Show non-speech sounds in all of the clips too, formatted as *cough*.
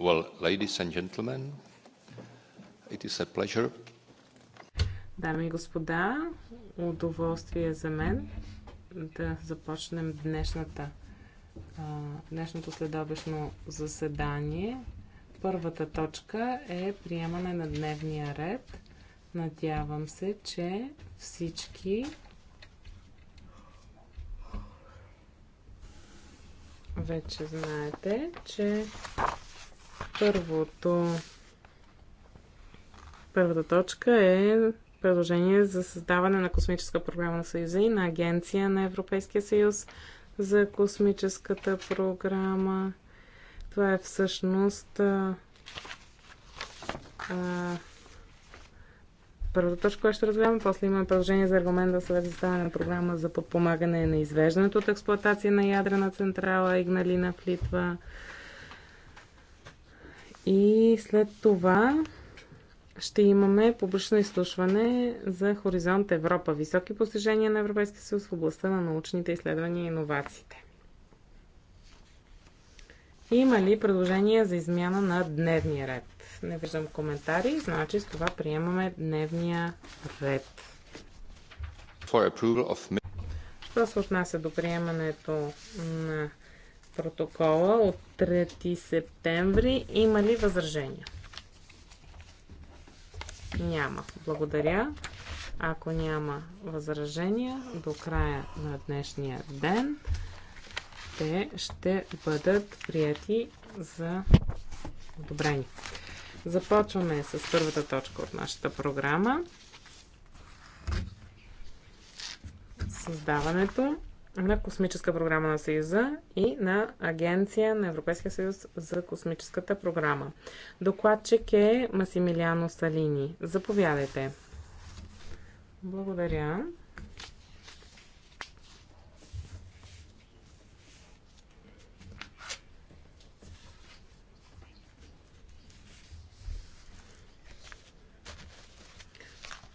Well, ladies and gentlemen, it is a pleasure. Дами и господа, удоволствие е за мен да започнем днешната, днешното следобешно заседание. Първата точка е приемане на дневния ред. Надявам се, че всички вече знаете, че Първото, първата точка е предложение за създаване на космическа програма на Съюза и на Агенция на Европейския съюз за космическата програма. Това е всъщност а, а, първата точка, която ще разгледаме. После имаме предложение за аргумент да съвет за създаване на програма за подпомагане на извеждането от експлоатация на ядрена централа Игналина в Литва. И след това ще имаме публично изслушване за Хоризонт Европа. Високи постижения на Европейския съюз в областта на научните изследвания и иновациите. Има ли предложения за измяна на дневния ред? Не виждам коментари, значи с това приемаме дневния ред. Що се отнася до приемането на протокола от 3 септември. Има ли възражения? Няма. Благодаря. Ако няма възражения до края на днешния ден, те ще бъдат прияти за одобрени. Започваме с първата точка от нашата програма. Създаването на космическа програма на Съюза и на Агенция на Европейския съюз за космическата програма. Докладчик е Масимилиано Салини. Заповядайте. Благодаря.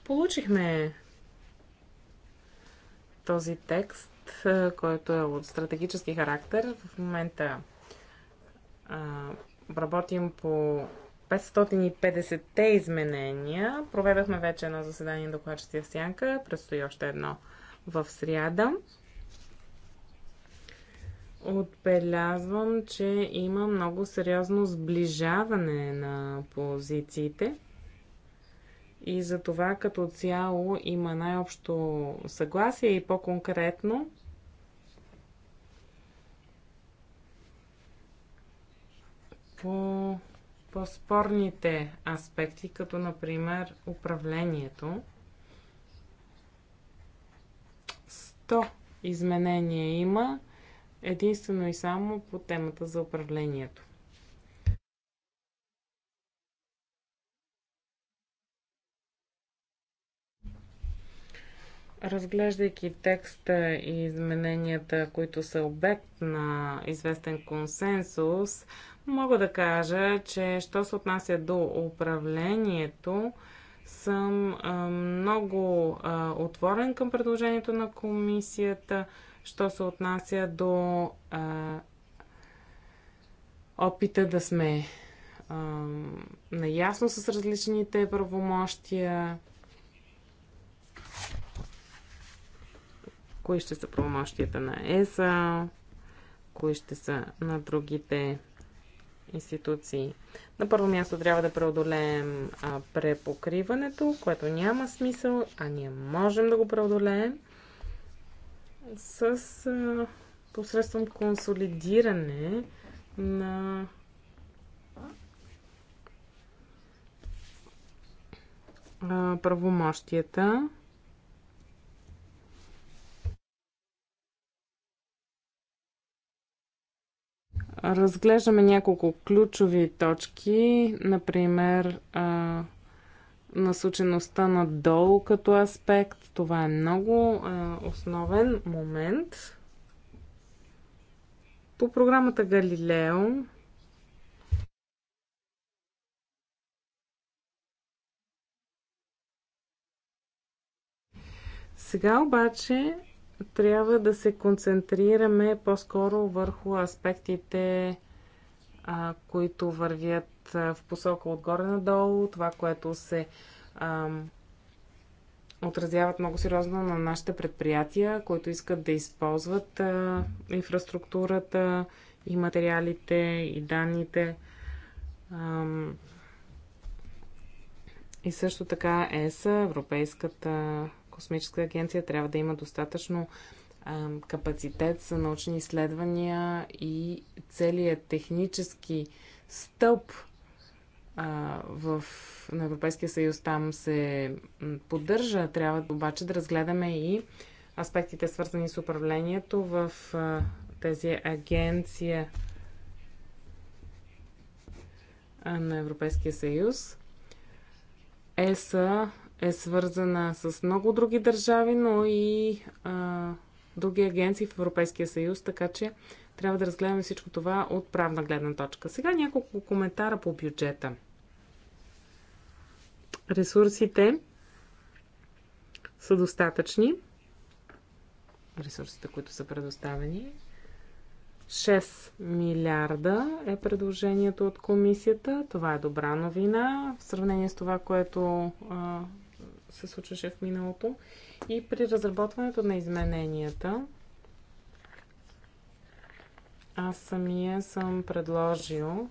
Получихме този текст който е от стратегически характер. В момента а, работим по 550-те изменения. Проведахме вече едно заседание на докладчици в Сянка. Предстои още едно в сряда. Отбелязвам, че има много сериозно сближаване на позициите. И за това като цяло има най-общо съгласие и по-конкретно по по-спорните аспекти, като например управлението. 100 изменения има единствено и само по темата за управлението. разглеждайки текста и измененията, които са обект на известен консенсус, Мога да кажа, че що се отнася до управлението, съм много отворен към предложението на комисията, що се отнася до опита да сме наясно с различните правомощия, кои ще са правомощията на ЕСА, кои ще са на другите институции. На първо място трябва да преодолеем а, препокриването, което няма смисъл, а ние можем да го преодолеем с а, посредством консолидиране на правомощията разглеждаме няколко ключови точки, например насочеността надолу като аспект. Това е много основен момент. По програмата Галилео Сега обаче трябва да се концентрираме по-скоро върху аспектите, а, които вървят в посока отгоре надолу, това, което се а, отразяват много сериозно на нашите предприятия, които искат да използват а, инфраструктурата и материалите и данните. А, и също така ЕСА, Европейската космическа агенция трябва да има достатъчно капацитет за научни изследвания и целият технически стълб в, на Европейския съюз там се поддържа. Трябва обаче да разгледаме и аспектите, свързани с управлението в тези агенция на Европейския съюз. ЕСА е свързана с много други държави, но и а, други агенции в Европейския съюз, така че трябва да разгледаме всичко това от правна гледна точка. Сега няколко коментара по бюджета. Ресурсите са достатъчни. Ресурсите, които са предоставени. 6 милиарда е предложението от комисията. Това е добра новина в сравнение с това, което а, се случваше в миналото. И при разработването на измененията, аз самия съм предложил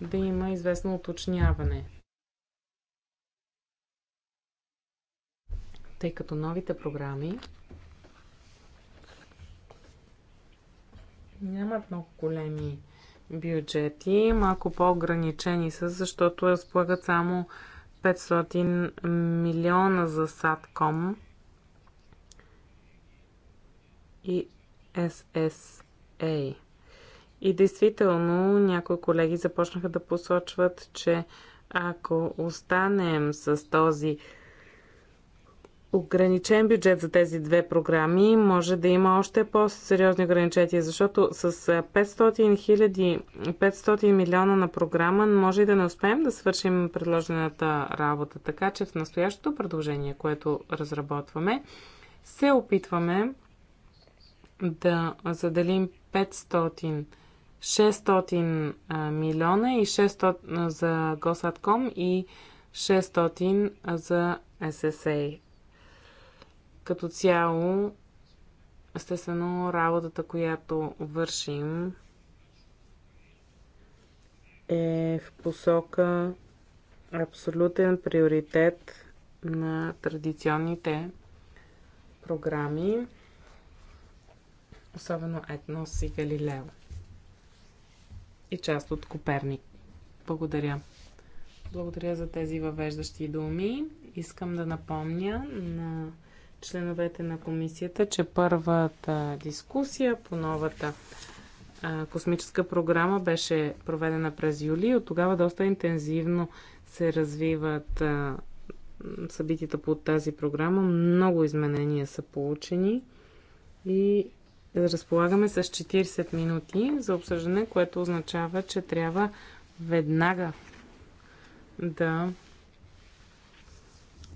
да има известно уточняване. Тъй като новите програми нямат много големи бюджети, малко по-ограничени са, защото разполагат само 500 милиона за САТКОМ и SSA. И действително някои колеги започнаха да посочват, че ако останем с този ограничен бюджет за тези две програми, може да има още по-сериозни ограничения, защото с 500 хиляди, 500 милиона на програма може и да не успеем да свършим предложената работа. Така че в настоящото предложение, което разработваме, се опитваме да заделим 500 600 милиона и 600 за Госатком и 600 за SSA. Като цяло, естествено, работата, която вършим, е в посока абсолютен приоритет на традиционните програми, особено Етнос и Галилео и част от Коперник. Благодаря. Благодаря за тези въвеждащи думи. Искам да напомня на членовете на комисията, че първата дискусия по новата космическа програма беше проведена през юли и от тогава доста интензивно се развиват събитията по тази програма. Много изменения са получени и разполагаме с 40 минути за обсъждане, което означава, че трябва веднага да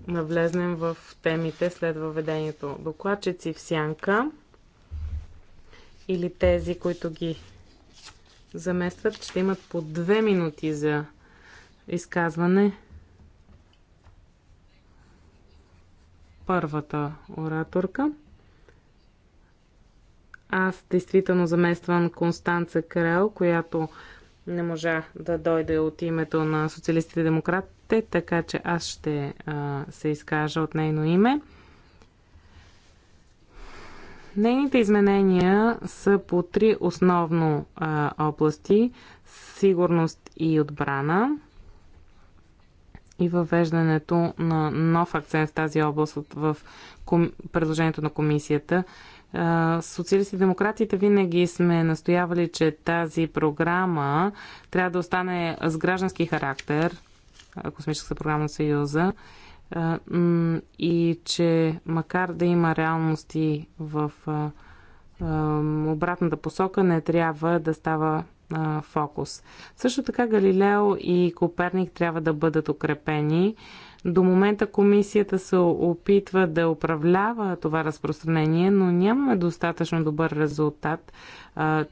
навлезнем в темите след въведението. Докладчици в сянка или тези, които ги заместват, ще имат по две минути за изказване. Първата ораторка. Аз действително замествам Констанца Крел, която не можа да дойде от името на социалистите и демократ, чухте, така че аз ще а, се изкажа от нейно име. Нейните изменения са по три основно а, области сигурност и отбрана и въвеждането на нов акцент в тази област в предложението на комисията. Социалисти и демократите винаги сме настоявали, че тази програма трябва да остане с граждански характер, космическата програма на Съюза и че макар да има реалности в обратната посока, не трябва да става фокус. Също така Галилео и Коперник трябва да бъдат укрепени. До момента комисията се опитва да управлява това разпространение, но нямаме достатъчно добър резултат.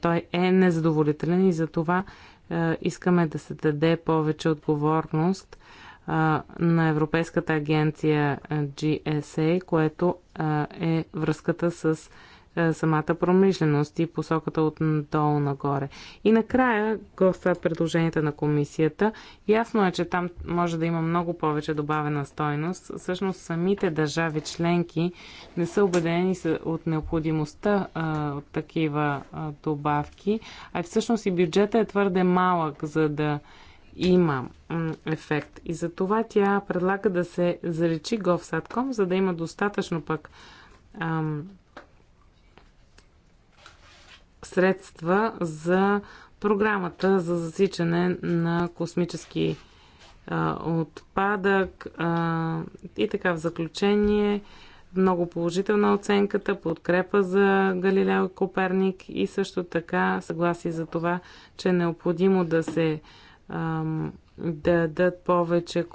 Той е незадоволителен и за това е, искаме да се даде повече отговорност е, на Европейската агенция е, GSA, което е връзката с е, самата промишленост и посоката от долу нагоре. И накрая го е предложенията на комисията. Ясно е, че там може да има много повече добавена стойност. Всъщност самите държави членки не са убедени от необходимостта а, от такива а, добавки, а всъщност и бюджета е твърде малък, за да има ефект. И за това тя предлага да се заречи GovSatcom, за да има достатъчно пък ам, средства за програмата за засичане на космически а, отпадък. А, и така в заключение, много положителна оценката, подкрепа за Галилео и Коперник и също така съгласи за това, че е необходимо да се а, дадат повече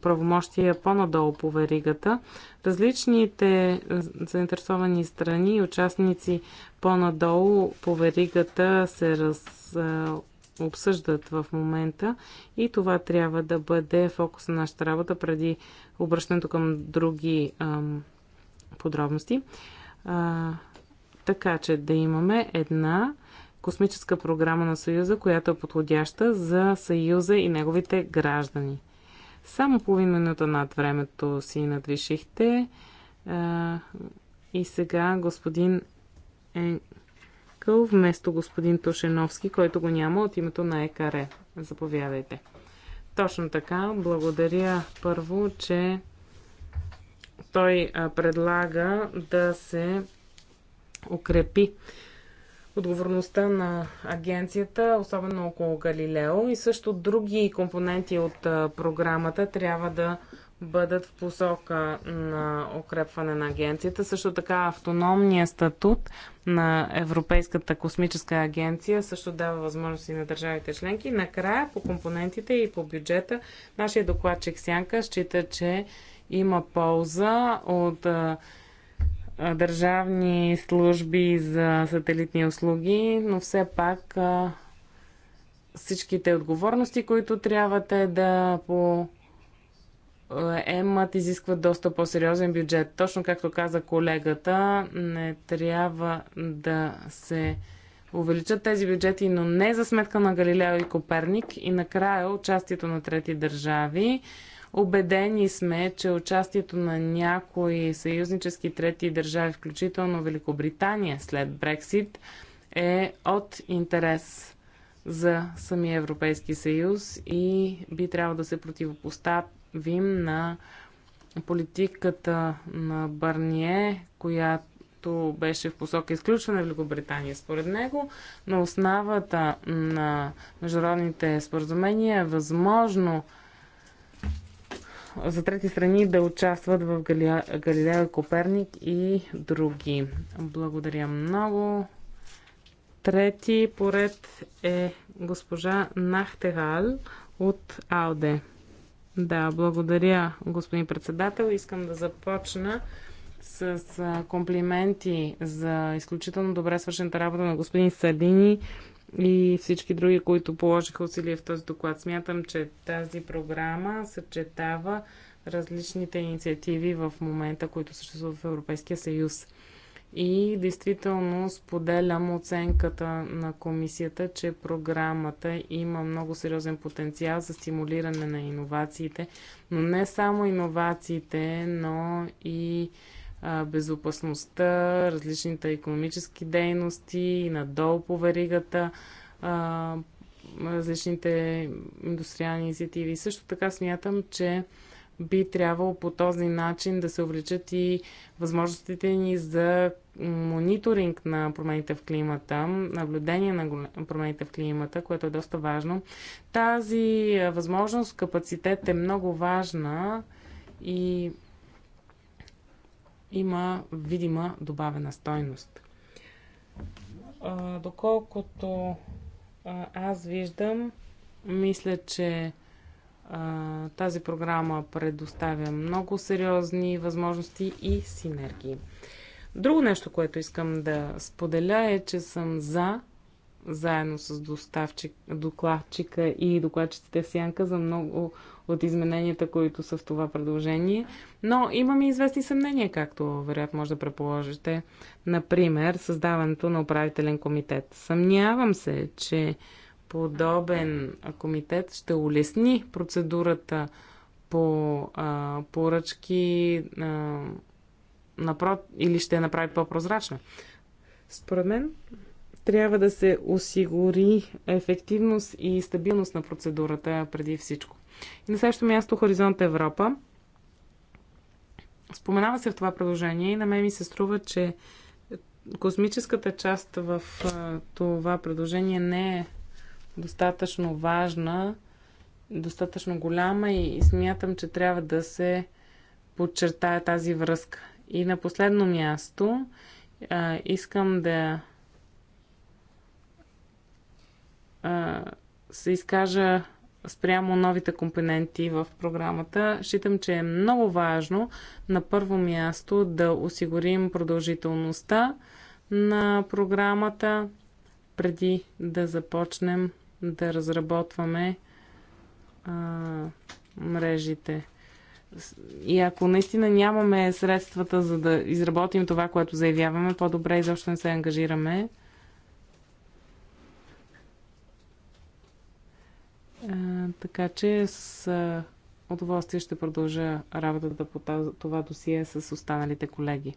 правомощия по-надолу по веригата. Различните заинтересовани страни и участници по-надолу по веригата се раз, обсъждат в момента и това трябва да бъде фокус на нашата работа преди обръщането към други ам, подробности. А, така че да имаме една космическа програма на Съюза, която е подходяща за Съюза и неговите граждани. Само половин минута над времето си надвишихте. И сега господин Енкъл вместо господин Тошеновски, който го няма от името на ЕКАРЕ. Заповядайте. Точно така. Благодаря първо, че той предлага да се укрепи отговорността на агенцията, особено около Галилео и също други компоненти от програмата трябва да бъдат в посока на укрепване на агенцията. Също така автономния статут на Европейската космическа агенция също дава възможности на държавите членки. Накрая по компонентите и по бюджета нашия докладчик Сянка счита, че има полза от държавни служби за сателитни услуги, но все пак всичките отговорности, които трябва те да по емат изискват доста по-сериозен бюджет. Точно както каза колегата, не трябва да се увеличат тези бюджети, но не за сметка на Галилео и Коперник и накрая участието на трети държави. Обедени сме, че участието на някои съюзнически трети държави, включително Великобритания след Брексит, е от интерес за самия Европейски съюз и би трябвало да се противопоставим на политиката на Барние, която беше в посока изключване на Великобритания според него, на основата на международните споразумения е възможно за трети страни да участват в Галилео и Коперник и други. Благодаря много. Трети поред е госпожа Нахтегал от Алде. Да, благодаря, господин председател. Искам да започна с комплименти за изключително добре свършената работа на господин Садини и всички други, които положиха усилия в този доклад. Смятам, че тази програма съчетава различните инициативи в момента, които съществуват в Европейския съюз. И действително споделям оценката на комисията, че програмата има много сериозен потенциал за стимулиране на иновациите, но не само иновациите, но и безопасността, различните економически дейности и надолу по веригата, различните индустриални инициативи. Също така смятам, че би трябвало по този начин да се увеличат и възможностите ни за мониторинг на промените в климата, наблюдение на промените в климата, което е доста важно. Тази възможност, капацитет е много важна и има видима добавена стойност. А, доколкото а, аз виждам, мисля, че а, тази програма предоставя много сериозни възможности и синергии. Друго нещо, което искам да споделя е, че съм за, заедно с доставчик, докладчика и докладчиците в Сянка, за много от измененията, които са в това предложение. Но имаме известни съмнения, както вероятно може да предположите. Например, създаването на управителен комитет. Съмнявам се, че подобен комитет ще улесни процедурата по а, поръчки а, напрот, или ще я направи по-прозрачна. Според мен трябва да се осигури ефективност и стабилност на процедурата преди всичко. И на следващото място Хоризонт Европа. Споменава се в това предложение и на мен ми се струва, че космическата част в това предложение не е достатъчно важна, достатъчно голяма и, и смятам, че трябва да се подчертая тази връзка. И на последно място а, искам да а, се изкажа спрямо новите компоненти в програмата, считам, че е много важно на първо място да осигурим продължителността на програмата преди да започнем да разработваме а, мрежите. И ако наистина нямаме средствата за да изработим това, което заявяваме, по-добре изобщо не се ангажираме така че с удоволствие ще продължа работата по това досие с останалите колеги.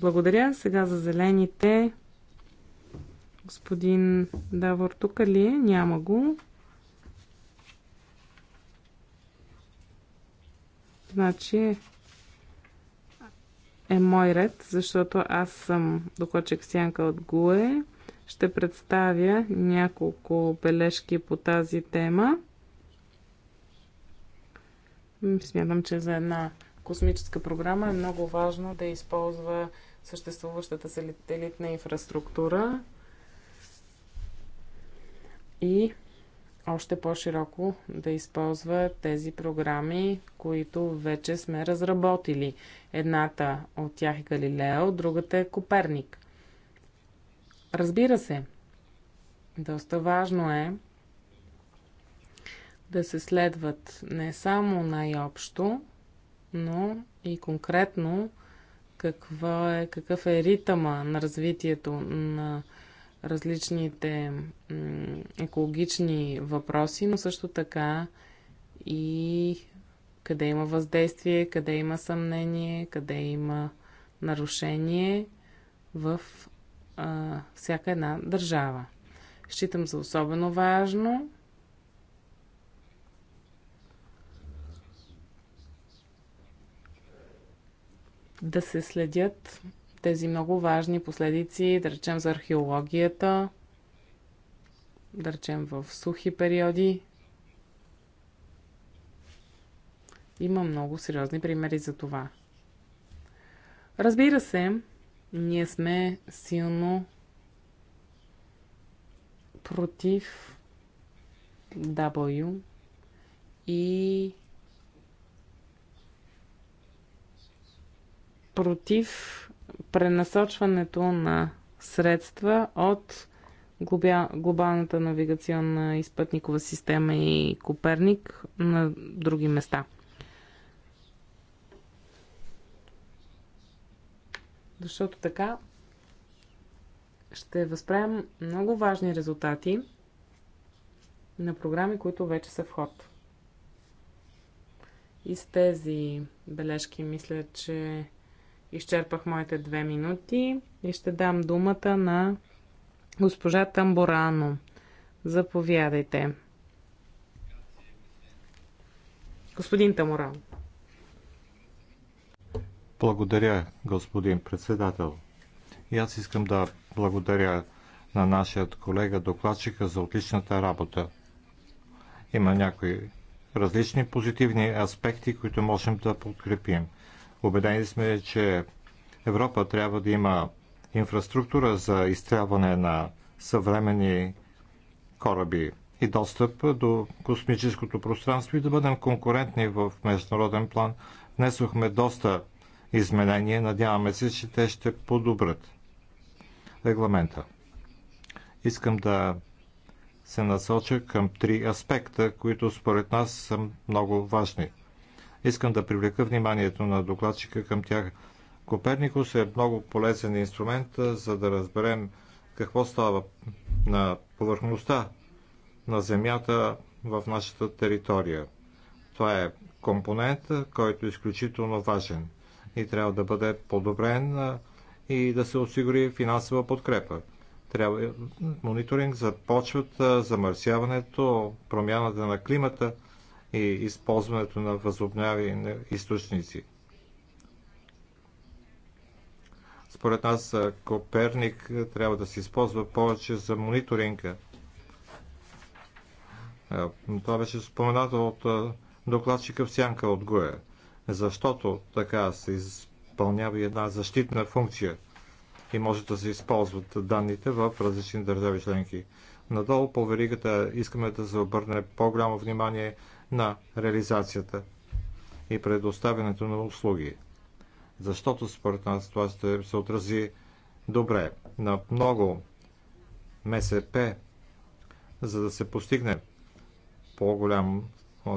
Благодаря. Сега за зелените. Господин Давор, тук ли е? Няма го. Значи е мой ред, защото аз съм докочек Сянка от ГУЕ. Ще представя няколко бележки по тази тема Смятам, че за една космическа програма е много важно да използва съществуващата сателитна инфраструктура и още по-широко да използва тези програми, които вече сме разработили. Едната от тях е Галилео, другата е Коперник. Разбира се, доста важно е да се следват не само най-общо, но и конкретно какво е, какъв е ритъма на развитието на различните екологични въпроси, но също така и къде има въздействие, къде има съмнение, къде има нарушение в а, всяка една държава. Считам за особено важно да се следят тези много важни последици, да речем за археологията, да речем в сухи периоди. Има много сериозни примери за това. Разбира се, ние сме силно против W и против пренасочването на средства от глобалната навигационна и спътникова система и Коперник на други места. Защото така ще възправим много важни резултати на програми, които вече са в ход. И с тези бележки мисля, че изчерпах моите две минути и ще дам думата на госпожа Тамборано. Заповядайте. Господин Таморан. Благодаря, господин председател. И аз искам да благодаря на нашият колега докладчика за отличната работа. Има някои различни позитивни аспекти, които можем да подкрепим. Обедени сме, че Европа трябва да има инфраструктура за изстрелване на съвременни кораби и достъп до космическото пространство и да бъдем конкурентни в международен план. Внесохме доста изменения. Надяваме се, че те ще подобрят регламента. Искам да се насоча към три аспекта, които според нас са много важни – Искам да привлека вниманието на докладчика към тях. Коперникус е много полезен инструмент, за да разберем какво става на повърхността на Земята в нашата територия. Това е компонент, който е изключително важен и трябва да бъде подобрен и да се осигури финансова подкрепа. Трябва мониторинг за почвата, замърсяването, промяната на климата – и използването на възобновяеми източници. Според нас Коперник трябва да се използва повече за мониторинга. Това беше споменато от докладчика в сянка от ГОЕ, защото така се изпълнява една защитна функция и може да се използват данните в различни държави членки. Надолу по веригата искаме да се обърне по-голямо внимание на реализацията и предоставянето на услуги. Защото според нас това ще се отрази добре на много МСП, за да се постигне по-голям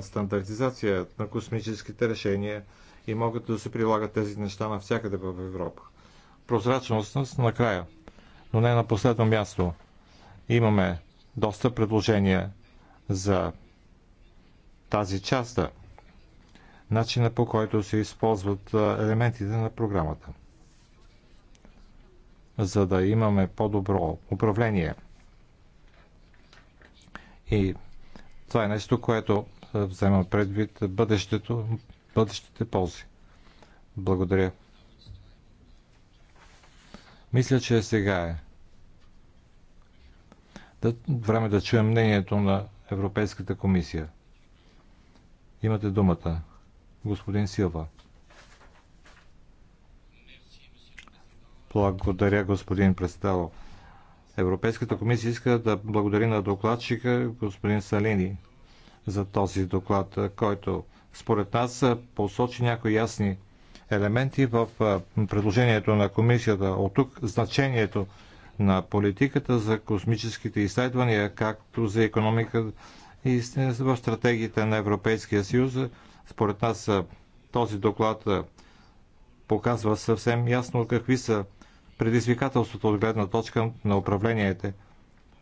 стандартизация на космическите решения и могат да се прилагат тези неща навсякъде в Европа. Прозрачност накрая, но не на последно място. Имаме доста предложения за тази част, начина по който се използват елементите на програмата, за да имаме по-добро управление. И това е нещо, което взема предвид бъдещето, бъдещите ползи. Благодаря. Мисля, че е сега е да, време да чуем мнението на Европейската комисия. Имате думата, господин Силва. Благодаря, господин председател. Европейската комисия иска да благодари на докладчика господин Салини за този доклад, който според нас посочи някои ясни елементи в предложението на комисията. От тук значението на политиката за космическите изследвания, както за економиката и в стратегиите на Европейския съюз. Според нас този доклад показва съвсем ясно какви са предизвикателствата от гледна точка на управлението.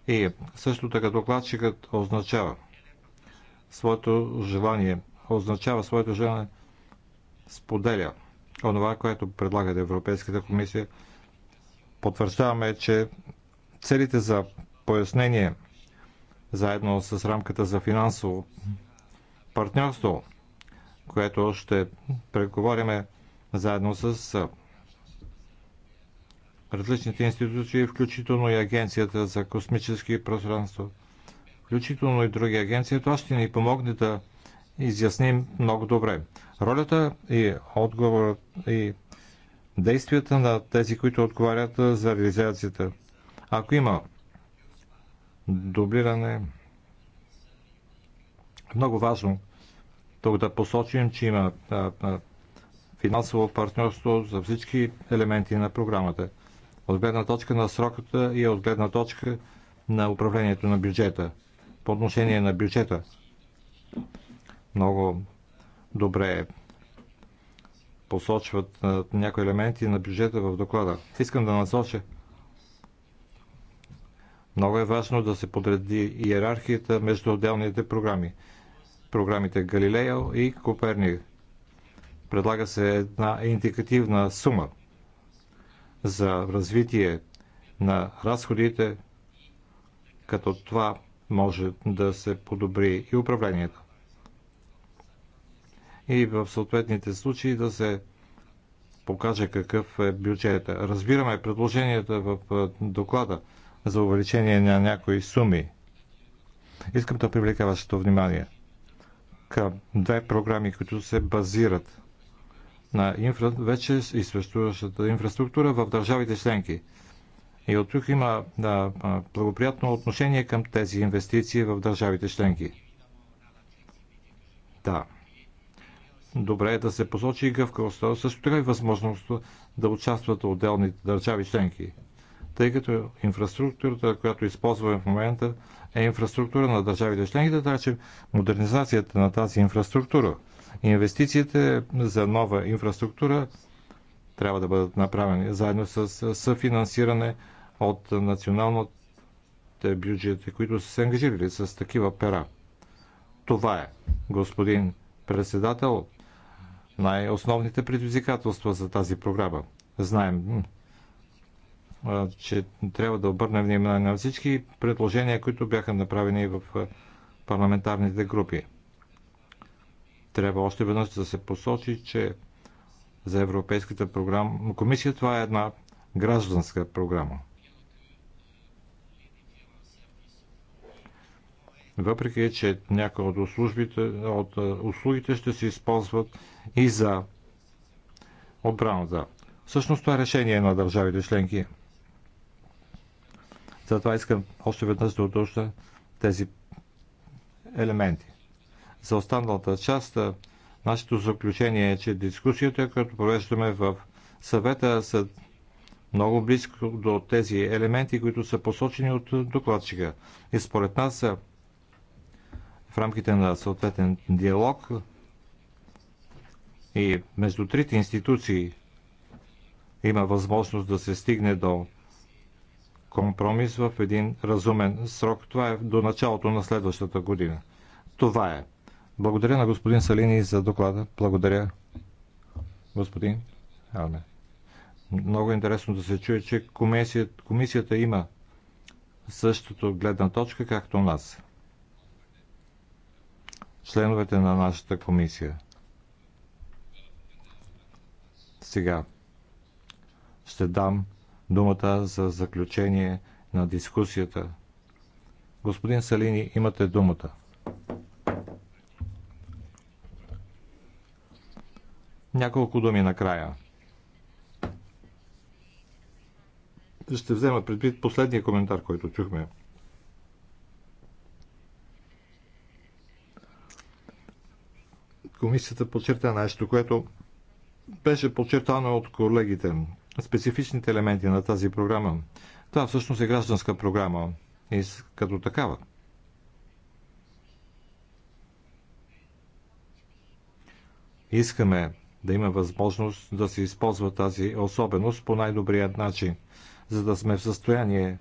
И също така докладчикът означава своето желание, означава своето желание, споделя онова, което предлага Европейската комисия. Потвърждаваме, че целите за пояснение – заедно с рамката за финансово партньорство, което ще преговориме заедно с различните институции, включително и Агенцията за космически пространство, включително и други агенции. Това ще ни помогне да изясним много добре. Ролята и отговорът и действията на тези, които отговарят за реализацията. Ако има дублиране. Много важно тук да посочим, че има финансово партньорство за всички елементи на програмата. От гледна точка на сроката и от гледна точка на управлението на бюджета. По отношение на бюджета. Много добре посочват някои елементи на бюджета в доклада. Искам да насоча много е важно да се подреди иерархията между отделните програми. Програмите Галилео и Коперник. Предлага се една индикативна сума за развитие на разходите, като това може да се подобри и управлението. И в съответните случаи да се покаже какъв е бюджета. Разбираме предложенията в доклада за увеличение на някои суми. Искам да привлека вашето внимание към две програми, които се базират на инфра... вече изсъществуващата инфраструктура в държавите членки. И от тук има да, благоприятно отношение към тези инвестиции в държавите членки. Да. Добре е да се посочи и гъвкавостта, също така и възможност да участват отделните държави членки тъй като инфраструктурата, която използваме в момента, е инфраструктура на държавите членки, така че модернизацията на тази инфраструктура, инвестициите за нова инфраструктура трябва да бъдат направени заедно с съфинансиране от националните бюджети, които са се ангажирали с такива пера. Това е, господин председател, най-основните предизвикателства за тази програма. Знаем, че трябва да обърнем внимание на всички предложения, които бяха направени в парламентарните групи. Трябва още веднъж да се посочи, че за Европейската програма, комисия това е една гражданска програма. Въпреки, че някои от услугите, от услугите ще се използват и за отбраната. Всъщност това е решение на държавите членки – затова искам още веднъж да уточня тези елементи. За останалата част, нашето заключение е, че дискусията, която провеждаме в съвета, са много близко до тези елементи, които са посочени от докладчика. И според нас в рамките на съответен диалог и между трите институции има възможност да се стигне до компромис в един разумен срок. Това е до началото на следващата година. Това е. Благодаря на господин Салини за доклада. Благодаря, господин Алме. Много интересно да се чуе, че комисията, комисията има същото гледна точка, както нас. Членовете на нашата комисия. Сега ще дам думата за заключение на дискусията. Господин Салини, имате думата. Няколко думи накрая. Ще взема предвид последния коментар, който чухме. Комисията подчерта нещо, което беше подчертано от колегите специфичните елементи на тази програма. Това всъщност е гражданска програма и като такава. Искаме да има възможност да се използва тази особеност по най-добрият начин, за да сме в състояние,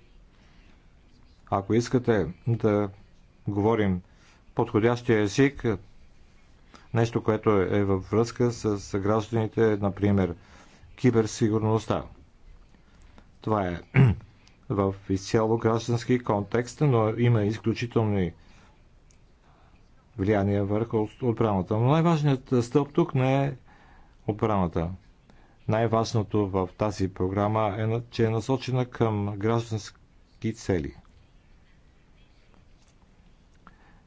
ако искате да говорим подходящия език, нещо, което е във връзка с гражданите, например, киберсигурността. Това е *clears throat* в изцяло граждански контекст, но има изключителни влияния върху отбраната. Но най-важният стълб тук не е отбраната. Най-важното в тази програма е, че е насочена към граждански цели.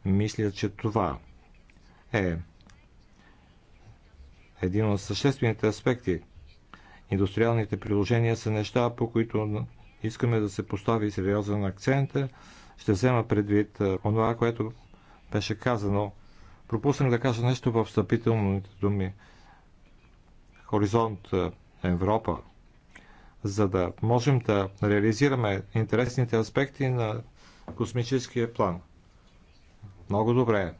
Мисля, че това е един от съществените аспекти Индустриалните приложения са неща, по които искаме да се постави сериозен акцент. Ще взема предвид онова, което беше казано. Пропуснах да кажа нещо в встъпителните думи. Хоризонт Европа. За да можем да реализираме интересните аспекти на космическия план. Много добре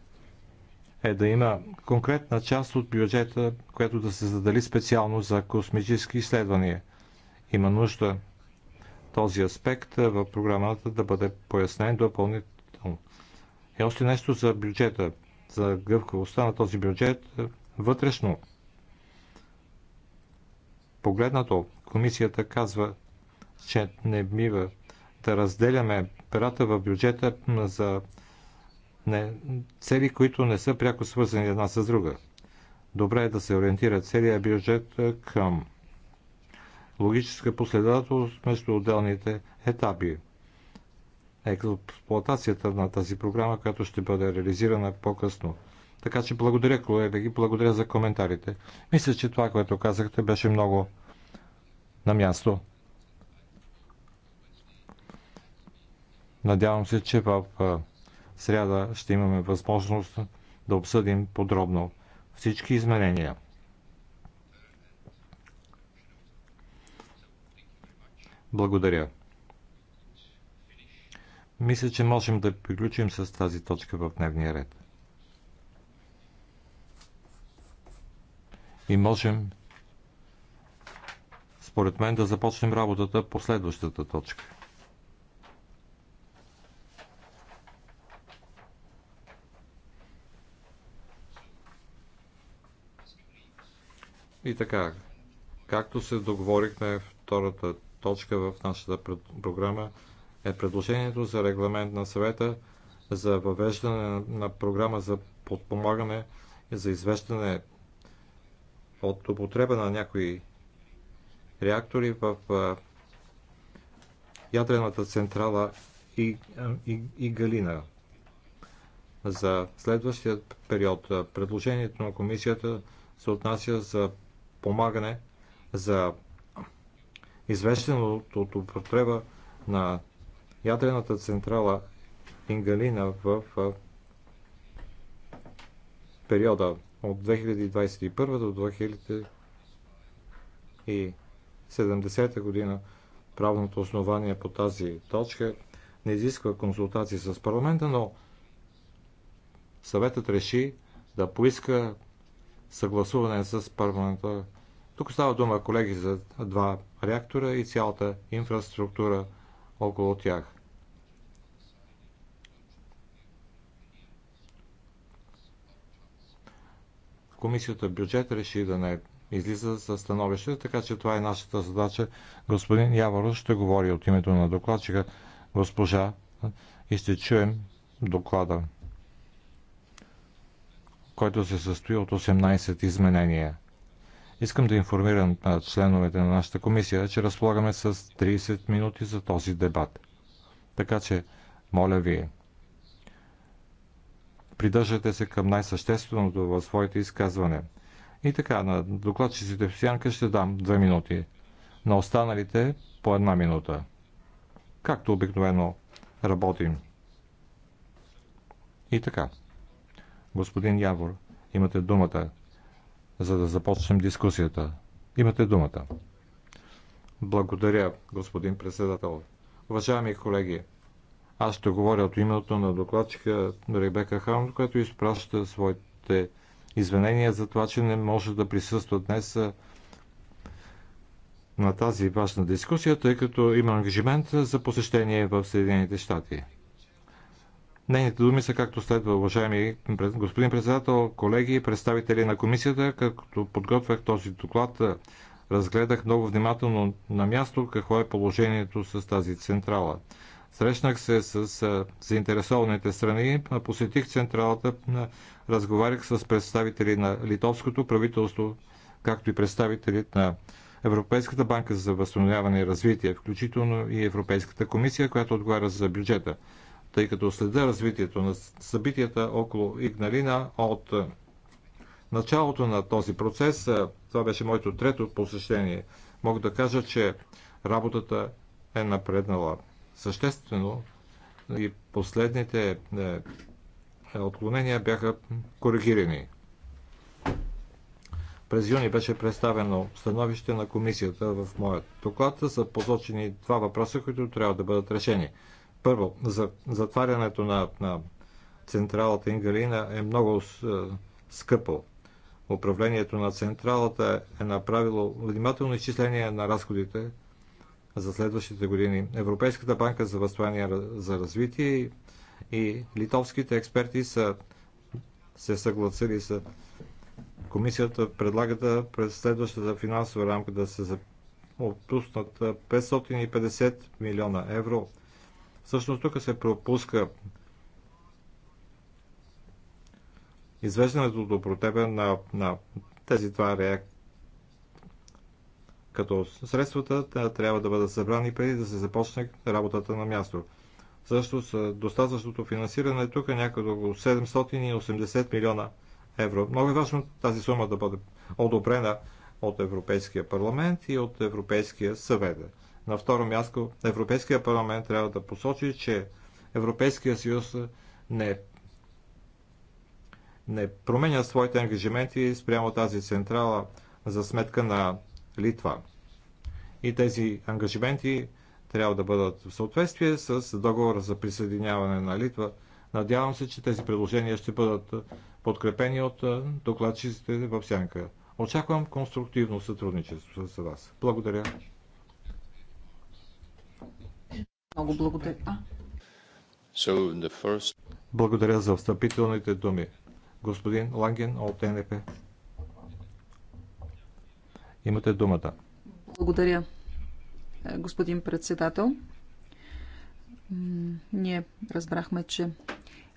е да има конкретна част от бюджета, която да се задали специално за космически изследвания. Има нужда този аспект в програмата да бъде пояснен допълнително. И още нещо за бюджета, за гъвкавостта на този бюджет е, вътрешно. Погледнато, комисията казва, че не бива да разделяме перата в бюджета за не, цели, които не са пряко свързани една с друга. Добре е да се ориентира целият бюджет към логическа последователност между отделните етапи. Експлуатацията на тази програма, която ще бъде реализирана по-късно. Така че благодаря, колеги, благодаря за коментарите. Мисля, че това, което казахте, беше много на място. Надявам се, че в сряда ще имаме възможност да обсъдим подробно всички изменения. Благодаря. Мисля, че можем да приключим с тази точка в дневния ред. И можем, според мен, да започнем работата по следващата точка. И така, както се договорихме, втората точка в нашата програма е предложението за регламент на съвета за въвеждане на програма за подпомагане за извеждане от употреба на някои реактори в ядрената централа и, и, и Галина. За следващия период предложението на комисията се отнася за подпомагане за извеждането от употреба на ядрената централа Ингалина в периода от 2021 до 2070 година правното основание по тази точка не изисква консултации с парламента, но съветът реши да поиска съгласуване с парламента. Тук става дума, колеги, за два реактора и цялата инфраструктура около тях. Комисията бюджет реши да не излиза за становище, така че това е нашата задача. Господин Яворов ще говори от името на докладчика госпожа и ще чуем доклада който се състои от 18 изменения. Искам да информирам на членовете на нашата комисия, че разполагаме с 30 минути за този дебат. Така че, моля ви, придържате се към най-същественото във своите изказване. И така, на докладчиците в Сянка ще дам 2 минути, на останалите по една минута. Както обикновено работим. И така. Господин Явор, имате думата, за да започнем дискусията. Имате думата. Благодаря, господин председател. Уважаеми колеги, аз ще говоря от името на докладчика Ребека Хаун, която изпраща своите извинения за това, че не може да присъства днес на тази важна дискусия, тъй като има ангажимент за посещение в Съединените щати. Нейните думи са както следва, уважаеми господин председател, колеги, представители на комисията, като подготвях този доклад, разгледах много внимателно на място какво е положението с тази централа. Срещнах се с заинтересованите страни, посетих централата, разговарях с представители на литовското правителство, както и представители на Европейската банка за възстановяване и развитие, включително и Европейската комисия, която отговаря за бюджета тъй като следа развитието на събитията около Игналина от е, началото на този процес. Е, това беше моето трето посещение. Мога да кажа, че работата е напреднала съществено и последните е, отклонения бяха коригирани. През юни беше представено становище на комисията в моят доклад. Са посочени два въпроса, които трябва да бъдат решени – първо, за затварянето на, на централата Ингалина е много е, скъпо. Управлението на централата е направило внимателно изчисление на разходите за следващите години. Европейската банка за възстояние за развитие и литовските експерти са се съгласили с. Комисията предлага да през следващата финансова рамка да се отпуснат 550 милиона евро – Всъщност тук се пропуска извеждането до протеба на, на тези два реакции като средствата трябва да бъдат събрани преди да се започне работата на място. Също с достатъчното финансиране тук е някъде около 780 милиона евро. Много е важно тази сума да бъде одобрена от Европейския парламент и от Европейския съвет. На второ място, Европейския парламент трябва да посочи, че Европейския съюз не, не променя своите ангажименти спрямо тази централа за сметка на Литва. И тези ангажименти трябва да бъдат в съответствие с договора за присъединяване на Литва. Надявам се, че тези предложения ще бъдат подкрепени от докладчиците в сянка. Очаквам конструктивно сътрудничество с вас. Благодаря. Много благодаря. So first... Благодаря за встъпителните думи. Господин Ланген от НП. Имате думата. Благодаря, е, господин председател. Ние разбрахме, че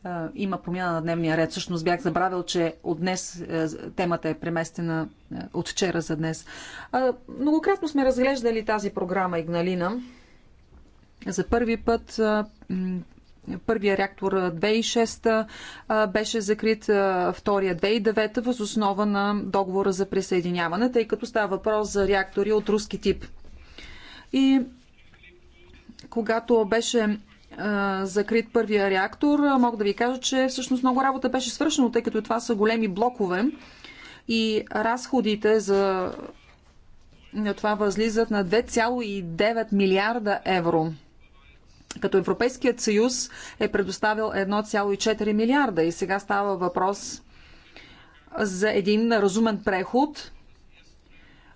е, има промяна на дневния ред. Всъщност бях забравил, че от днес е, темата е преместена от вчера за днес. Многократно сме разглеждали тази програма Игналина за първи път първия реактор 2006 беше закрит, втория 2009 въз основа на договора за присъединяване, тъй като става въпрос за реактори от руски тип. И когато беше закрит първия реактор, мога да ви кажа, че всъщност много работа беше свършена, тъй като това са големи блокове и разходите за това възлизат на 2,9 милиарда евро като Европейският съюз е предоставил 1,4 милиарда и сега става въпрос за един разумен преход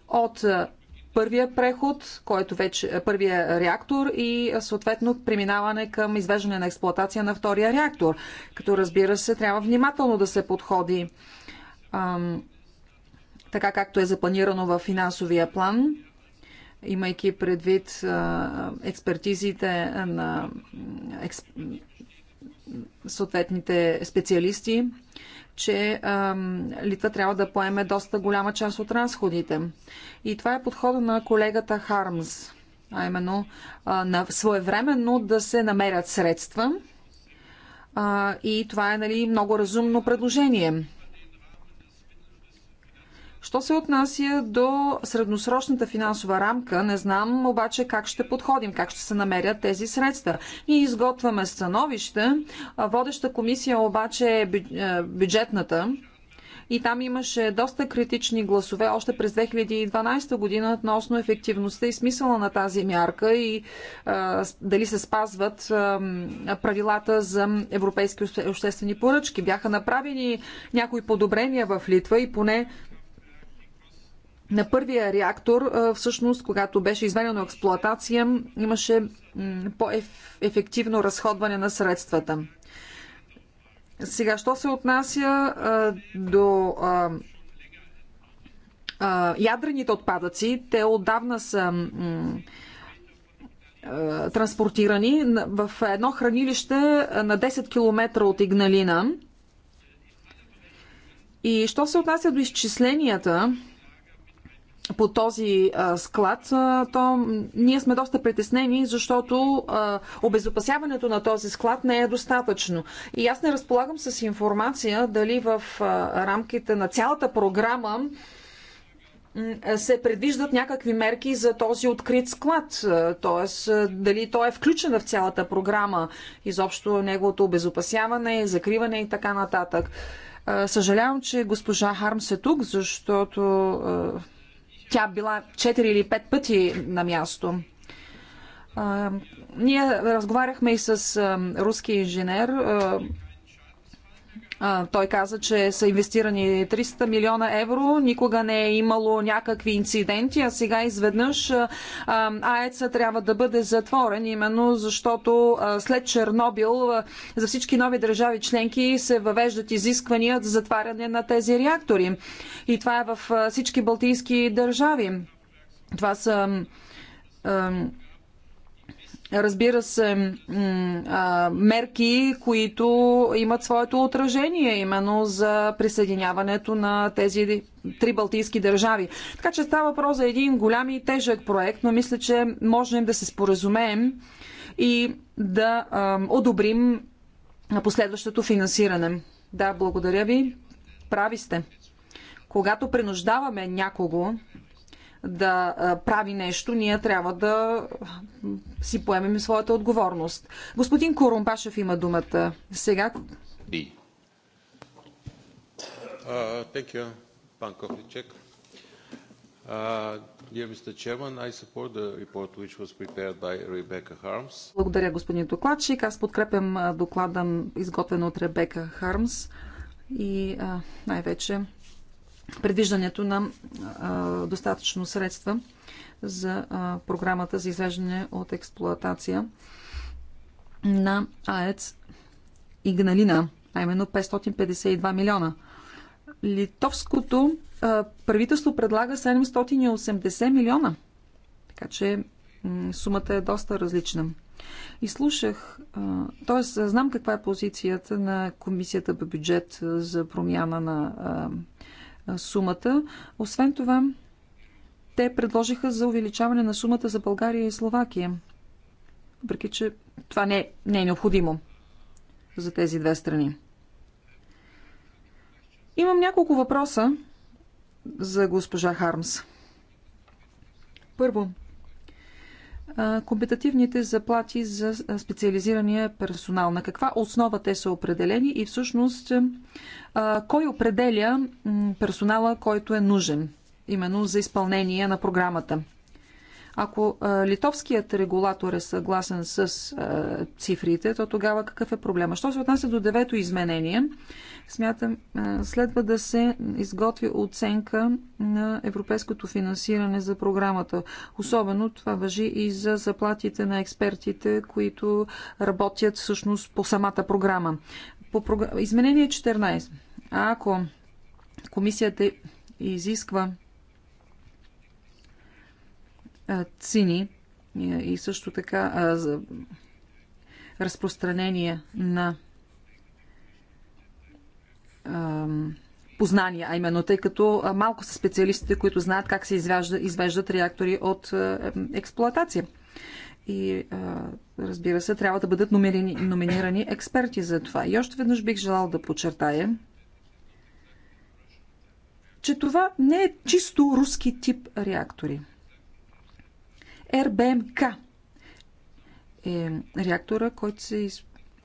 от първия преход, който вече първия реактор и съответно преминаване към извеждане на експлоатация на втория реактор. Като разбира се, трябва внимателно да се подходи ам, така както е запланирано в финансовия план имайки предвид експертизите на експ... съответните специалисти, че Литва трябва да поеме доста голяма част от разходите. И това е подхода на колегата Хармс, а именно на своевременно да се намерят средства. и това е нали, много разумно предложение Що се отнася до средносрочната финансова рамка, не знам обаче как ще подходим, как ще се намерят тези средства. Ние изготвяме становище, водеща комисия обаче е, е бюджетната. И там имаше доста критични гласове още през 2012 година относно ефективността и смисъла на тази мярка и а, дали се спазват а, правилата за европейски обществени поръчки. Бяха направени някои подобрения в Литва и поне на първия реактор, всъщност, когато беше изведено експлоатация, имаше по-ефективно разходване на средствата. Сега, що се отнася до ядрените отпадъци, те отдавна са транспортирани в едно хранилище на 10 км от Игналина. И що се отнася до изчисленията, по този а, склад, а, то ние сме доста притеснени, защото а, обезопасяването на този склад не е достатъчно. И аз не разполагам с информация дали в а, рамките на цялата програма се предвиждат някакви мерки за този открит склад, Тоест, дали той е включен в цялата програма, изобщо неговото обезопасяване, закриване и така нататък. Съжалявам, че госпожа Хармс е тук, защото тя била 4 или 5 пъти на място. Ние разговаряхме и с руски инженер, той каза, че са инвестирани 300 милиона евро, никога не е имало някакви инциденти, а сега изведнъж АЕЦа трябва да бъде затворен, именно защото след Чернобил за всички нови държави членки се въвеждат изисквания за затваряне на тези реактори. И това е във всички балтийски държави. Това са разбира се, мерки, които имат своето отражение именно за присъединяването на тези три балтийски държави. Така че става въпрос за един голям и тежък проект, но мисля, че можем да се споразумеем и да одобрим последващото финансиране. Да, благодаря ви. Прави сте. Когато принуждаваме някого да прави нещо, ние трябва да си поемем своята отговорност. Господин Корумбашев има думата. Сега. Благодаря, господин докладчик. Аз подкрепям доклада, изготвен от Ребека Хармс и най-вече предвиждането на достатъчно средства за програмата за извеждане от експлоатация на АЕЦ Игналина, а именно 552 милиона. Литовското правителство предлага 780 милиона. Така че сумата е доста различна. И слушах, т.е. знам каква е позицията на Комисията по бюджет за промяна на сумата. Освен това, те предложиха за увеличаване на сумата за България и Словакия. Въпреки, че това не, не е необходимо за тези две страни. Имам няколко въпроса за госпожа Хармс. Първо, компетативните заплати за специализирания персонал? На каква основа те са определени и всъщност кой определя персонала, който е нужен именно за изпълнение на програмата? Ако литовският регулатор е съгласен с цифрите, то тогава какъв е проблема? Що се отнася до девето изменение, Смятам, следва да се изготви оценка на европейското финансиране за програмата. Особено това въжи и за заплатите на експертите, които работят всъщност по самата програма. По програ... Изменение 14. А ако комисията изисква цени и също така разпространение на познания, а именно тъй като малко са специалистите, които знаят как се извежда, извеждат реактори от експлоатация. И разбира се, трябва да бъдат номерени, номинирани експерти за това. И още веднъж бих желал да подчертая, че това не е чисто руски тип реактори. РБМК е реактора, който се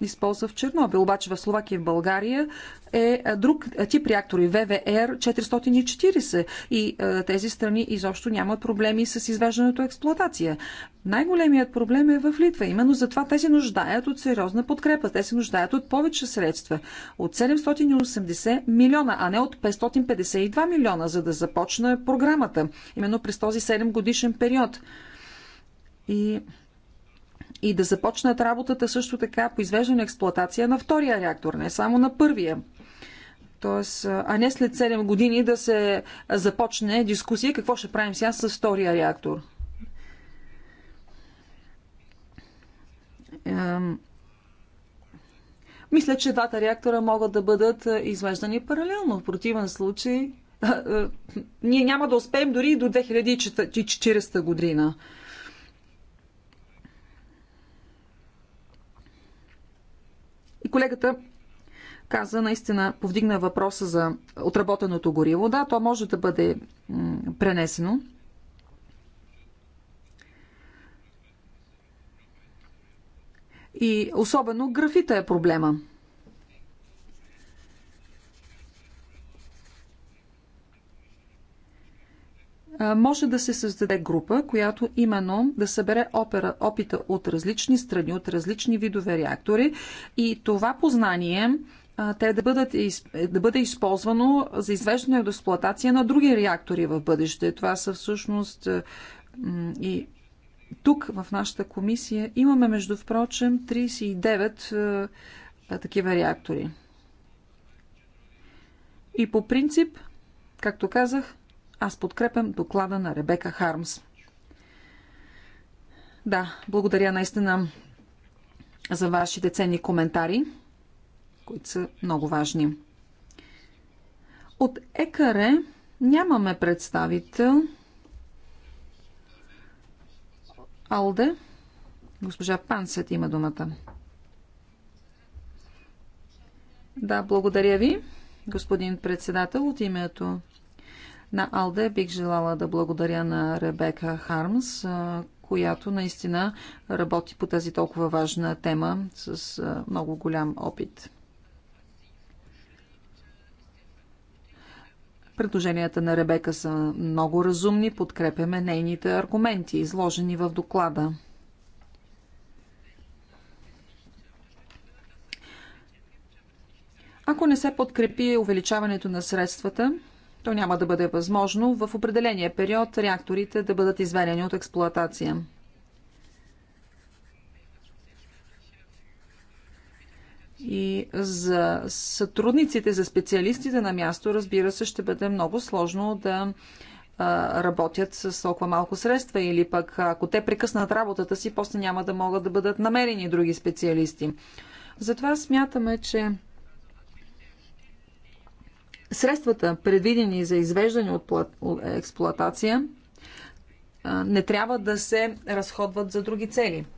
използва в Чернобил. Обаче в Словакия и в България е, е друг тип реактори, ВВР 440. И е, тези страни изобщо нямат проблеми с извеждането експлоатация. Най-големият проблем е в Литва. Именно затова те се нуждаят от сериозна подкрепа. Те се нуждаят от повече средства. От 780 милиона, а не от 552 милиона, за да започне програмата. Именно през този 7 годишен период. И и да започнат работата също така по извеждане експлоатация на втория реактор, не само на първия. Тоест, а не след 7 години да се започне дискусия какво ще правим сега с втория реактор. Мисля, че двата реактора могат да бъдат извеждани паралелно. В противен случай ние няма да успеем дори до 2040 година. И колегата каза, наистина повдигна въпроса за отработеното гориво. Да, то може да бъде пренесено. И особено графита е проблема. може да се създаде група, която именно да събере опера, опита от различни страни, от различни видове реактори и това познание те да, бъдат, да бъде използвано за извеждане от експлоатация на други реактори в бъдеще. Това са всъщност и тук в нашата комисия имаме, между впрочем, 39 такива реактори. И по принцип, както казах, аз подкрепям доклада на Ребека Хармс. Да, благодаря наистина за вашите ценни коментари които са много важни. От ЕКАРЕ нямаме представител. Алде, госпожа Пансет има думата. Да, благодаря ви, господин председател, от името на Алде бих желала да благодаря на Ребека Хармс, която наистина работи по тази толкова важна тема с много голям опит. Предложенията на Ребека са много разумни, подкрепяме нейните аргументи, изложени в доклада. Ако не се подкрепи увеличаването на средствата, то няма да бъде възможно в определения период реакторите да бъдат изведени от експлоатация. И за сътрудниците, за специалистите на място, разбира се, ще бъде много сложно да работят с толкова малко средства или пък ако те прекъснат работата си, после няма да могат да бъдат намерени други специалисти. Затова смятаме, че средствата, предвидени за извеждане от експлоатация, не трябва да се разходват за други цели –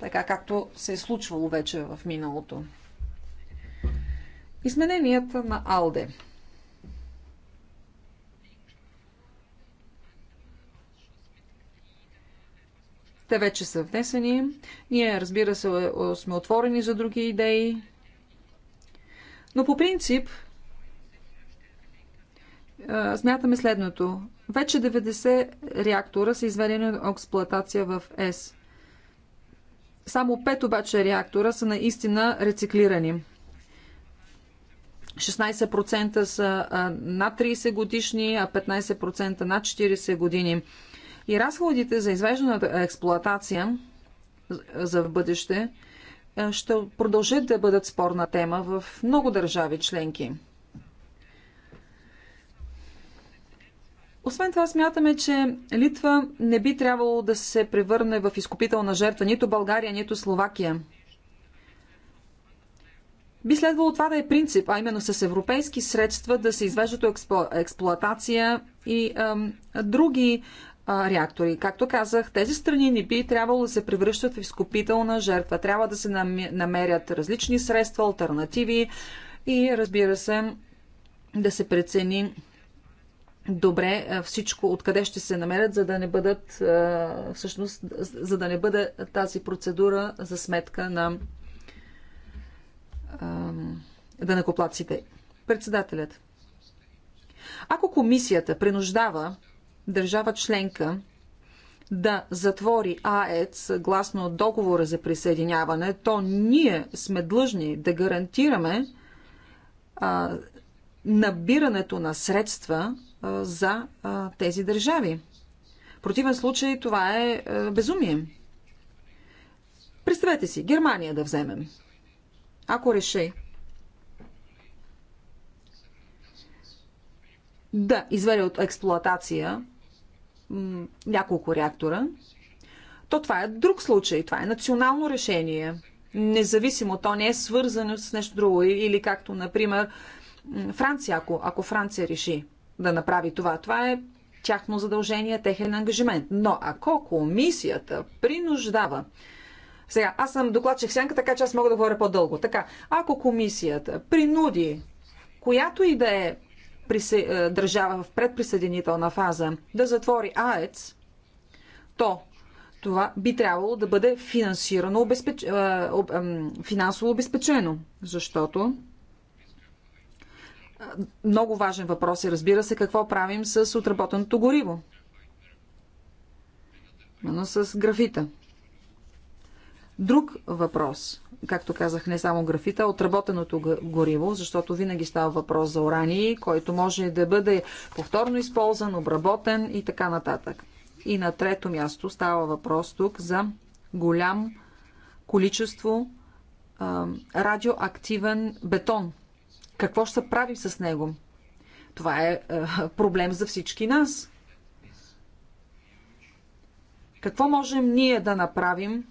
така както се е случвало вече в миналото. Измененията на Алде. Те вече са внесени. Ние, разбира се, сме отворени за други идеи. Но по принцип, смятаме следното. Вече 90 реактора са изведени от експлоатация в ЕС. Само 5 обаче реактора са наистина рециклирани. 16% са над 30 годишни, а 15% над 40 години. И разходите за извежданата експлоатация за в бъдеще ще продължат да бъдат спорна тема в много държави членки. Освен това смятаме, че Литва не би трябвало да се превърне в изкупителна жертва нито България, нито Словакия. Би следвало това да е принцип, а именно с европейски средства да се извеждат експло... експлоатация и ам, други а, реактори. Както казах, тези страни не би трябвало да се превръщат в изкупителна жертва. Трябва да се намерят различни средства, альтернативи и разбира се да се прецени добре всичко, откъде ще се намерят, за да не бъдат всъщност, за да не бъде тази процедура за сметка на дънакоплаците. Председателят. Ако комисията принуждава държава членка да затвори АЕЦ съгласно договора за присъединяване, то ние сме длъжни да гарантираме набирането на средства за тези държави. В противен случай това е безумие. Представете си, Германия да вземем. Ако реши да изведе от експлоатация няколко реактора, то това е друг случай. Това е национално решение. Независимо, то не е свързано с нещо друго. Или както, например, Франция, ако, ако Франция реши да направи това, това е тяхно задължение, техен ангажимент. Но ако комисията принуждава сега, аз съм докладчик сянка, така че аз мога да говоря по-дълго. Така, ако комисията принуди която и да е присъ... Е, държава в предприсъединителна фаза да затвори АЕЦ, то това би трябвало да бъде финансирано, обезпеч... Е, финансово обезпечено, защото много важен въпрос е, разбира се, какво правим с отработеното гориво. Но с графита. Друг въпрос, както казах, не само графита, а отработеното гориво, защото винаги става въпрос за урани, който може да бъде повторно използван, обработен и така нататък. И на трето място става въпрос тук за голям количество радиоактивен бетон – какво ще се прави с него? Това е, е проблем за всички нас. Какво можем ние да направим,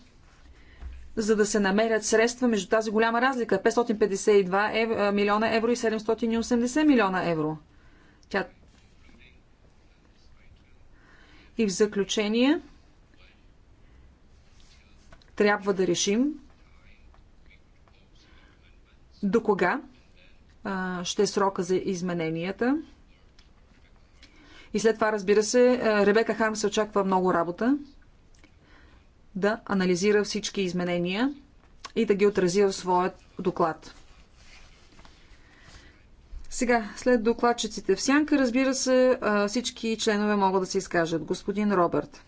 за да се намерят средства между тази голяма разлика 552 ев... Е, милиона евро и 780 милиона евро? Тя... И в заключение трябва да решим до кога ще е срока за измененията. И след това, разбира се, Ребека Харм се очаква много работа да анализира всички изменения и да ги отрази в своят доклад. Сега, след докладчиците в сянка, разбира се, всички членове могат да се изкажат. Господин Робърт.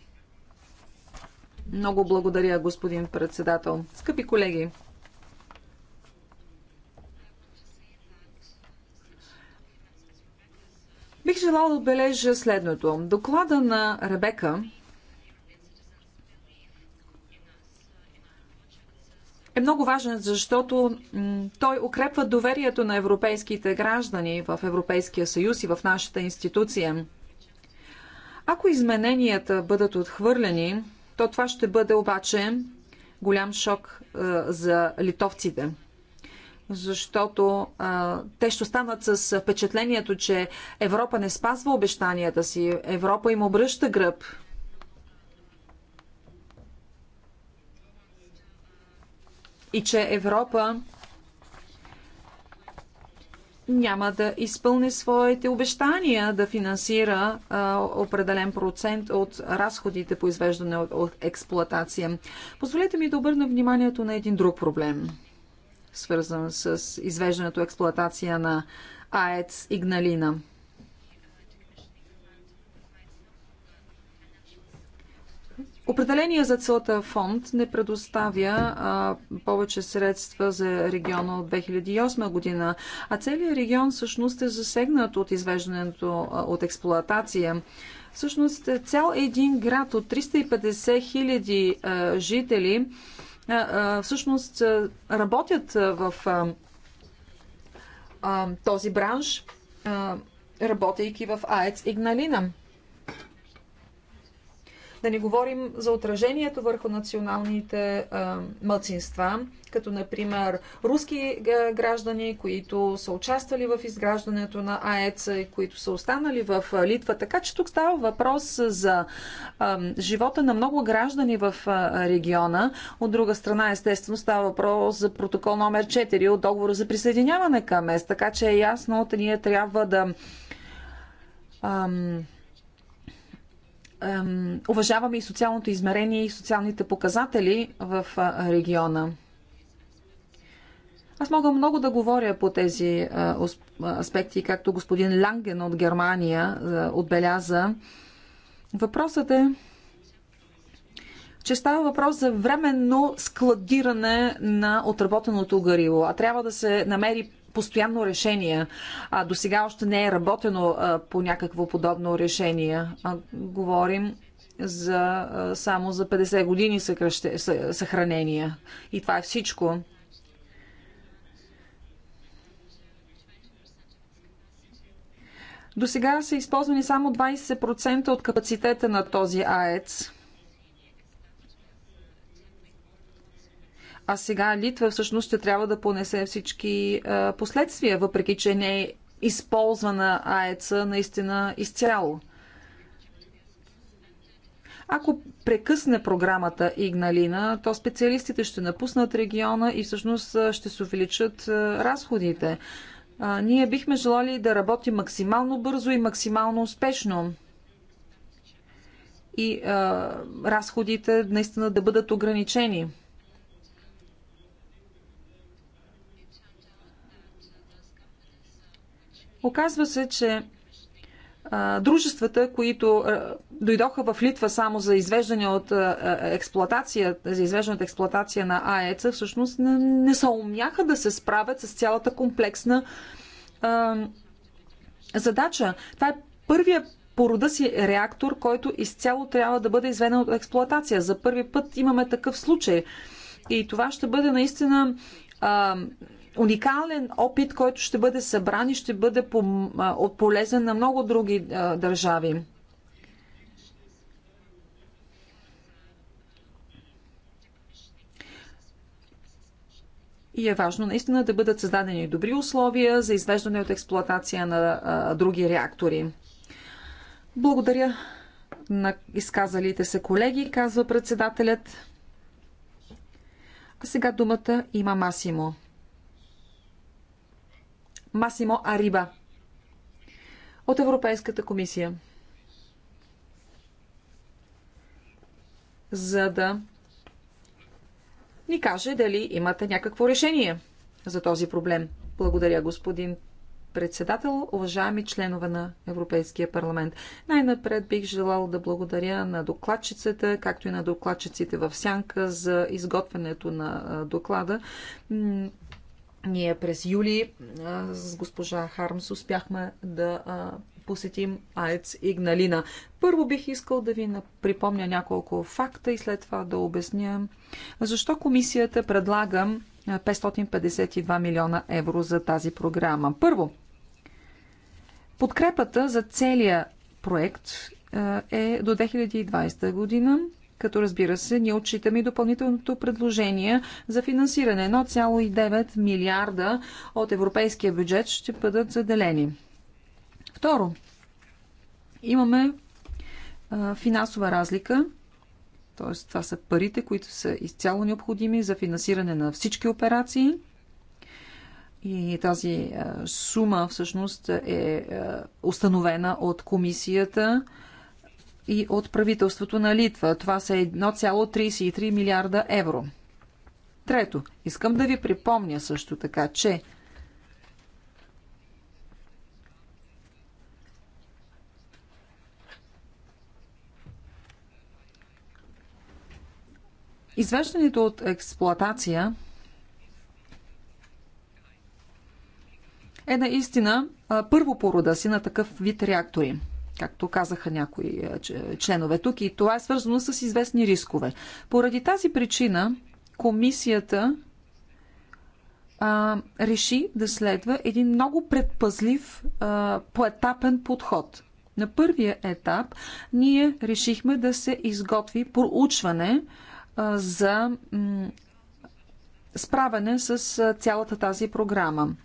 Много благодаря, господин председател. Скъпи колеги, Бих желала да отбележа следното. Доклада на Ребека е много важен, защото той укрепва доверието на европейските граждани в Европейския съюз и в нашата институция. Ако измененията бъдат отхвърлени, то това ще бъде обаче голям шок за литовците защото а, те ще останат с впечатлението, че Европа не спазва обещанията си, Европа им обръща гръб. И че Европа няма да изпълни своите обещания да финансира а, определен процент от разходите по извеждане от, от експлоатация. Позволете ми да обърна вниманието на един друг проблем – свързан с извеждането експлоатация на АЕЦ Игналина. Определения за целта фонд не предоставя а, повече средства за региона от 2008 година, а целият регион всъщност е засегнат от извеждането а, от експлоатация. Всъщност е цял един град от 350 хиляди жители всъщност работят в този бранш, работейки в АЕЦ Игналина. Да не говорим за отражението върху националните а, мълцинства, като например руски граждани, които са участвали в изграждането на АЕЦ и които са останали в Литва. Така че тук става въпрос за а, живота на много граждани в а, региона. От друга страна, естествено, става въпрос за протокол номер 4 от договора за присъединяване към ЕС. Така че е ясно, ние трябва да. Ам, уважаваме и социалното измерение и социалните показатели в региона. Аз мога много да говоря по тези аспекти, както господин Ланген от Германия отбеляза. Въпросът е, че става въпрос за временно складиране на отработеното гориво, а трябва да се намери постоянно решение. А до сега още не е работено а, по някакво подобно решение. А, говорим за, а, само за 50 години съкръще, съ, съхранения. И това е всичко. До сега са използвани само 20% от капацитета на този АЕЦ. а сега Литва всъщност ще трябва да понесе всички последствия, въпреки че не е използвана АЕЦ наистина изцяло. Ако прекъсне програмата Игналина, то специалистите ще напуснат региона и всъщност ще се увеличат разходите. ние бихме желали да работи максимално бързо и максимално успешно. И а, разходите наистина да бъдат ограничени. Оказва се, че дружествата, които дойдоха в Литва само за извеждане от експлоатация, за извеждане от експлоатация на АЕЦ, всъщност не, не са умяха да се справят с цялата комплексна а, задача. Това е първия по рода си реактор, който изцяло трябва да бъде изведен от експлоатация. За първи път имаме такъв случай. И това ще бъде наистина а, уникален опит, който ще бъде събран и ще бъде от полезен на много други държави. И е важно наистина да бъдат създадени добри условия за извеждане от експлоатация на други реактори. Благодаря на изказалите се колеги, казва председателят. А сега думата има Масимо. Масимо Ариба от Европейската комисия. За да ни каже дали имате някакво решение за този проблем. Благодаря, господин председател, уважаеми членове на Европейския парламент. Най-напред бих желал да благодаря на докладчицата, както и на докладчиците в Сянка за изготвянето на доклада. Ние през юли а, с госпожа Хармс успяхме да а, посетим АЕЦ Игналина. Първо бих искал да ви припомня няколко факта и след това да обясня защо комисията предлага 552 милиона евро за тази програма. Първо, подкрепата за целия проект е до 2020 година като разбира се, ние отчитаме и допълнителното предложение за финансиране. 1,9 милиарда от европейския бюджет ще бъдат заделени. Второ, имаме а, финансова разлика, т.е. това са парите, които са изцяло необходими за финансиране на всички операции. И тази а, сума всъщност е а, установена от комисията. А, и от правителството на Литва. Това са 1,33 милиарда евро. Трето, искам да ви припомня също така, че Извеждането от експлоатация е наистина първо по рода си на такъв вид реактори както казаха някои е, членове тук, и това е свързано с известни рискове. Поради тази причина комисията а, реши да следва един много предпазлив а, поетапен подход. На първия етап ние решихме да се изготви проучване а, за м, справяне с а, цялата тази програма.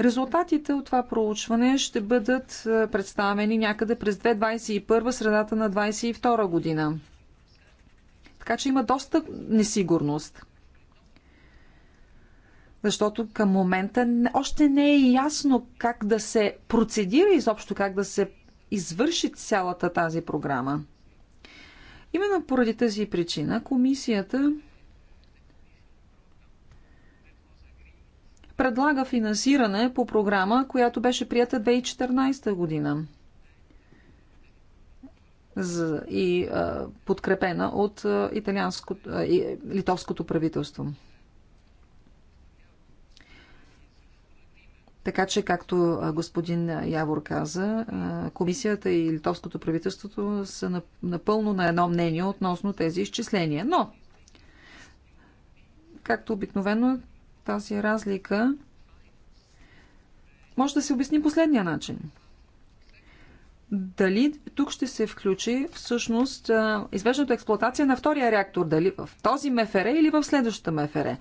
Резултатите от това проучване ще бъдат е, представени някъде през 2021, средата на 2022 година. Така че има доста несигурност. Защото към момента още не е ясно как да се процедира изобщо, как да се извърши цялата тази програма. Именно поради тази причина комисията предлага финансиране по програма, която беше прията 2014 година и подкрепена от литовското правителство. Така че, както господин Явор каза, комисията и литовското правителството са напълно на едно мнение относно тези изчисления. Но, както обикновено, тази разлика може да се обясни последния начин. Дали тук ще се включи всъщност извеждането експлуатация на втория реактор, дали в този МФР или в следващата МФР?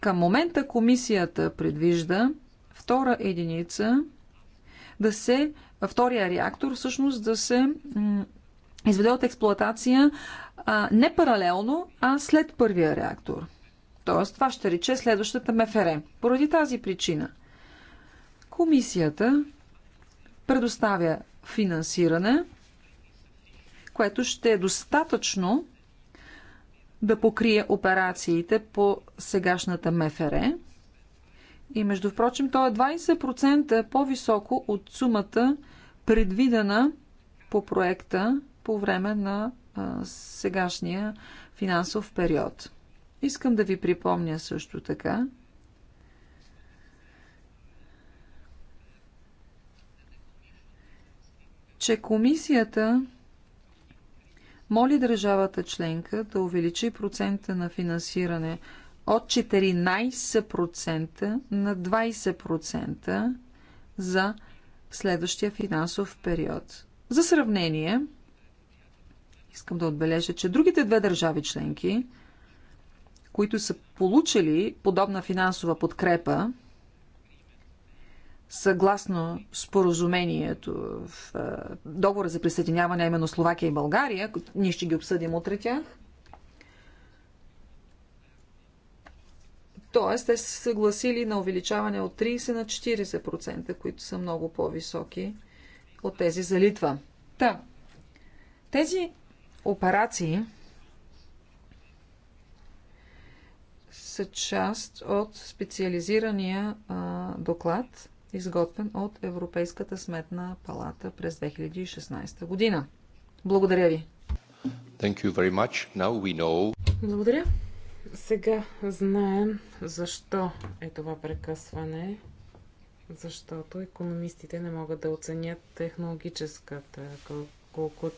Към момента комисията предвижда втора единица да се, втория реактор всъщност да се изведе от експлоатация а, не паралелно, а след първия реактор. Тоест, това ще рече следващата МФР. Поради тази причина комисията предоставя финансиране, което ще е достатъчно да покрие операциите по сегашната МФР. И между впрочем, то е 20% по-високо от сумата предвидена по проекта по време на а, сегашния финансов период. Искам да ви припомня също така, че комисията моли държавата членка да увеличи процента на финансиране от 14% на 20% за следващия финансов период. За сравнение, искам да отбележа, че другите две държави членки – които са получили подобна финансова подкрепа, съгласно споразумението в договора за присъединяване, именно Словакия и България, ние ще ги обсъдим утре тях. Тоест, те са съгласили на увеличаване от 30 на 40%, които са много по-високи от тези за Литва. Та, тези операции са част от специализирания а, доклад, изготвен от Европейската сметна палата през 2016 година. Благодаря ви. Thank you very much. Now we know... Благодаря. Сега знаем защо е това прекъсване, защото економистите не могат да оценят технологическата, колко,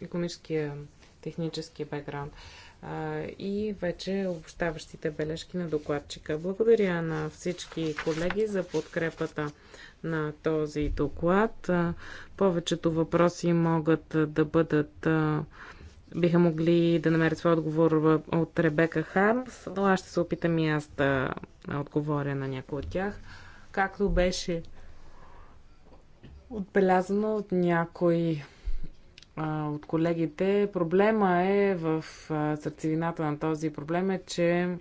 економическия, технически бекграунд и вече обобщаващите бележки на докладчика. Благодаря на всички колеги за подкрепата на този доклад. Повечето въпроси могат да бъдат биха могли да намерят своя отговор от Ребека Хармс, но аз ще се опитам и аз да отговоря на някои от тях. Както беше отбелязано от някои от колегите. Проблема е в сърцевината на този проблем е, че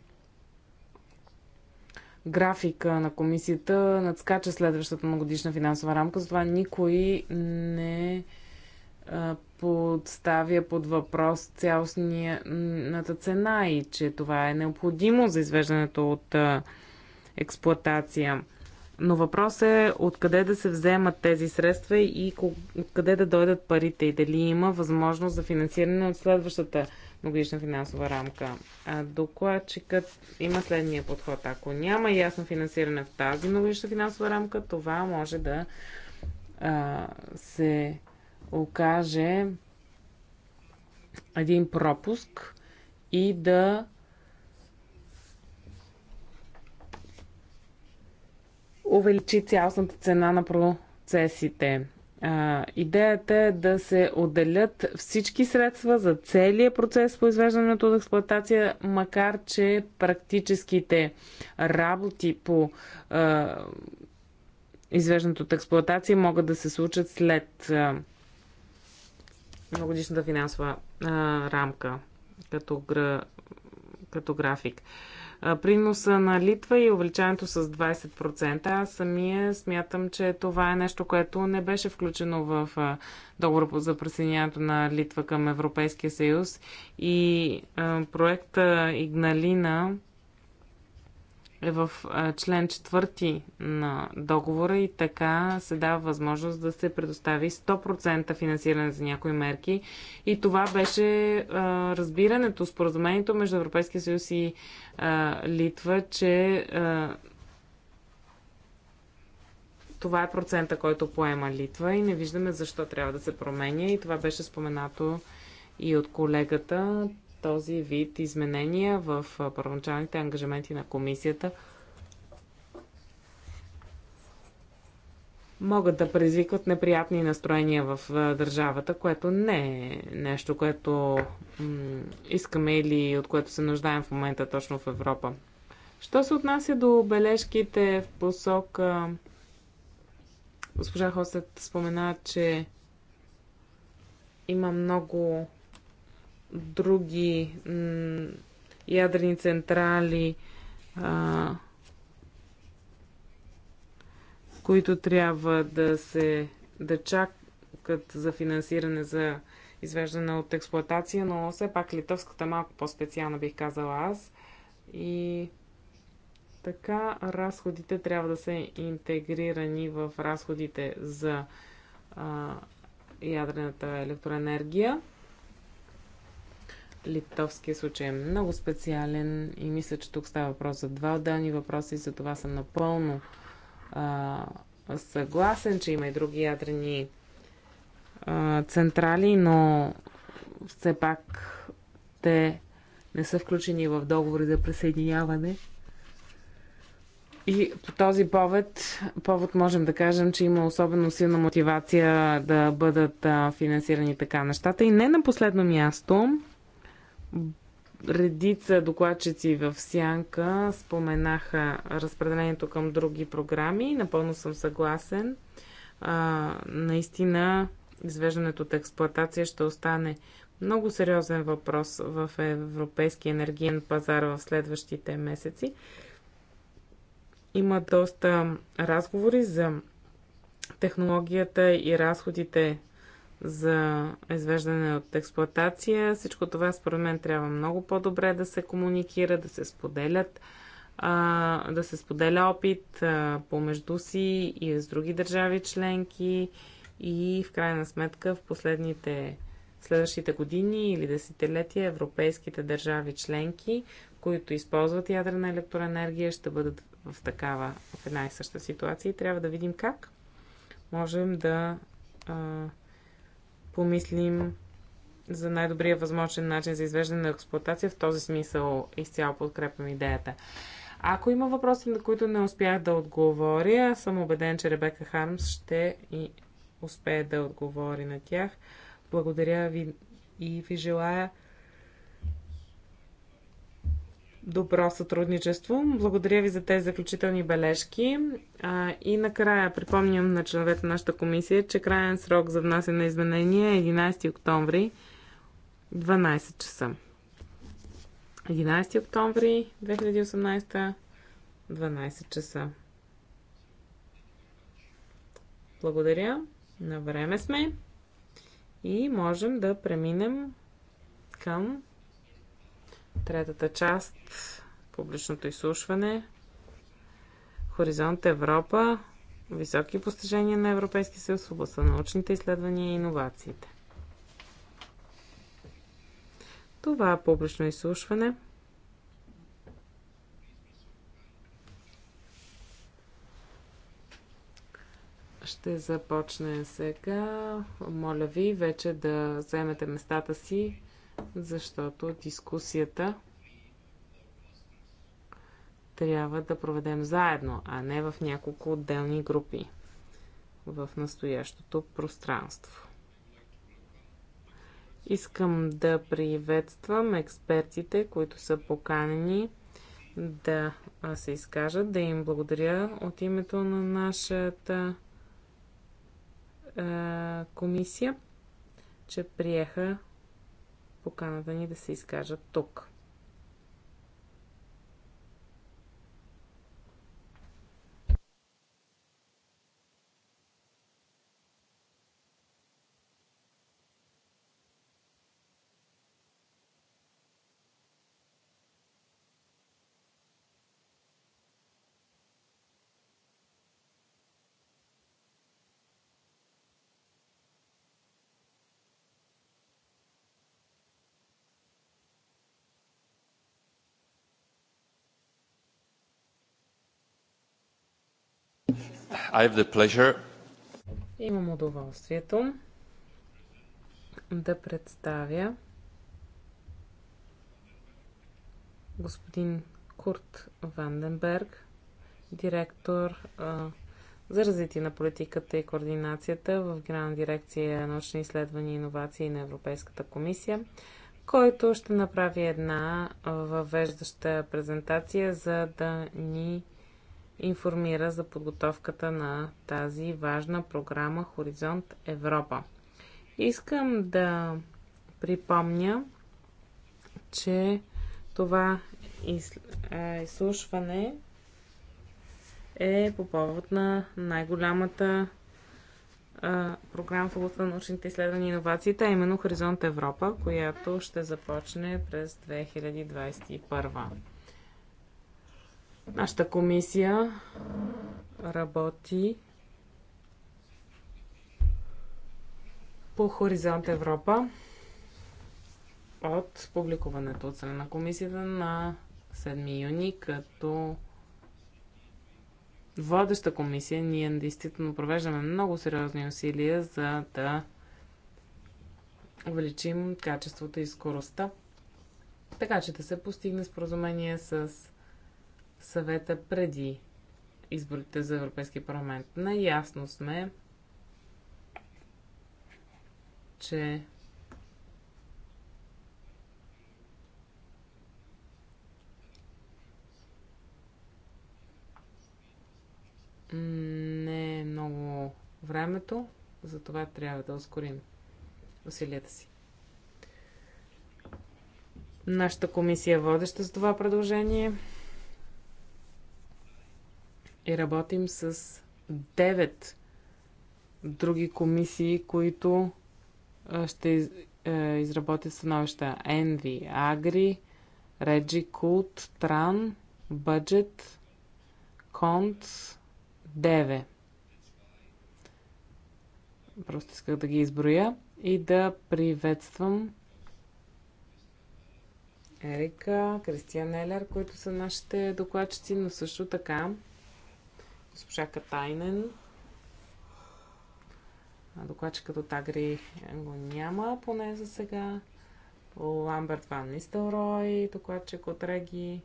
графика на комисията надскача следващата многодишна финансова рамка, затова никой не подставя под въпрос цялостната цена и че това е необходимо за извеждането от експлоатация. Но въпрос е откъде да се вземат тези средства и откъде да дойдат парите и дали има възможност за финансиране от следващата многогодишна финансова рамка. А докладчикът има следния подход. Ако няма ясно финансиране в тази многогодишна финансова рамка, това може да а, се окаже един пропуск и да увеличи цялостната цена на процесите. А, идеята е да се отделят всички средства за целия процес по извеждането от експлуатация, макар че практическите работи по а, извеждането от експлуатация могат да се случат след а, многодишната финансова а, рамка като, гра, като график. А, приноса на Литва и увеличаването с 20%. Аз самия смятам, че това е нещо, което не беше включено в договор за присъединяването на Литва към Европейския съюз и проекта Игналина е в член 4 на договора и така се дава възможност да се предостави 100% финансиране за някои мерки. И това беше а, разбирането, споразумението между Европейския съюз и а, Литва, че а, това е процента, който поема Литва и не виждаме защо трябва да се променя. И това беше споменато и от колегата, този вид изменения в първоначалните ангажименти на комисията могат да предизвикват неприятни настроения в държавата, което не е нещо, което искаме или от което се нуждаем в момента точно в Европа. Що се отнася до бележките в посока... Госпожа Хосет спомена, че има много други ядрени централи, а, които трябва да се да чакат за финансиране за извеждане от експлоатация, но все пак литовската е малко по-специална бих казала аз. И така разходите трябва да са интегрирани в разходите за а, ядрената електроенергия литовския случай е много специален и мисля, че тук става въпрос за два отделни въпроса и за това съм напълно а, съгласен, че има и други ядрени а, централи, но все пак те не са включени в договори за присъединяване. И по този повод, повод можем да кажем, че има особено силна мотивация да бъдат а, финансирани така нещата. И не на последно място, редица докладчици в Сянка споменаха разпределението към други програми. Напълно съм съгласен. А, наистина, извеждането от експлоатация ще остане много сериозен въпрос в европейския енергиен пазар в следващите месеци. Има доста разговори за технологията и разходите за извеждане от експлоатация. Всичко това според мен трябва много по-добре да се комуникира, да се споделят да се споделя опит помежду си и с други държави членки и в крайна сметка в последните следващите години или десетилетия европейските държави членки, които използват ядрена електроенергия, ще бъдат в такава, в една и съща ситуация и трябва да видим как можем да а, помислим за най-добрия възможен начин за извеждане на експлуатация. В този смисъл изцяло подкрепям идеята. Ако има въпроси, на които не успях да отговоря, съм убеден, че Ребека Хармс ще и успее да отговори на тях. Благодаря ви и ви желая добро сътрудничество. Благодаря ви за тези заключителни бележки. А, и накрая припомням на членовете на нашата комисия, че краен срок за внасяне на изменения е 11 октомври 12 часа. 11 октомври 2018 12 часа. Благодаря. На време сме и можем да преминем към Третата част публичното изслушване. Хоризонт Европа високи постижения на Европейския съюз в областта на научните изследвания и иновациите. Това е публично изслушване ще започне сега. Моля ви вече да вземете местата си защото дискусията трябва да проведем заедно, а не в няколко отделни групи в настоящото пространство. Искам да приветствам експертите, които са поканени да се изкажат, да им благодаря от името на нашата е, комисия, че приеха поканата ни да се изкажат тук. I have the pleasure. Имам удоволствието да представя господин Курт Ванденберг, директор за развитие на политиката и координацията в Генерална дирекция научни изследвания и иновации на Европейската комисия, който ще направи една въвеждаща презентация, за да ни информира за подготовката на тази важна програма Хоризонт Европа. Искам да припомня, че това изслушване е по повод на най-голямата програма в областта на научните изследвания и иновациите, а именно Хоризонт Европа, която ще започне през 2021. Нашата комисия работи по Хоризонт Европа от публикуването от страна на комисията на 7 юни, като водеща комисия ние действително провеждаме много сериозни усилия за да увеличим качеството и скоростта, така че да се постигне споразумение с съвета преди изборите за Европейски парламент. Наясно сме, че не е много времето, затова трябва да ускорим усилията си. Нашата комисия е водеща за това предложение и работим с 9 други комисии, които ще е, изработят становища. Envy, Agri, Regi, Cult, Tran, Budget, Cont, Деве. Просто исках да ги изброя и да приветствам Ерика, Кристиан Елер, които са нашите докладчици, но също така госпожа Катайнен. Докладчикът от Агри го няма, поне за сега. Ламберт Ван Нистелрой, докладчик от Реги.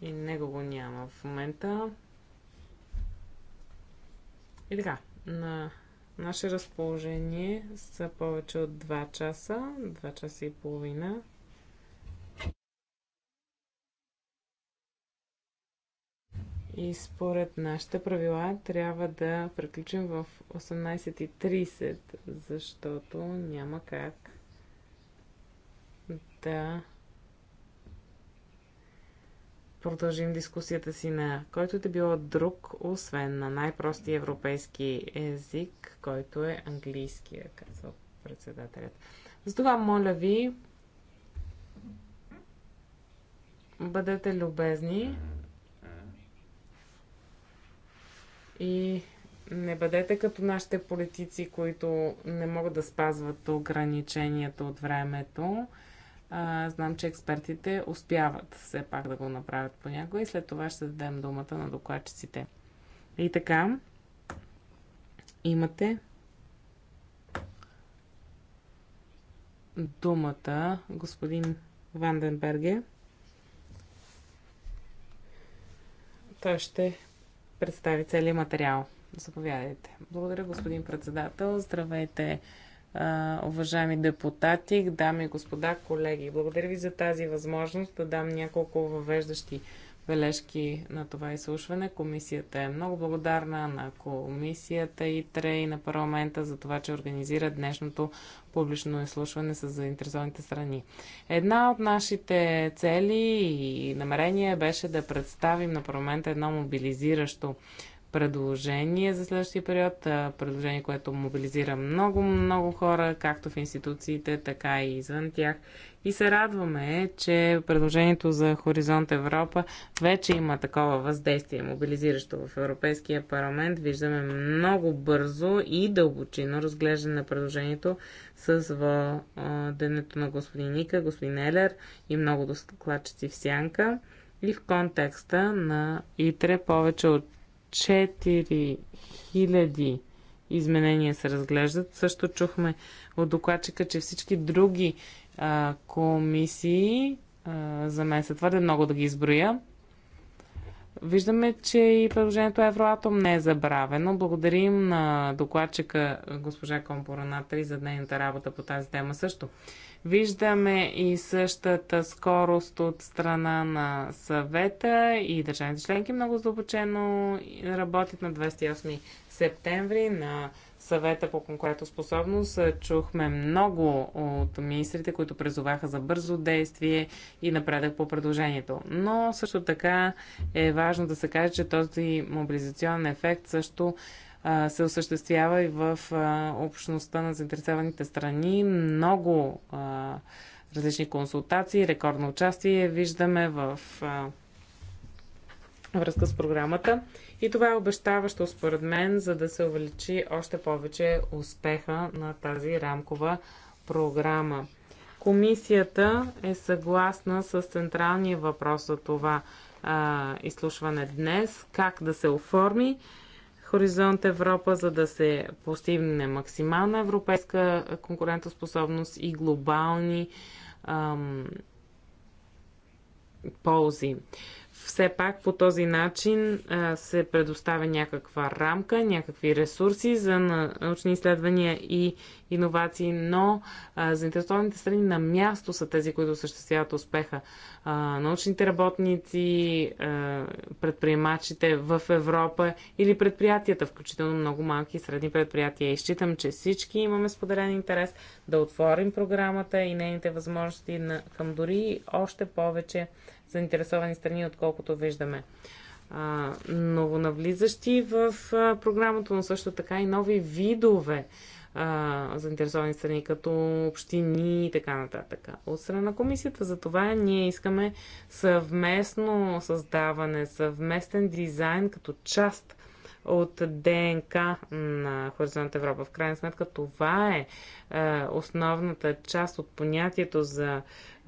И него го няма в момента. И така, на наше разположение са повече от 2 часа, 2 часа и половина. И според нашите правила трябва да приключим в 18.30, защото няма как да продължим дискусията си на който е да било друг, освен на най-прости европейски език, който е английския, казва председателят. Затова, моля ви, бъдете любезни И не бъдете като нашите политици, които не могат да спазват ограниченията от времето. А, знам, че експертите успяват все пак да го направят понякога и след това ще дадем думата на докладчиците. И така, имате думата, господин Ванденберге. Той ще представи целият материал. Заповядайте. Благодаря, господин председател. Здравейте, уважаеми депутати, дами и господа, колеги. Благодаря ви за тази възможност да дам няколко въвеждащи бележки на това изслушване. Комисията е много благодарна на комисията и и на парламента за това, че организира днешното публично изслушване с заинтересованите страни. Една от нашите цели и намерения беше да представим на парламента едно мобилизиращо предложение за следващия период, предложение, което мобилизира много, много хора, както в институциите, така и извън тях. И се радваме, че предложението за Хоризонт Европа вече има такова въздействие, мобилизиращо в Европейския парламент. Виждаме много бързо и дълбочино разглеждане на предложението с денето на господин Ника, господин Елер и много докладчици в сянка. И в контекста на ИТРЕ повече от 4000 изменения се разглеждат. Също чухме от докладчика, че всички други а, комисии а, за мен са твърде много да ги изброя. Виждаме, че и предложението Евроатом не е забравено. Благодарим на докладчика госпожа Компораната и за нейната работа по тази тема също. Виждаме и същата скорост от страна на съвета и държавните членки много задълбочено работят на 28 септември на съвета по способност. Чухме много от министрите, които призоваха за бързо действие и напредък по предложението. Но също така е важно да се каже, че този мобилизационен ефект също се осъществява и в общността на заинтересованите страни. Много различни консултации, рекордно участие виждаме в връзка с програмата. И това е обещаващо според мен, за да се увеличи още повече успеха на тази рамкова програма. Комисията е съгласна с централния въпрос за това а, изслушване днес, как да се оформи Хоризонт Европа, за да се постигне максимална европейска конкурентоспособност и глобални ам, ползи все пак по този начин се предоставя някаква рамка, някакви ресурси за научни изследвания и иновации, но заинтересованите страни на място са тези, които осъществяват успеха. Научните работници, предприемачите в Европа или предприятията, включително много малки и средни предприятия. И считам, че всички имаме споделен интерес да отворим програмата и нейните възможности към дори още повече заинтересовани страни, отколкото виждаме. А, новонавлизащи в а, програмата, но също така и нови видове а, заинтересовани страни, като общини и така нататък. От страна на комисията за това ние искаме съвместно създаване, съвместен дизайн като част от ДНК на Хоризонт Европа. В крайна сметка това е, е основната част от понятието за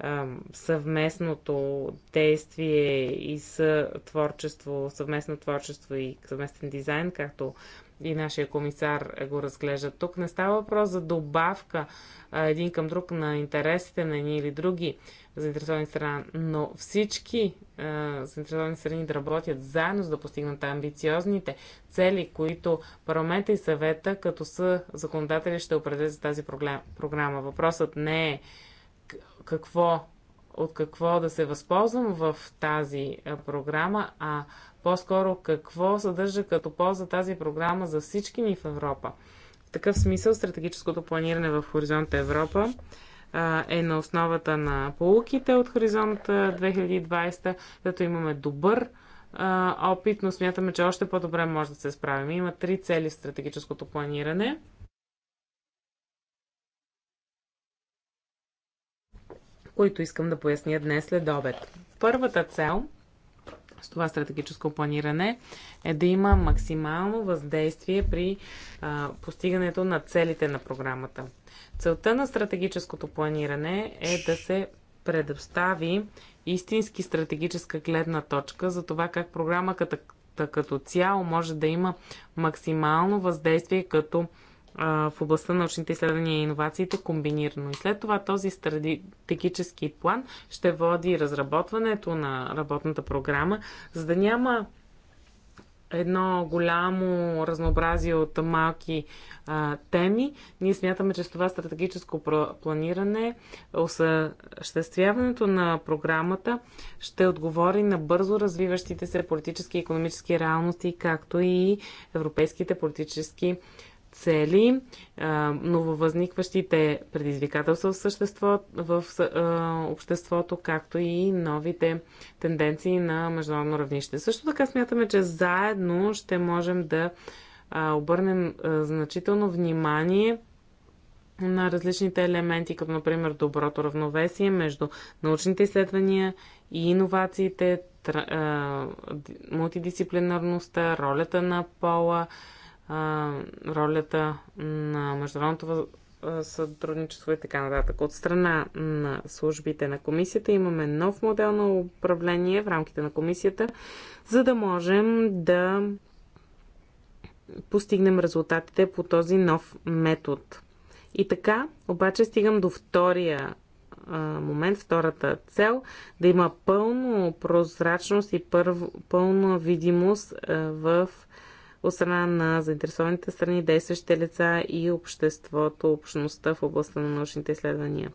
е, съвместното действие и сътворчество, съвместно творчество и съвместен дизайн, както и нашия комисар го разглежда тук. Не става въпрос за добавка е, един към друг на интересите на едни или други заинтересовани страна, но всички а, заинтересовани страни да работят заедно, за да постигнат амбициозните цели, които парламента и съвета като са законодатели ще определят за тази програма. Въпросът не е какво, от какво да се възползвам в тази програма, а по-скоро какво съдържа като полза тази програма за всички ни в Европа. В такъв смисъл стратегическото планиране в Хоризонта Европа е на основата на полуките от Хоризонт 2020, като имаме добър опит, но смятаме, че още по-добре може да се справим. Има три цели в стратегическото планиране. които искам да поясня днес след обед. Първата цел – с това стратегическо планиране е да има максимално въздействие при а, постигането на целите на програмата. Целта на стратегическото планиране е да се предостави истински стратегическа гледна точка за това как програмата като цяло може да има максимално въздействие като в областта на научните изследвания и иновациите комбинирано. И след това този стратегически план ще води разработването на работната програма, за да няма едно голямо разнообразие от малки а, теми. Ние смятаме, че с това стратегическо планиране, осъществяването на програмата ще отговори на бързо развиващите се политически и економически реалности, както и европейските политически а, цели, нововъзникващите предизвикателства в, същество, в обществото, както и новите тенденции на международно равнище. Също така смятаме, че заедно ще можем да обърнем значително внимание на различните елементи, като например доброто равновесие между научните изследвания и иновациите, мултидисциплинарността, ролята на пола, ролята на международното сътрудничество и така нататък. От страна на службите на комисията имаме нов модел на управление в рамките на комисията, за да можем да постигнем резултатите по този нов метод. И така, обаче стигам до втория момент, втората цел, да има пълно прозрачност и пълна видимост в от страна на заинтересованите страни, действащите лица и обществото, общността в областта на научните изследвания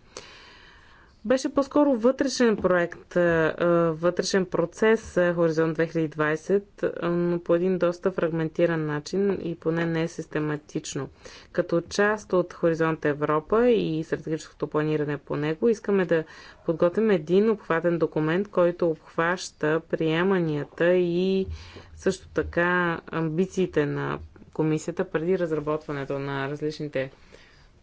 беше по-скоро вътрешен проект, е, е, вътрешен процес е, Хоризонт 2020, но по един доста фрагментиран начин и поне не систематично. Като част от Хоризонт Европа и стратегическото планиране по него, искаме да подготвим един обхватен документ, който обхваща приеманията и също така амбициите на комисията преди разработването на различните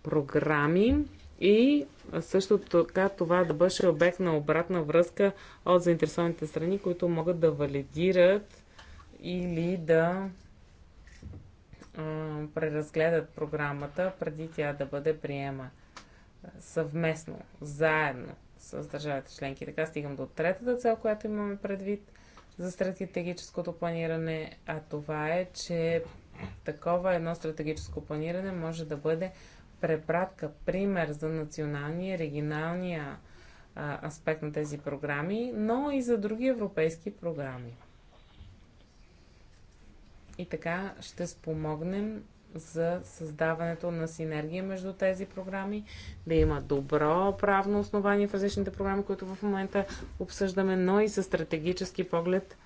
програми и също така това да бъде обект на обратна връзка от заинтересованите страни, които могат да валидират или да преразгледат програмата преди тя да бъде приема съвместно, заедно с държавите членки. Така стигам до третата цел, която имаме предвид за стратегическото планиране, а това е, че такова едно стратегическо планиране може да бъде препратка, пример за националния, регионалния а, аспект на тези програми, но и за други европейски програми. И така ще спомогнем за създаването на синергия между тези програми, да има добро правно основание в различните програми, които в момента обсъждаме, но и със стратегически поглед –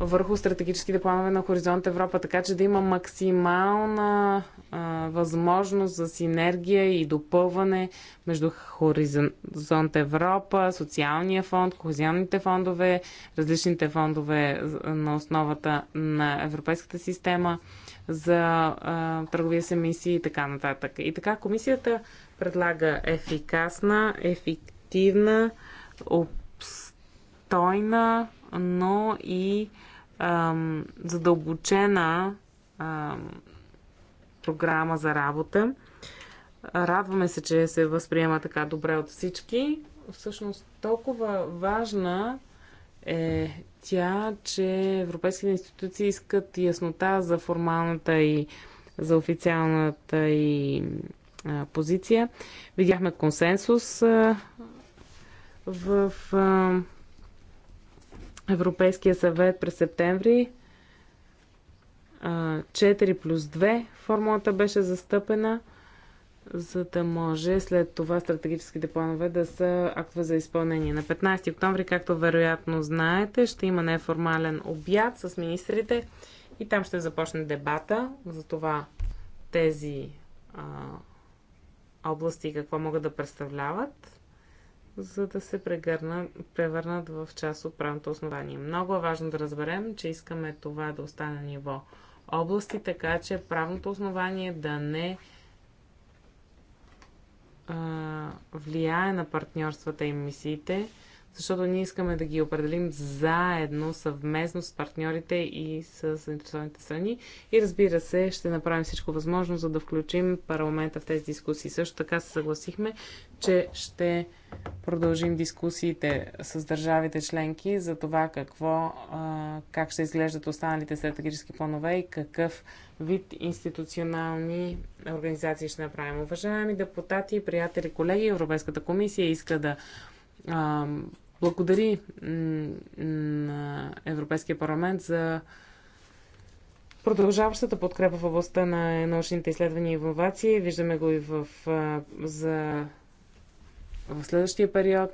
върху стратегическите планове на Хоризонт Европа, така че да има максимална а, възможност за синергия и допълване между Хоризонт Европа, социалния фонд, кохезионните фондове, различните фондове на основата на европейската система за а, търговия с емисии и така нататък. И така комисията предлага ефикасна, ефективна, обстойна но и ам, задълбочена ам, програма за работа. Радваме се, че се възприема така добре от всички. Всъщност толкова важна е тя, че европейските институции искат яснота за формалната и за официалната и а, позиция. Видяхме консенсус а, в а, Европейския съвет през септември. 4 плюс 2 формулата беше застъпена, за да може след това стратегическите планове да са актове за изпълнение. На 15 октомври, както вероятно знаете, ще има неформален обяд с министрите и там ще започне дебата за това тези а, области какво могат да представляват за да се превърнат в част от правното основание. Много е важно да разберем, че искаме това да остане на ниво области, така че правното основание да не а, влияе на партньорствата и мисиите, защото ние искаме да ги определим заедно, съвместно с партньорите и с заинтересованите страни. И разбира се, ще направим всичко възможно, за да включим парламента в тези дискусии. Също така се съгласихме, че ще продължим дискусиите с държавите членки за това какво, как ще изглеждат останалите стратегически планове и какъв вид институционални организации ще направим. Уважаеми депутати, приятели, колеги, Европейската комисия иска да благодари на Европейския парламент за продължаващата подкрепа в областта на научните изследвания и инновации. Виждаме го и в, за, в следващия период,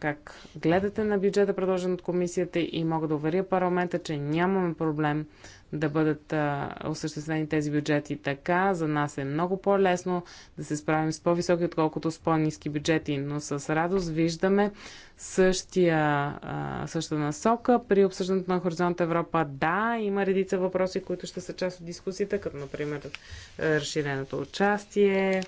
как гледате на бюджета, предложен от комисията и мога да уверя парламента, че нямаме проблем да бъдат а, осъществени тези бюджети така. За нас е много по-лесно да се справим с по-високи, отколкото с по-низки бюджети, но с радост виждаме същия, а, същата насока при обсъждането на Хоризонт Европа. Да, има редица въпроси, които ще са част от дискусията, като например разширеното участие,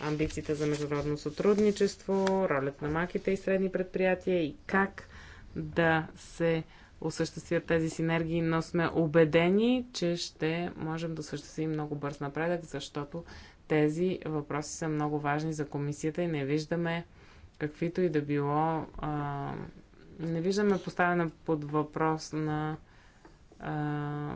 амбициите за международно сътрудничество, ролят на маките и средни предприятия и как да се осъществят тези синергии, но сме убедени, че ще можем да осъществим много бърз напредък, защото тези въпроси са много важни за комисията и не виждаме каквито и да било. А, не виждаме поставена под въпрос на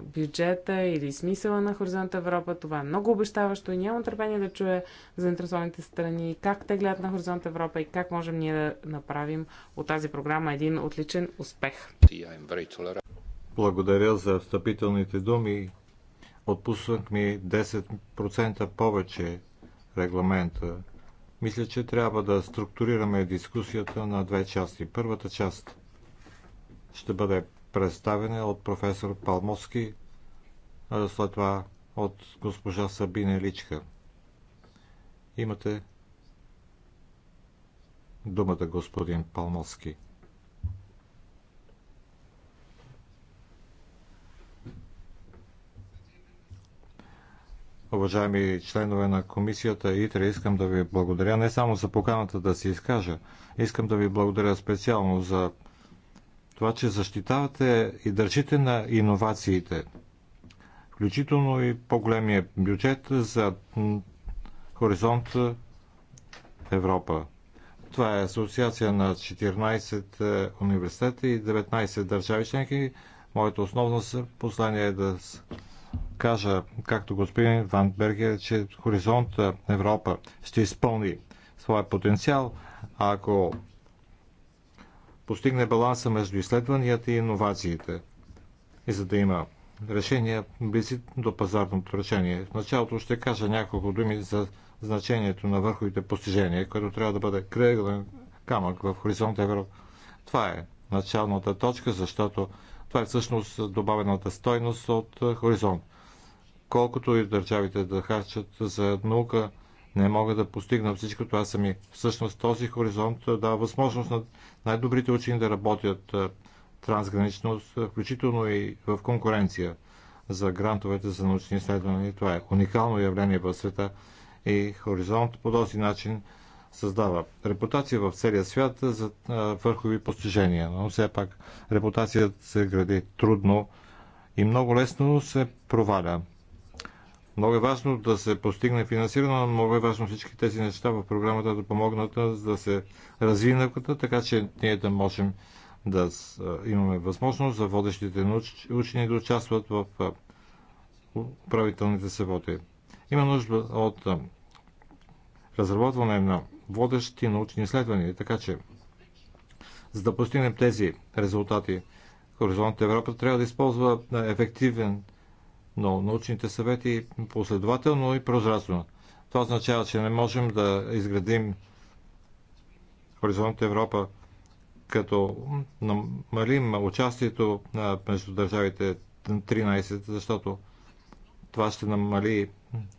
бюджета или смисъла на Хоризонт Европа. Това е много обещаващо и нямам търпение да чуя заинтересованите страни, как те гледат на Хоризонт Европа и как можем ние да направим от тази програма един отличен успех. Благодаря за встъпителните думи. Отпуснах ми 10% повече регламента. Мисля, че трябва да структурираме дискусията на две части. Първата част ще бъде представене от професор Палмоски, след това от госпожа Сабина Личка. Имате думата, господин Палмоски. Уважаеми членове на комисията ИТРА, искам да ви благодаря не само за поканата да се изкажа, искам да ви благодаря специално за това, че защитавате и държите на иновациите, включително и по-големия бюджет за Хоризонт Европа. Това е асоциация на 14 е, университета и 19 държави членки. Моето основно послание е да кажа, както господин Ван Бергер, че Хоризонт Европа ще изпълни своя потенциал, ако постигне баланса между изследванията и иновациите и за да има решение близи до пазарното решение. В началото ще кажа няколко думи за значението на върховите постижения, което трябва да бъде кръглен камък в хоризонт Европа. Това е началната точка, защото това е всъщност добавената стойност от хоризонт. Колкото и държавите да харчат за наука, не мога да постигна всичко това сами. Всъщност този хоризонт дава възможност на най-добрите учени да работят трансгранично, включително и в конкуренция за грантовете за научни изследвания. Това е уникално явление в света и хоризонт по този начин създава репутация в целия свят за върхови постижения. Но все пак репутацията се гради трудно и много лесно се проваля. Много е важно да се постигне финансиране, но много е важно всички тези неща в програмата да помогнат да се развие науката, така че ние да можем да имаме възможност за водещите учени да участват в правителните съботи. Има нужда от разработване на водещи научни изследвания, така че за да постигнем тези резултати, Хоризонт Европа трябва да използва ефективен но научните съвети последователно и прозрачно. Това означава, че не можем да изградим Хоризонт Европа, като намалим участието между държавите 13, защото това ще намали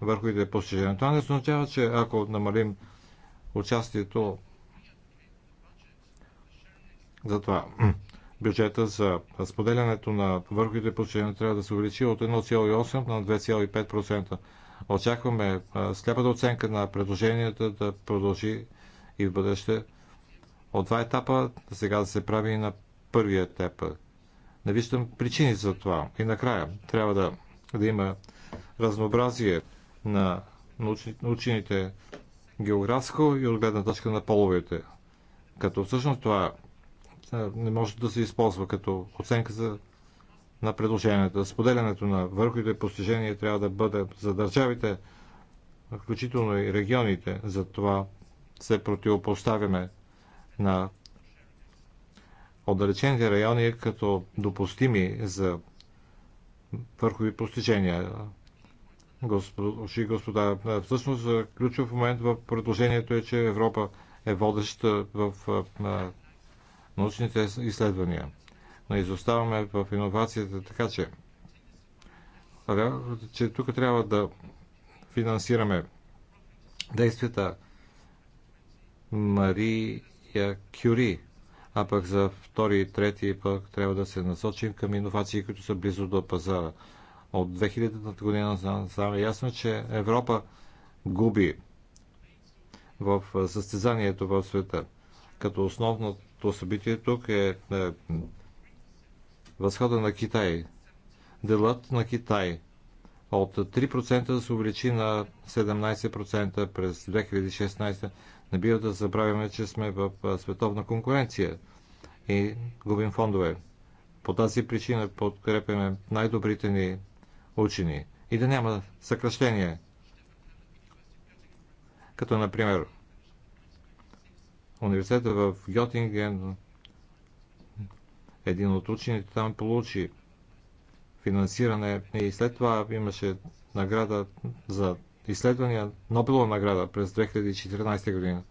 върховите постижения. Това не означава, че ако намалим участието за това бюджета за разподелянето на върховите постижения трябва да се увеличи от 1,8 на 2,5%. Очакваме сляпата оценка на предложенията да продължи и в бъдеще от два етапа, сега да се прави и на първия етап. Не виждам причини за това. И накрая трябва да, да има разнообразие на учените географско и от гледна точка на половете. Като всъщност това не може да се използва като оценка за, на предложенията. Споделянето на върховите постижения трябва да бъде за държавите, включително и регионите. За това се противопоставяме на отдалечените райони като допустими за върхови постижения. Госпожи господа, всъщност ключов момент в предложението е, че Европа е водеща в научните изследвания. Но изоставаме в иновацията, така че, че тук трябва да финансираме действията Мария Кюри, а пък за втори и трети пък трябва да се насочим към иновации, които са близо до пазара. От 2000-та година стана е ясно, че Европа губи в състезанието в света, като основното то събитие тук е, е възхода на Китай. Делът на Китай от 3% да се увеличи на 17% през 2016. Не бива да забравяме, че сме в е, световна конкуренция и губим фондове. По тази причина подкрепяме най-добрите ни учени и да няма съкръщение. Като, например, университета в Йотинген. Един от учените там получи финансиране и след това имаше награда за изследвания, Нобелова награда през 2014 година.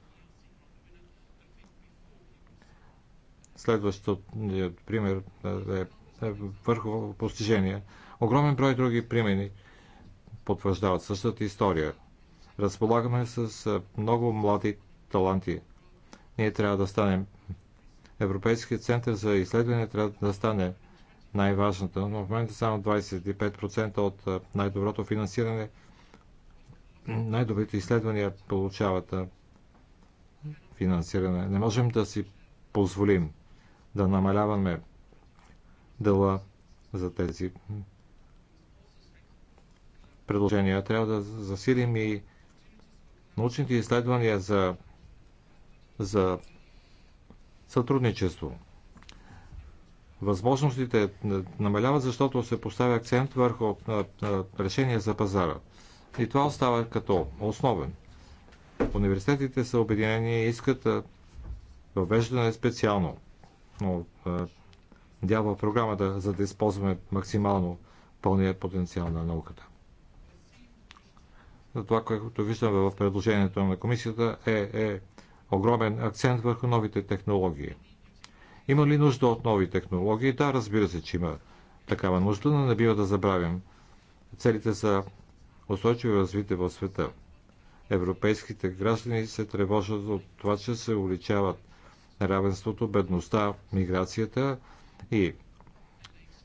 Следващото пример е, е върхово постижение. Огромен брой други примени потвърждават същата история. Разполагаме с е, много млади таланти ние трябва да станем. Европейският център за изследване трябва да стане най-важната, но в момента само 25% от най-доброто финансиране, най-добрите изследвания получават финансиране. Не можем да си позволим да намаляваме дела за тези предложения. Трябва да засилим и научните изследвания за за сътрудничество. Възможностите намаляват, защото се поставя акцент върху решение за пазара. И това остава като основен. Университетите са обединени и искат въвеждане специално но, дял в програмата, за да използваме максимално пълния потенциал на науката. За това, което виждаме в предложението на комисията е, е огромен акцент върху новите технологии. Има ли нужда от нови технологии? Да, разбира се, че има такава нужда, но не бива да забравим целите за устойчиво развитие в света. Европейските граждани се тревожат от това, че се увеличават неравенството, бедността, миграцията и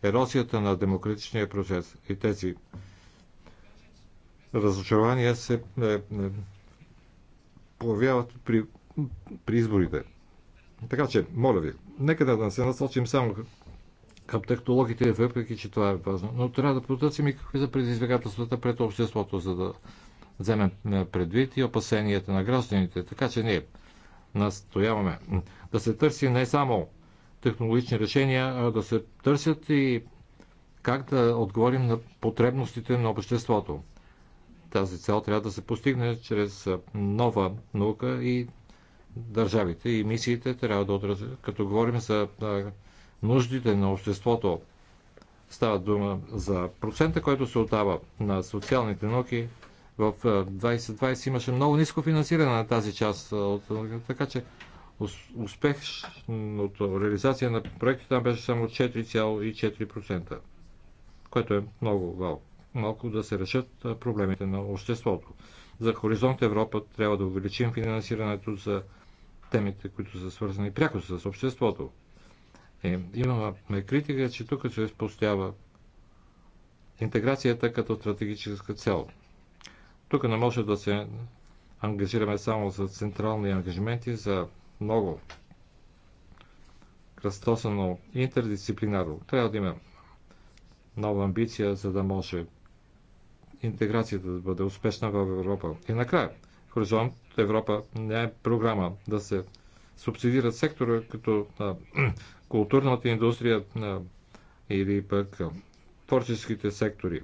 ерозията на демократичния процес. И тези разочарования се е, е, появяват при при изборите. Така че, моля ви, нека да се насочим само към технологите, въпреки че това е важно. Но трябва да потърсим и какви са предизвикателствата пред обществото, за да вземем е, предвид и опасенията на гражданите. Така че ние настояваме да се търси не само технологични решения, а да се търсят и как да отговорим на потребностите на обществото. Тази цел трябва да се постигне чрез е, нова наука и държавите и мисиите трябва да отразят. Като говорим за нуждите на обществото, става дума за процента, който се отдава на социалните науки. В 2020 имаше много ниско финансиране на тази част, така че успешното реализация на проекта там беше само 4,4%, което е много вал. Малко да се решат проблемите на обществото. За Хоризонт Европа трябва да увеличим финансирането за темите, които са свързани пряко с обществото. Е, имаме критика, че тук се изпостява интеграцията като стратегическа цел. Тук не може да се ангажираме само за централни ангажименти, за много кръстосано интердисциплинарно. Трябва да има нова амбиция, за да може интеграцията да бъде успешна в Европа. И накрая, Хоризонт Европа не е програма да се субсидират сектора като а, *clears throat* културната индустрия а, или пък а, творческите сектори.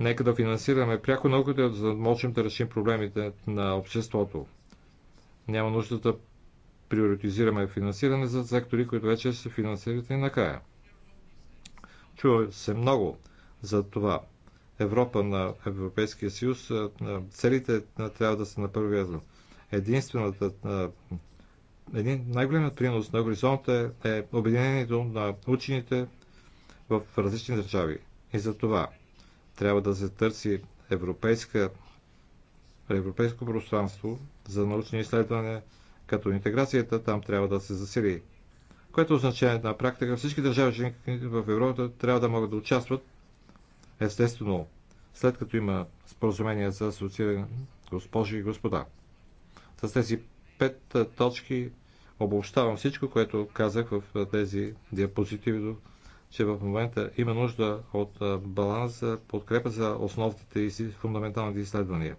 Нека да финансираме пряко науката, за да можем да решим проблемите на обществото. Няма нужда да приоритизираме финансиране за сектори, които вече се финансират и накрая. Чува се много за това. Европа на Европейския съюз, целите трябва да са на първия ред. Единствената един най-големият принос на горизонта е, е обединението на учените в различни държави. И за това трябва да се търси европейска, европейско пространство за научни изследвания, като интеграцията там трябва да се засили. Което означава на практика всички държави в Европа трябва да могат да участват Естествено, след като има споразумение за асоцииране, госпожи и господа. С тези пет точки обобщавам всичко, което казах в тези диапозитиви, че в момента има нужда от баланс, подкрепа за основните и фундаменталните изследвания.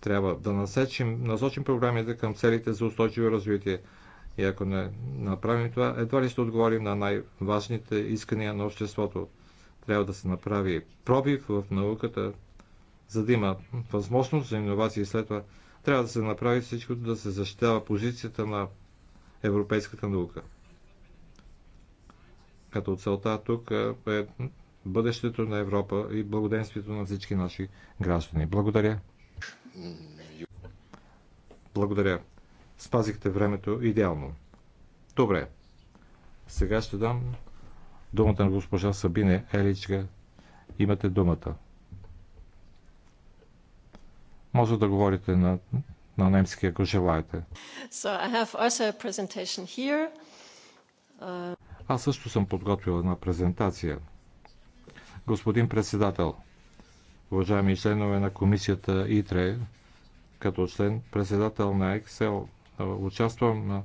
Трябва да насечим, насочим програмите към целите за устойчиво развитие. И ако не направим това, едва ли ще отговорим на най-важните искания на обществото трябва да се направи пробив в науката, за да има възможност за иновации. След това трябва да се направи всичко, да се защитава позицията на европейската наука. Като целта тук е бъдещето на Европа и благоденствието на всички наши граждани. Благодаря. Благодаря. Спазихте времето идеално. Добре. Сега ще дам думата на госпожа Сабине Еличка. Имате думата. Може да говорите на, на немски, ако желаете. So I have also a presentation here. Uh... Аз също съм подготвил една презентация. Господин председател, уважаеми членове на комисията ИТРЕ, като член председател на Excel, участвам на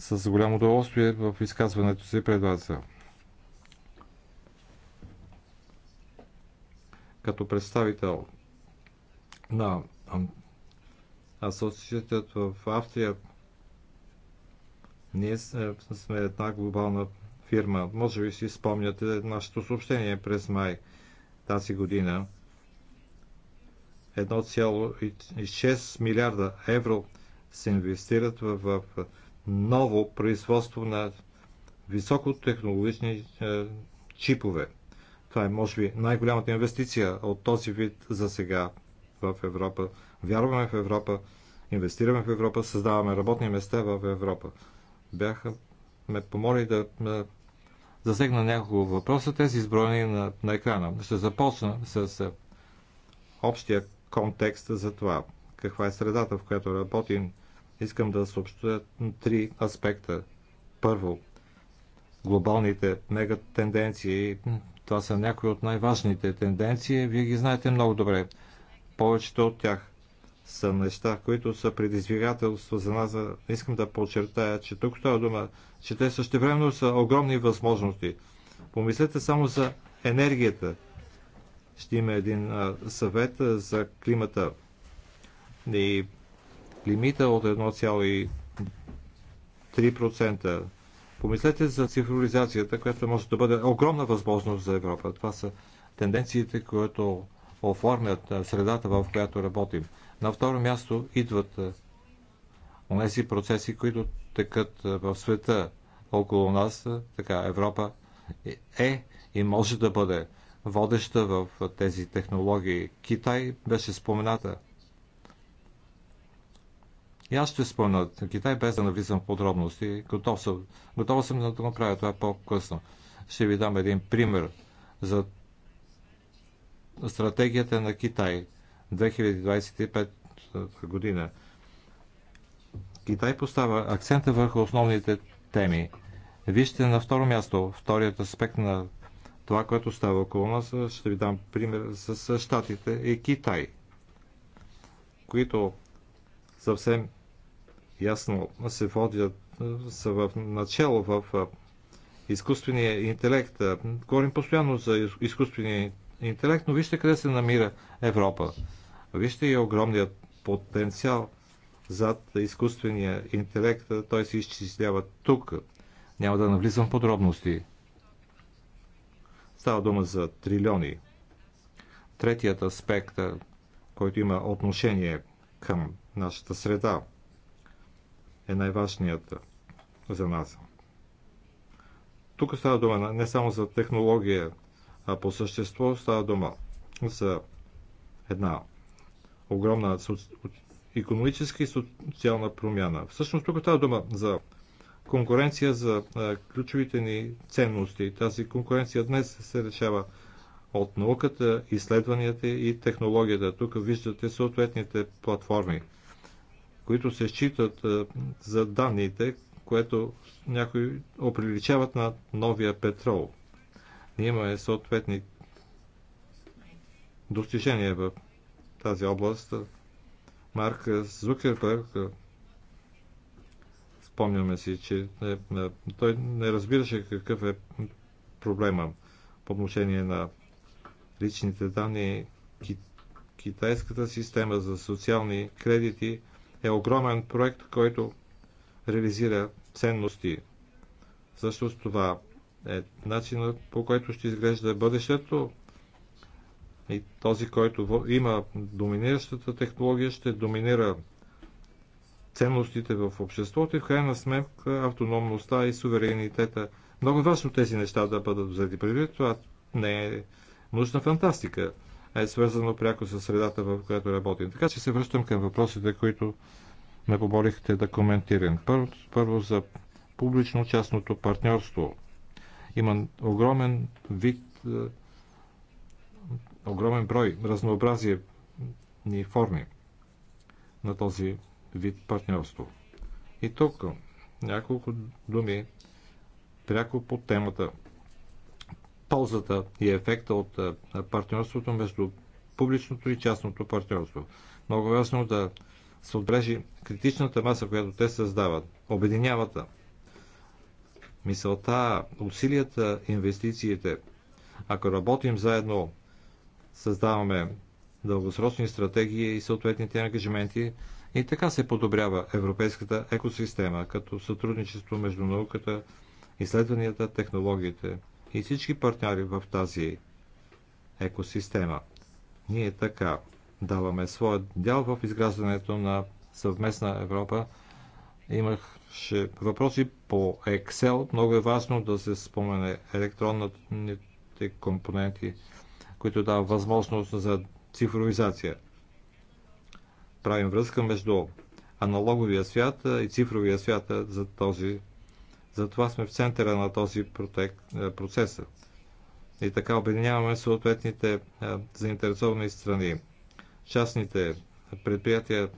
с голямо удоволствие в изказването си пред вас. Като представител на асоциацията в Австрия, ние е, сме една глобална фирма. Може би си спомняте нашето съобщение през май тази година. 1,6 милиарда евро се инвестират в, в ново производство на високотехнологични е, чипове. Това е, може би, най-голямата инвестиция от този вид за сега в Европа. Вярваме в Европа, инвестираме в Европа, създаваме работни места в Европа. Бяха ме помоли да е, засегна няколко въпроса, тези изброени на, на екрана. Ще започна с е, общия контекст за това. Каква е средата, в която работим искам да съобщя три аспекта. Първо, глобалните мегатенденции. Това са някои от най-важните тенденции. Вие ги знаете много добре. Повечето от тях са неща, които са предизвикателство за нас. Искам да подчертая, че тук това дума, че те същевременно са огромни възможности. Помислете само за енергията. Ще има един съвет за климата. И лимита от 1,3%. Помислете за цифровизацията, която може да бъде огромна възможност за Европа. Това са тенденциите, които оформят средата, в която работим. На второ място идват тези процеси, които текат в света около нас, така Европа е, е и може да бъде водеща в тези технологии. Китай беше спомената. И аз ще спомня Китай, без да навлизам в подробности. Готов съм, готов съм да го направя това по-късно. Ще ви дам един пример за стратегията на Китай 2025 година. Китай поставя акцента върху основните теми. Вижте на второ място, вторият аспект на това, което става около нас, ще ви дам пример с Штатите и Китай, които съвсем ясно се водят, е, са в начало в е, изкуствения интелект. Е, говорим постоянно за изкуствения интелект, но вижте къде се намира Европа. Вижте и огромният потенциал зад изкуствения интелект. Той се изчислява тук. Няма да навлизам подробности. Става дума за трилиони. Третият аспект, който има отношение към нашата среда е най-важният за нас. Тук става дума не само за технология, а по същество става дума за една огромна економическа и социална промяна. Всъщност тук става дума за конкуренция за ключовите ни ценности. Тази конкуренция днес се решава от науката, изследванията и технологията. Тук виждате съответните платформи – които се считат за данните, което някои оприличават на новия петрол. Ние имаме съответни достижения в тази област. Марк Зукербърг, спомняме си, че е, е, той не разбираше какъв е проблема по отношение на личните данни. Китайската система за социални кредити е огромен проект, който реализира ценности. Също с това е начинът по който ще изглежда бъдещето и този, който има доминиращата технология, ще доминира ценностите в обществото и в крайна сметка автономността и суверенитета. Много важно тези неща да бъдат взети предвид. Това не е нужна фантастика е свързано пряко с средата, в която работим. Така че се връщам към въпросите, които ме поболихте да коментирам. Първо, първо за публично-частното партньорство. Има огромен вид, е, огромен брой, разнообразие ни форми на този вид партньорство. И тук няколко думи пряко по темата ползата и ефекта от партньорството между публичното и частното партньорство. Много важно е да се отбрежи критичната маса, която те създават, обединяват мисълта, усилията, инвестициите. Ако работим заедно, създаваме дългосрочни стратегии и съответните ангажименти и така се подобрява европейската екосистема, като сътрудничество между науката, изследванията, технологиите и всички партньори в тази екосистема. Ние така даваме своят дял в изграждането на съвместна Европа. Имаше въпроси по Excel. Много е важно да се спомене електронните компоненти, които дават възможност за цифровизация. Правим връзка между аналоговия свят и цифровия свят за този затова сме в центъра на този е, процес. И така обединяваме съответните е, заинтересовани страни, частните предприятия,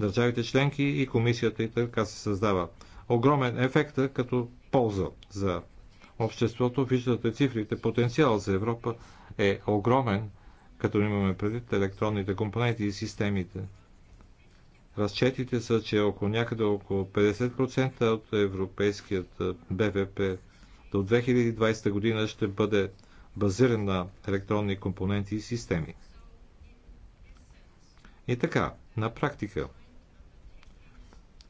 държавите членки и комисията и така се създава. Огромен ефект е, като полза за обществото. Виждате цифрите. Потенциал за Европа е огромен, като имаме предвид електронните компоненти и системите. Разчетите са, че около някъде около 50% от европейският БВП до 2020 година ще бъде базиран на електронни компоненти и системи. И така, на практика,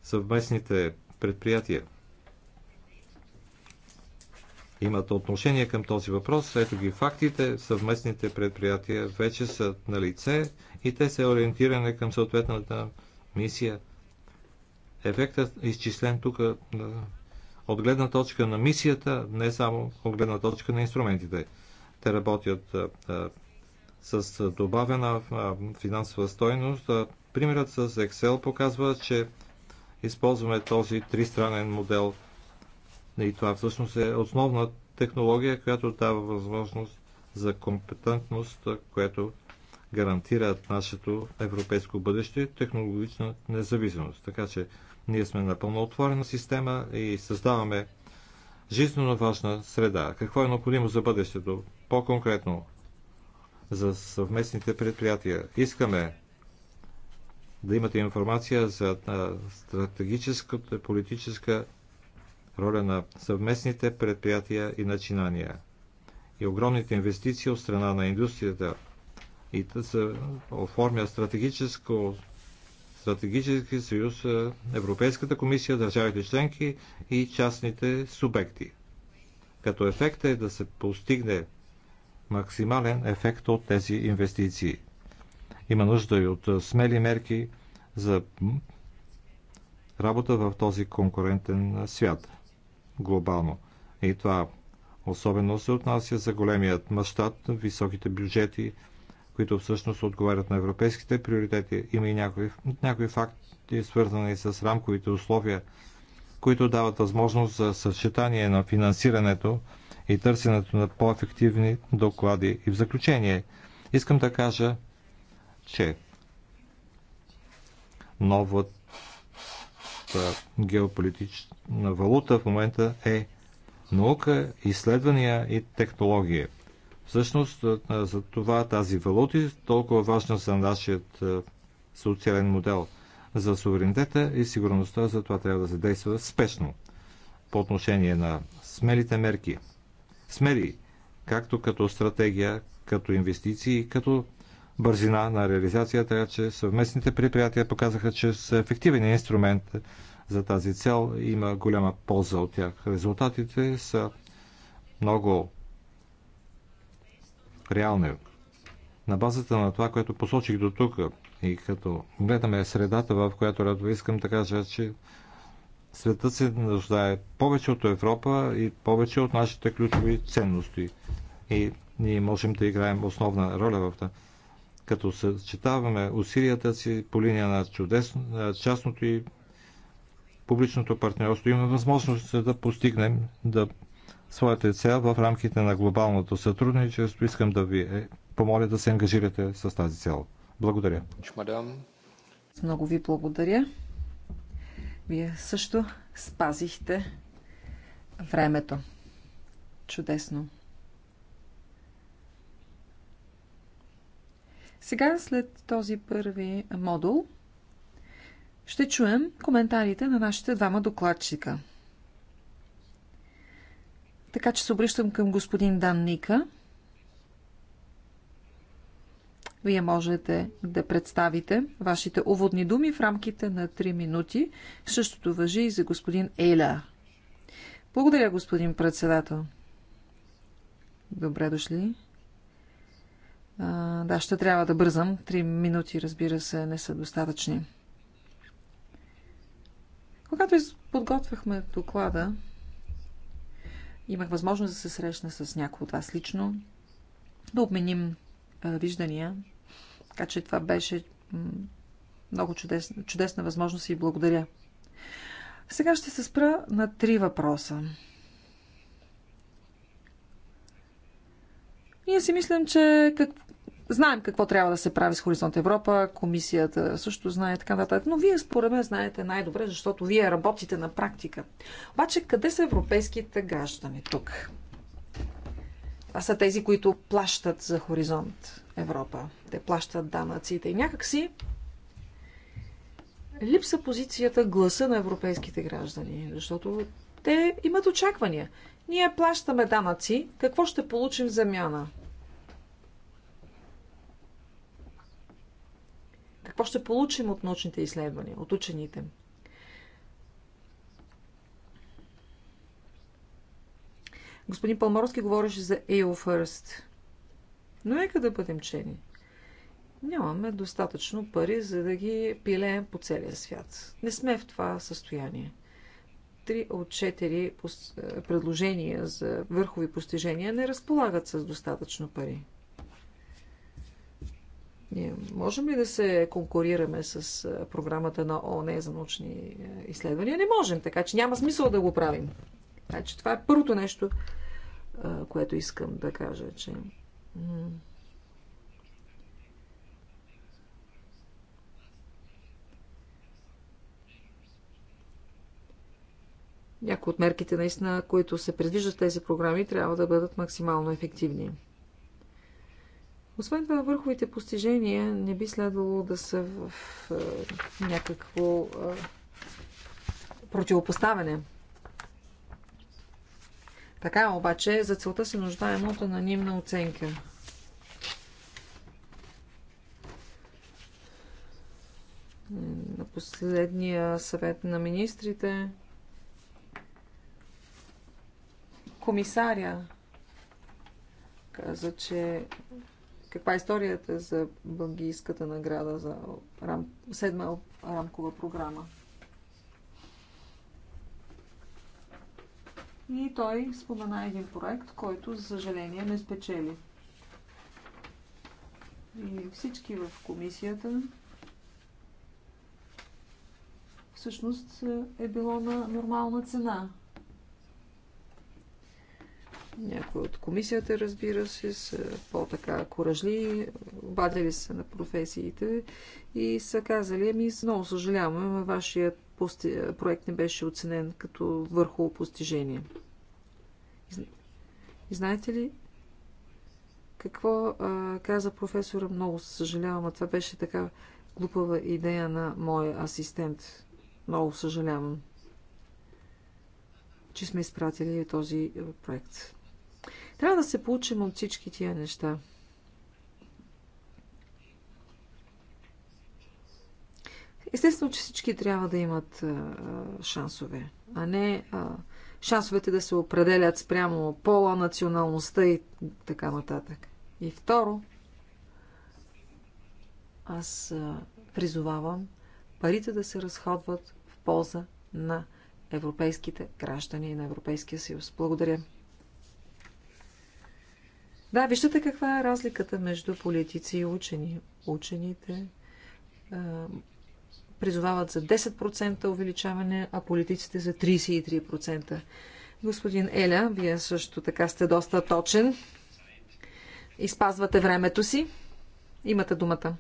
съвместните предприятия имат отношение към този въпрос. Ето ги фактите. Съвместните предприятия вече са на лице и те са ориентирани към съответната мисия. Ефектът е изчислен тук е, от гледна точка на мисията, не само от гледна точка на инструментите. Те работят е, е, с добавена финансова стойност. Примерът с Excel показва, че използваме този тристранен модел. И това всъщност е основна технология, която дава възможност за компетентност, което гарантират нашето европейско бъдеще, технологична независимост. Така че ние сме напълно отворена система и създаваме жизненно важна среда. Какво е необходимо за бъдещето? По-конкретно за съвместните предприятия. Искаме да имате информация за стратегическата политическа роля на съвместните предприятия и начинания и огромните инвестиции от страна на индустрията – и да се оформя стратегическо стратегически съюз, е, Европейската комисия, държавите членки и частните субекти. Като ефект е да се постигне максимален ефект от тези инвестиции. Има нужда и от е, смели мерки за работа в този конкурентен е, свят глобално. И това особено се отнася за големият мащаб, високите бюджети, които всъщност отговарят на европейските приоритети. Има и някои, някои факти, свързани с рамковите условия, които дават възможност за съчетание на финансирането и търсенето на по-ефективни доклади. И в заключение, искам да кажа, че новата геополитична валута в момента е наука, изследвания и технология – Всъщност, за това тази валута е толкова важна за нашият социален модел, за суверенитета и сигурността, за това трябва да се действа спешно по отношение на смелите мерки. Смели, както като стратегия, като инвестиции като бързина на реализация, така че съвместните предприятия показаха, че са ефективен инструмент за тази цел. Има голяма полза от тях. Резултатите са много реални. На базата на това, което посочих до тук и като гледаме средата, в която радва, искам да кажа, че светът се нуждае повече от Европа и повече от нашите ключови ценности. И ние можем да играем основна роля в това. Като съчетаваме усилията си по линия на чудесно, частното и публичното партньорство, имаме възможност да постигнем, да своята цел в рамките на глобалното сътрудничество. Искам да ви е, помоля да се ангажирате с тази цел. Благодаря. Много ви благодаря. Вие също спазихте времето. Чудесно. Сега, след този първи модул, ще чуем коментарите на нашите двама докладчика – така че се обръщам към господин Дан Ника. Вие можете да представите вашите уводни думи в рамките на 3 минути. Същото въжи и за господин Еля. Благодаря, господин председател. Добре дошли. А, да, ще трябва да бързам. Три минути, разбира се, не са достатъчни. Когато подготвяхме доклада, Имах възможност да се срещна с някой от вас лично, да обменим виждания. Така че това беше много чудесна, чудесна възможност и благодаря. Сега ще се спра на три въпроса. Ние си мислим, че как, знаем какво трябва да се прави с Хоризонт Европа, комисията също знае така нататък. Но вие според мен знаете най-добре, защото вие работите на практика. Обаче къде са европейските граждани тук? Това са тези, които плащат за Хоризонт Европа. Те плащат данъците. И някакси липса позицията гласа на европейските граждани, защото те имат очаквания. Ние плащаме данъци, какво ще получим замяна? какво ще получим от научните изследвания, от учените. Господин Палморски говореше за AO First. Но нека да бъдем чени. Нямаме достатъчно пари, за да ги пилеем по целия свят. Не сме в това състояние. Три от четири предложения за върхови постижения не разполагат с достатъчно пари. Ние можем ли да се конкурираме с програмата на ООН за научни изследвания? Не можем, така че няма смисъл да го правим. Така че това е първото нещо, което искам да кажа, че... Някои от мерките, наистина, които се предвиждат в тези програми, трябва да бъдат максимално ефективни. Освен това, върховите постижения не би следвало да са в някакво противопоставяне. Така е, обаче, за целта се нуждаем от анонимна оценка. На последния съвет на министрите комисаря каза, че каква е историята за бангийската награда за рам... седма рамкова програма. И той спомена един проект, който, за съжаление, не спечели. И всички в комисията всъщност е било на нормална цена. Някои от комисията, разбира се, са по-така коражли, обадили са на професиите и са казали, ами много съжаляваме, вашият пости... проект не беше оценен като върхово постижение. И знаете ли какво а, каза професора? Много съжалявам, а това беше така глупава идея на моя асистент. Много съжалявам, че сме изпратили този проект. Трябва да се получим от всички тия неща. Естествено, че всички трябва да имат а, шансове, а не а, шансовете да се определят спрямо пола, националността и така нататък. И второ, аз а, призовавам парите да се разходват в полза на европейските граждани и на Европейския съюз. Благодаря. Да, виждате каква е разликата между политици и учени. Учените а, призовават за 10% увеличаване, а политиците за 33%. Господин Еля, вие също така сте доста точен. Изпазвате времето си. Имате думата.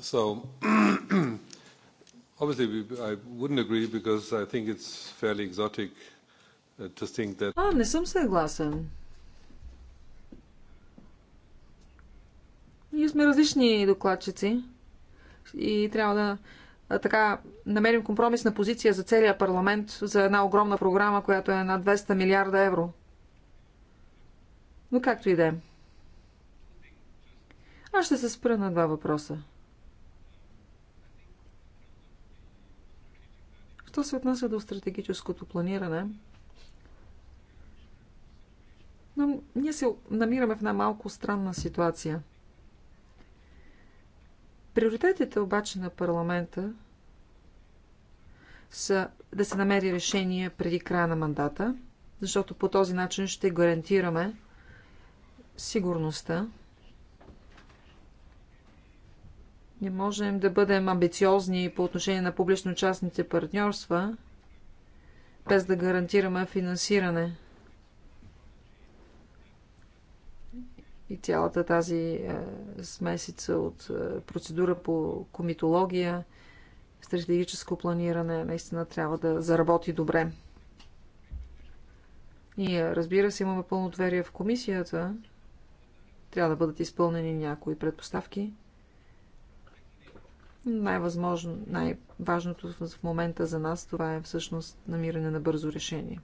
So, *clears throat* obviously, I wouldn't agree because I think it's fairly exotic а, не съм съгласен. Ние сме различни докладчици и трябва да така намерим компромисна позиция за целия парламент за една огромна програма, която е на 200 милиарда евро. Но както и да е. Аз ще се спра на два въпроса. Що се отнася до стратегическото планиране – но ние се намираме в една малко странна ситуация. Приоритетите обаче на парламента са да се намери решение преди края на мандата, защото по този начин ще гарантираме сигурността. Не можем да бъдем амбициозни по отношение на публично-частните партньорства, без да гарантираме финансиране и цялата тази е, смесица от е, процедура по комитология, стратегическо планиране, наистина трябва да заработи добре. Ние, разбира се, имаме пълно доверие в комисията. Трябва да бъдат изпълнени някои предпоставки. Най-възможно, най-важното в момента за нас това е всъщност намиране на бързо решение.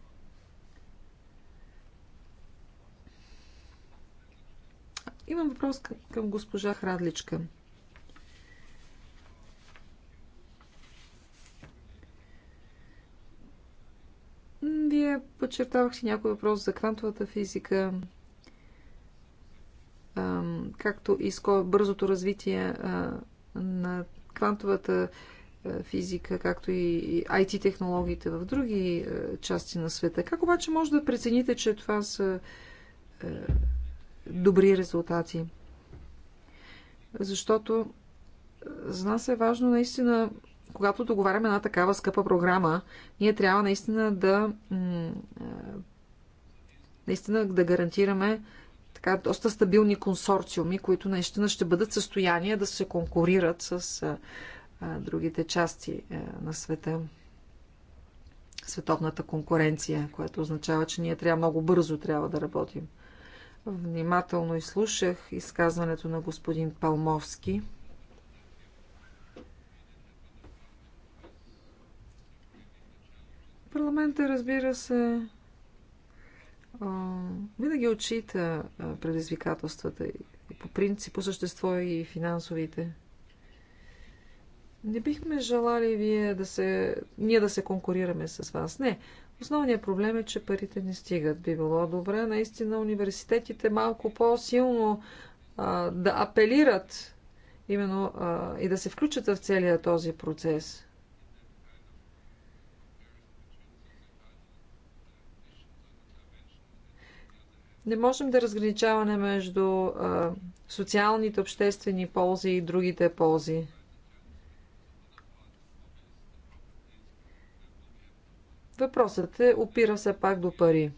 Имам въпрос към госпожа Храдличка. Вие подчертавахте някой въпрос за квантовата физика, както и бързото развитие на квантовата физика, както и IT технологиите в други части на света. Как обаче може да прецените, че това са добри резултати. Защото е, за нас е важно наистина, когато договаряме една такава скъпа програма, ние трябва наистина да е, наистина да гарантираме така доста стабилни консорциуми, които наистина ще бъдат в състояние да се конкурират с а, е, другите части а, на света. Световната конкуренция, което означава, че ние трябва много бързо трябва да работим. Внимателно изслушах изказването на господин Палмовски. Парламента, разбира се, винаги отчита предизвикателствата и по принцип, по същество и финансовите. Не бихме желали вие да се, ние да се конкурираме с вас. Не. Основният проблем е, че парите не стигат. Би било добре наистина университетите малко по-силно да апелират именно а, и да се включат в целия този процес. Не можем да разграничаваме между а, социалните, обществени ползи и другите ползи. Въпросът е, опира се пак до пари.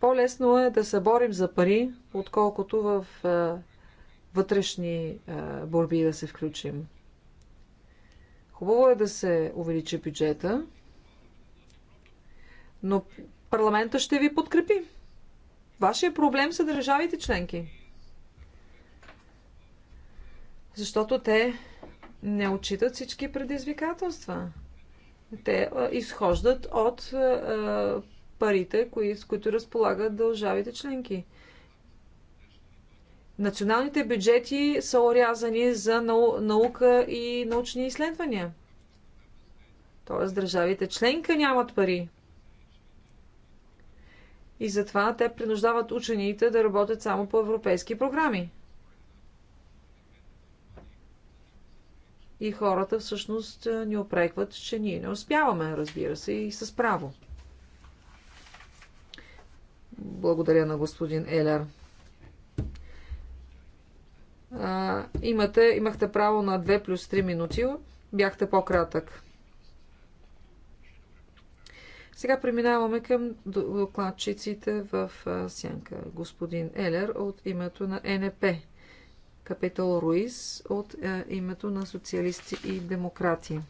По-лесно е да се борим за пари, отколкото в вътрешни борби да се включим. Хубаво е да се увеличи бюджета, но парламента ще ви подкрепи. Вашия проблем са държавите членки. Защото те не отчитат всички предизвикателства. Те изхождат от парите, кои, с които разполагат държавите членки. Националните бюджети са орязани за наука и научни изследвания. Тоест държавите членка нямат пари. И затова те принуждават учените да работят само по европейски програми. И хората всъщност е, ни опрекват, че ние не успяваме, разбира се, и с право. Благодаря на господин Елер. А, имате, имахте право на 2 плюс 3 минути. Бяхте по-кратък. Сега преминаваме към докладчиците в сянка. Господин Елер от името на НП. Капитол Руис от е, името на социалисти и демократи.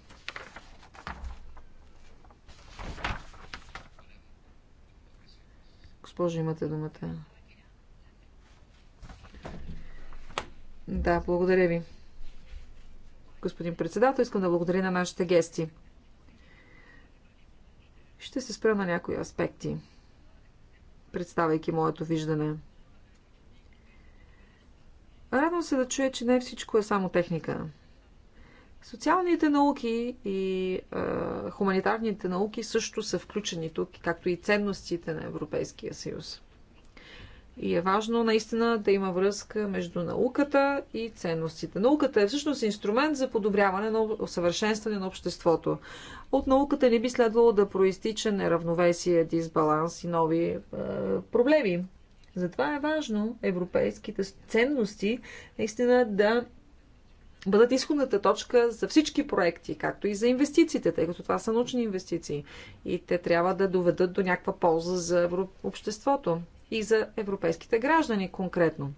Госпожо, имате думата. Да, благодаря ви. Господин председател, искам да благодаря на нашите гести. Ще се спра на някои аспекти, представяйки моето виждане – Радвам се да чуя, че не всичко е само техника. Социалните науки и е, хуманитарните науки също са включени тук, както и ценностите на Европейския съюз. И е важно наистина да има връзка между науката и ценностите. Науката е всъщност инструмент за подобряване на усъвършенстване на обществото. От науката не би следвало да проистича неравновесие, дисбаланс и нови е, проблеми. Затова е важно европейските ценности наистина да бъдат изходната точка за всички проекти, както и за инвестициите, тъй като това са научни инвестиции и те трябва да доведат до някаква полза за обществото и за европейските граждани конкретно.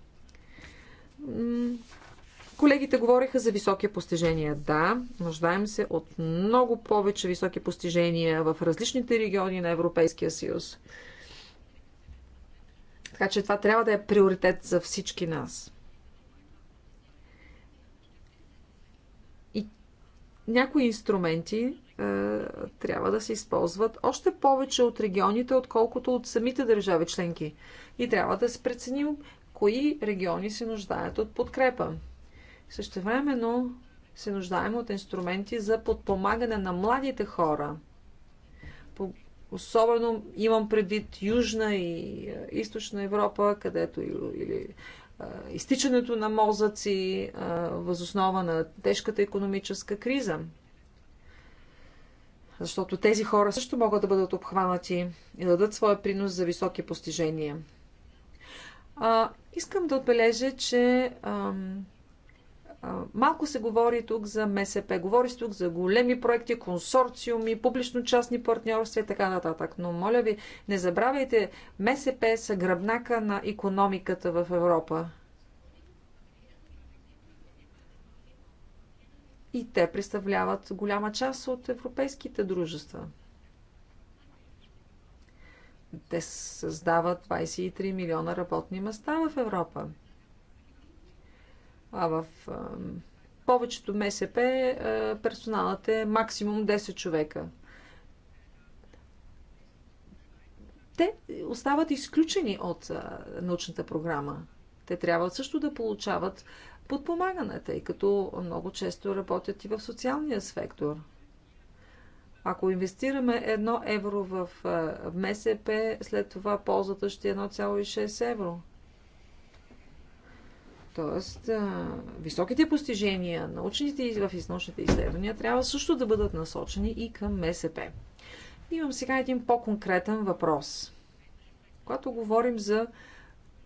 Колегите говориха за високи постижения. Да, нуждаем се от много повече високи постижения в различните региони на Европейския съюз. Така че това трябва да е приоритет за всички нас. И някои инструменти е, трябва да се използват още повече от регионите, отколкото от самите държави членки. И трябва да се преценим кои региони се нуждаят от подкрепа. Същевременно се нуждаем от инструменти за подпомагане на младите хора – Особено имам предвид Южна и е, Източна Европа, където или е, изтичането на мозъци е, възоснова на тежката економическа криза. Защото тези хора също могат да бъдат обхванати и да дадат своя принос за високи постижения. А, искам да отбележа, че ам, малко се говори тук за МСП, говори се тук за големи проекти, консорциуми, публично-частни партньорства и така нататък. Но, моля ви, не забравяйте, МСП са гръбнака на економиката в Европа. И те представляват голяма част от европейските дружества. Те създават 23 милиона работни места в Европа. А в повечето МСП персоналът е максимум 10 човека. Те остават изключени от научната програма. Те трябва също да получават подпомагане, тъй като много често работят и в социалния сектор. Ако инвестираме 1 евро в МСП, след това ползата ще е 1,6 евро. Тоест, високите постижения научните, в научните изследвания трябва също да бъдат насочени и към МСП. Имам сега един по-конкретен въпрос. Когато говорим за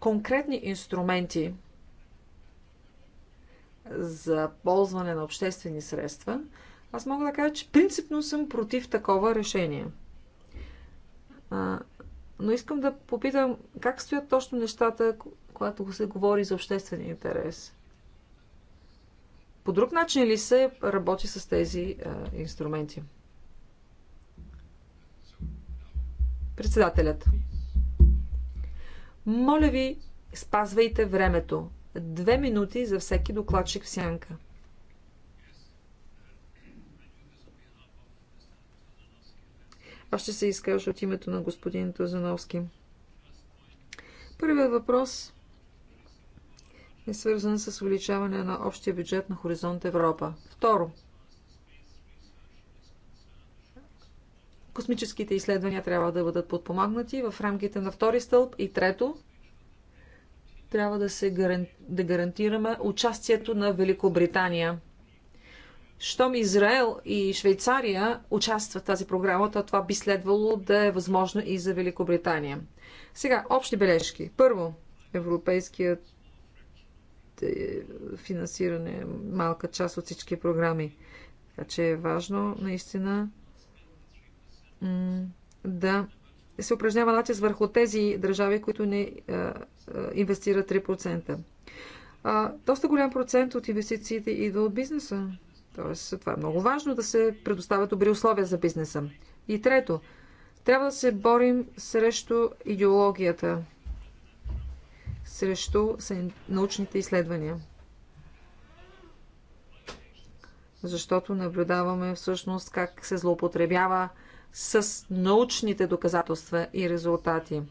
конкретни инструменти за ползване на обществени средства, аз мога да кажа, че принципно съм против такова решение. но искам да попитам как стоят точно нещата когато се говори за обществен интерес. По друг начин ли се работи с тези а, инструменти? Председателят. Моля ви, спазвайте времето. Две минути за всеки докладчик в сянка. Аз ще се изкажа от името на господин Тозановски. Първият въпрос е свързан с увеличаване на общия бюджет на Хоризонт Европа. Второ, космическите изследвания трябва да бъдат подпомагнати в рамките на втори стълб. И трето, трябва да, се да гарантираме участието на Великобритания. Щом Израел и Швейцария участват в тази програма, то това би следвало да е възможно и за Великобритания. Сега, общи бележки. Първо, Европейският е, финансиране, малка част от всички програми. Така че е важно наистина да се упражнява натиск върху тези държави, които не е, е, инвестират 3%. А, доста голям процент от инвестициите идва от бизнеса. Тоест, това е много важно да се предоставят добри условия за бизнеса. И трето, трябва да се борим срещу идеологията срещу научните изследвания. Защото наблюдаваме всъщност как се злоупотребява с научните доказателства и резултати.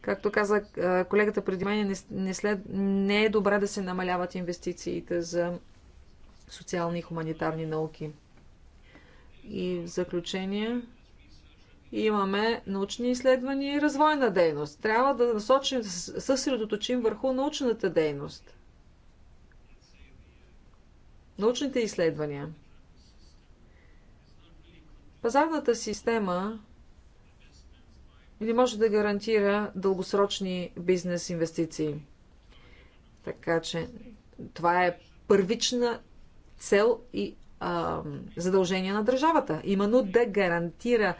Както каза колегата преди мен, не, не, след, не е добре да се намаляват инвестициите за социални и хуманитарни науки. И в заключение имаме научни изследвания и развойна дейност. Трябва да насочим, съсредоточим върху научната дейност. Научните изследвания. Пазарната система не може да гарантира дългосрочни бизнес инвестиции. Така че това е първична цел и Задължения задължение на държавата, именно да гарантира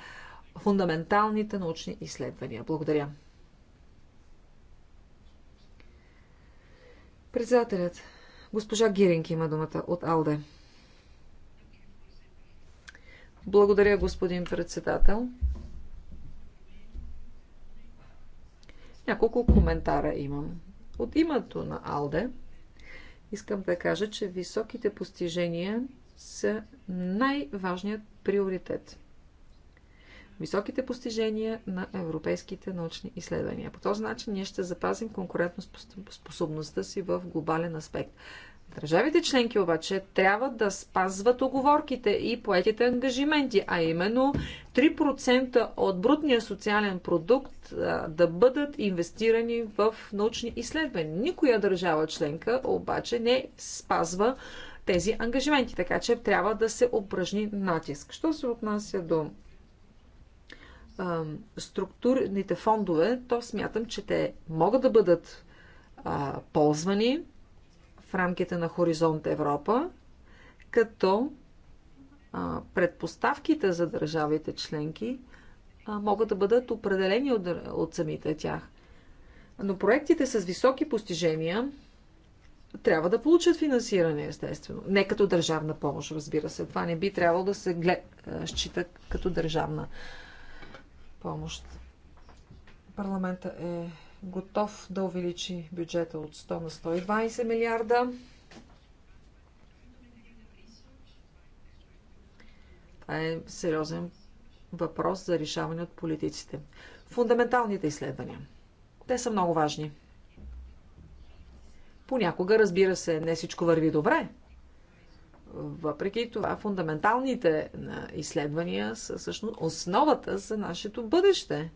фундаменталните научни изследвания. Благодаря. Председателят, госпожа Гиринг има думата от АЛДЕ. Благодаря, господин председател. Няколко коментара имам. От името на АЛДЕ искам да кажа, че високите постижения са най-важният приоритет. Високите постижения на европейските научни изследвания. По този начин ние ще запазим конкурентоспособността си в глобален аспект. Държавите членки обаче трябва да спазват оговорките и поетите ангажименти, а именно 3% от брутния социален продукт да бъдат инвестирани в научни изследвания. Никоя държава членка обаче не спазва тези ангажименти, така че трябва да се упражни натиск. Що се отнася до а, структурните фондове, то смятам, че те могат да бъдат а, ползвани в рамките на Хоризонт Европа, като а, предпоставките за държавите членки а, могат да бъдат определени от, от самите тях. Но проектите с високи постижения трябва да получат финансиране, естествено. Не като държавна помощ, разбира се. Това не би трябвало да се глед... счита като държавна помощ. Парламента е готов да увеличи бюджета от 100 на 120 милиарда. Това е сериозен въпрос за решаване от политиците. Фундаменталните изследвания. Те са много важни. Понякога, разбира се, не всичко върви добре. Въпреки това, фундаменталните изследвания са всъщност основата за нашето бъдеще.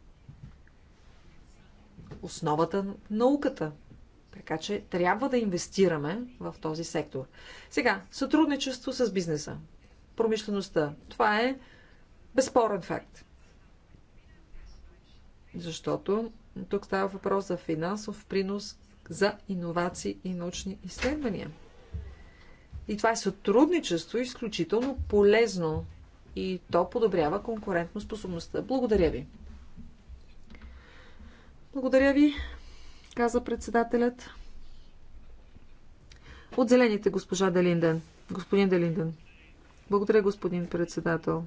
Основата на науката. Така че трябва да инвестираме в този сектор. Сега, сътрудничество с бизнеса, промишлеността. Това е безспорен факт. Защото тук става въпрос за финансов принос за иновации и научни изследвания. И това е сътрудничество изключително полезно и то подобрява конкурентно способността. Благодаря ви. Благодаря ви, каза председателят. От зелените госпожа Делинден. Господин Делинден. Благодаря, господин председател.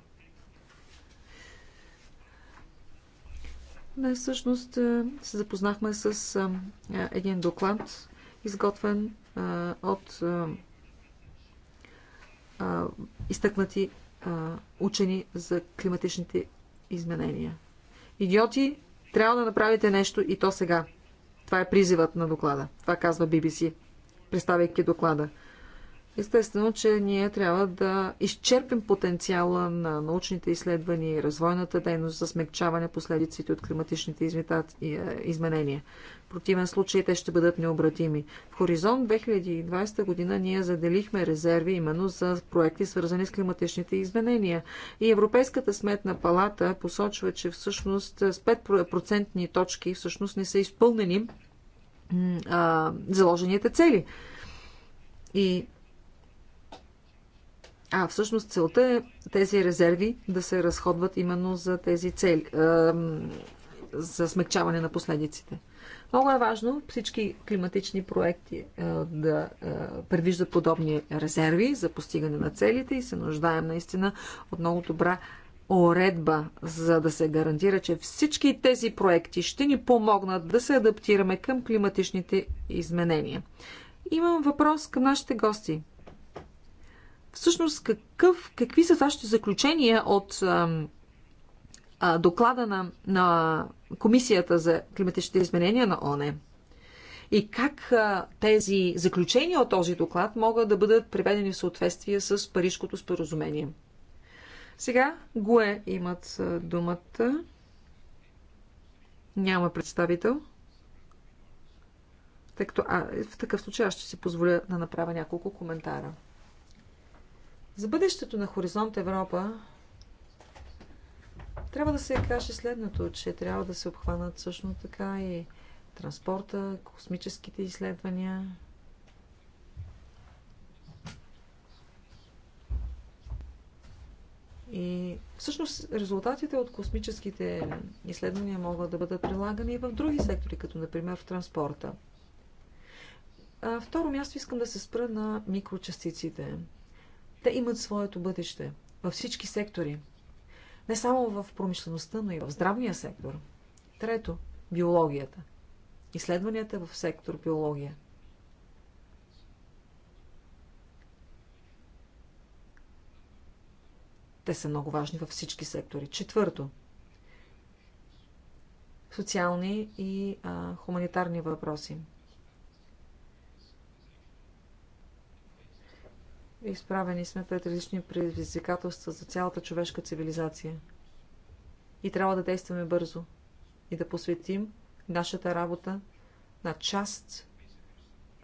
всъщност е, се запознахме с е, е, един доклад, изготвен от изтъкнати учени за климатичните изменения. Идиоти, трябва да направите нещо и то сега. Това е призивът на доклада. Това казва BBC, представяйки доклада. Естествено, че ние трябва да изчерпим потенциала на научните изследвания и развойната дейност за смягчаване последиците от климатичните е, изменения. В противен случай те ще бъдат необратими. В Хоризонт 2020 година ние заделихме резерви именно за проекти, свързани с климатичните изменения. И Европейската сметна палата посочва, че всъщност с 5% точки всъщност не са изпълнени а, заложените цели. И а, всъщност целта е тези резерви да се разходват именно за тези цели, за смягчаване на последиците. Много е важно всички климатични проекти да предвиждат подобни резерви за постигане на целите и се нуждаем наистина от много добра уредба, за да се гарантира, че всички тези проекти ще ни помогнат да се адаптираме към климатичните изменения. Имам въпрос към нашите гости. Всъщност, какъв, какви са вашите заключения от а, а, доклада на, на Комисията за климатичните изменения на ОНЕ? И как а, тези заключения от този доклад могат да бъдат приведени в съответствие с Парижкото споразумение? Сега ГУЕ имат думата. Няма представител. Тъй като, а, в такъв случай аз ще си позволя да направя няколко коментара. За бъдещето на Хоризонт Европа трябва да се каже следното, че трябва да се обхванат също така и транспорта, космическите изследвания. И всъщност резултатите от космическите изследвания могат да бъдат прилагани и в други сектори, като например в транспорта. А, второ място искам да се спра на микрочастиците. Те имат своето бъдеще във всички сектори. Не само в промишлеността, но и в здравния сектор. Трето, биологията. Изследванията в сектор биология. Те са много важни във всички сектори. Четвърто, социални и а, хуманитарни въпроси. Изправени сме пред различни предизвикателства за цялата човешка цивилизация. И трябва да действаме бързо и да посветим нашата работа на част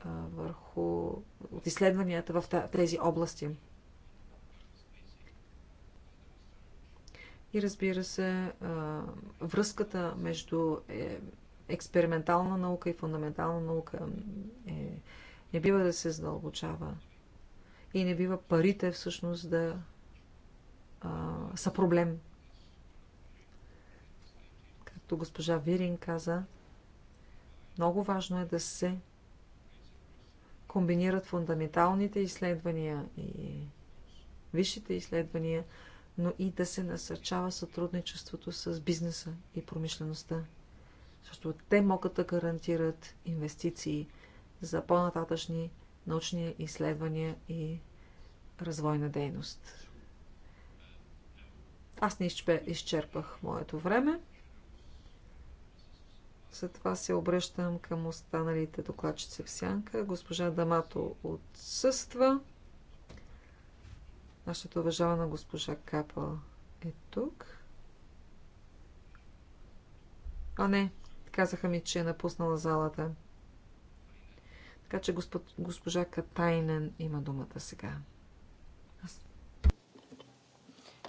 а, върху от изследванията в тези области. И разбира се, а, връзката между е, експериментална наука и фундаментална наука е, не бива да се задълбочава и не бива парите всъщност да а, са проблем. Както госпожа Вирин каза, много важно е да се комбинират фундаменталните изследвания и висшите изследвания, но и да се насърчава сътрудничеството с бизнеса и промишлеността. Защото те могат да гарантират инвестиции за по-нататъчни научни изследвания и развойна дейност. Аз не изчерпах моето време. След това се обръщам към останалите докладчици в сянка. Госпожа Дамато отсъства. Нашата уважавана госпожа Капа е тук. А не, казаха ми, че е напуснала залата. Така че госпожа Катайнен има думата сега.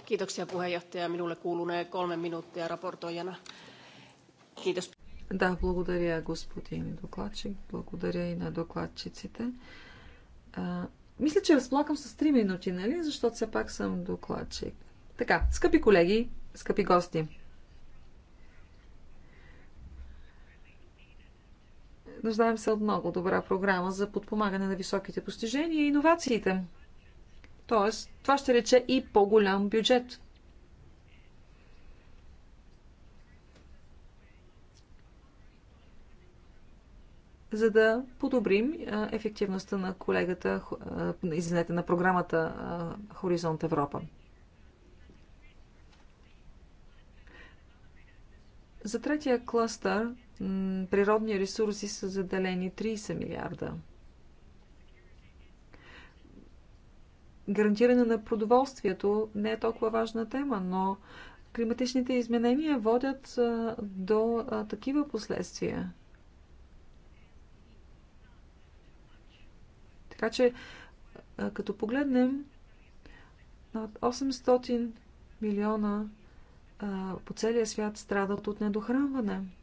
Kiitoksia puheenjohtaja. Minulle kuulunee kolme minuuttia raportoijana. Kiitos. Да, благодаря господин докладчик, благодаря и на докладчиците. А, мисля, че разплакам с 3 минути, нали? Защото все пак съм докладчик. Така, скъпи колеги, скъпи гости. Нуждаем се от много добра програма за подпомагане на високите постижения и иновациите. Тоест, това ще рече и по-голям бюджет. за да подобрим ефективността на колегата, извинете, на програмата Хоризонт Европа. За третия кластър природни ресурси са заделени 30 милиарда – гарантиране на продоволствието не е толкова важна тема, но климатичните изменения водят до такива последствия. Така че, като погледнем над 800 милиона по целия свят страдат от недохранване –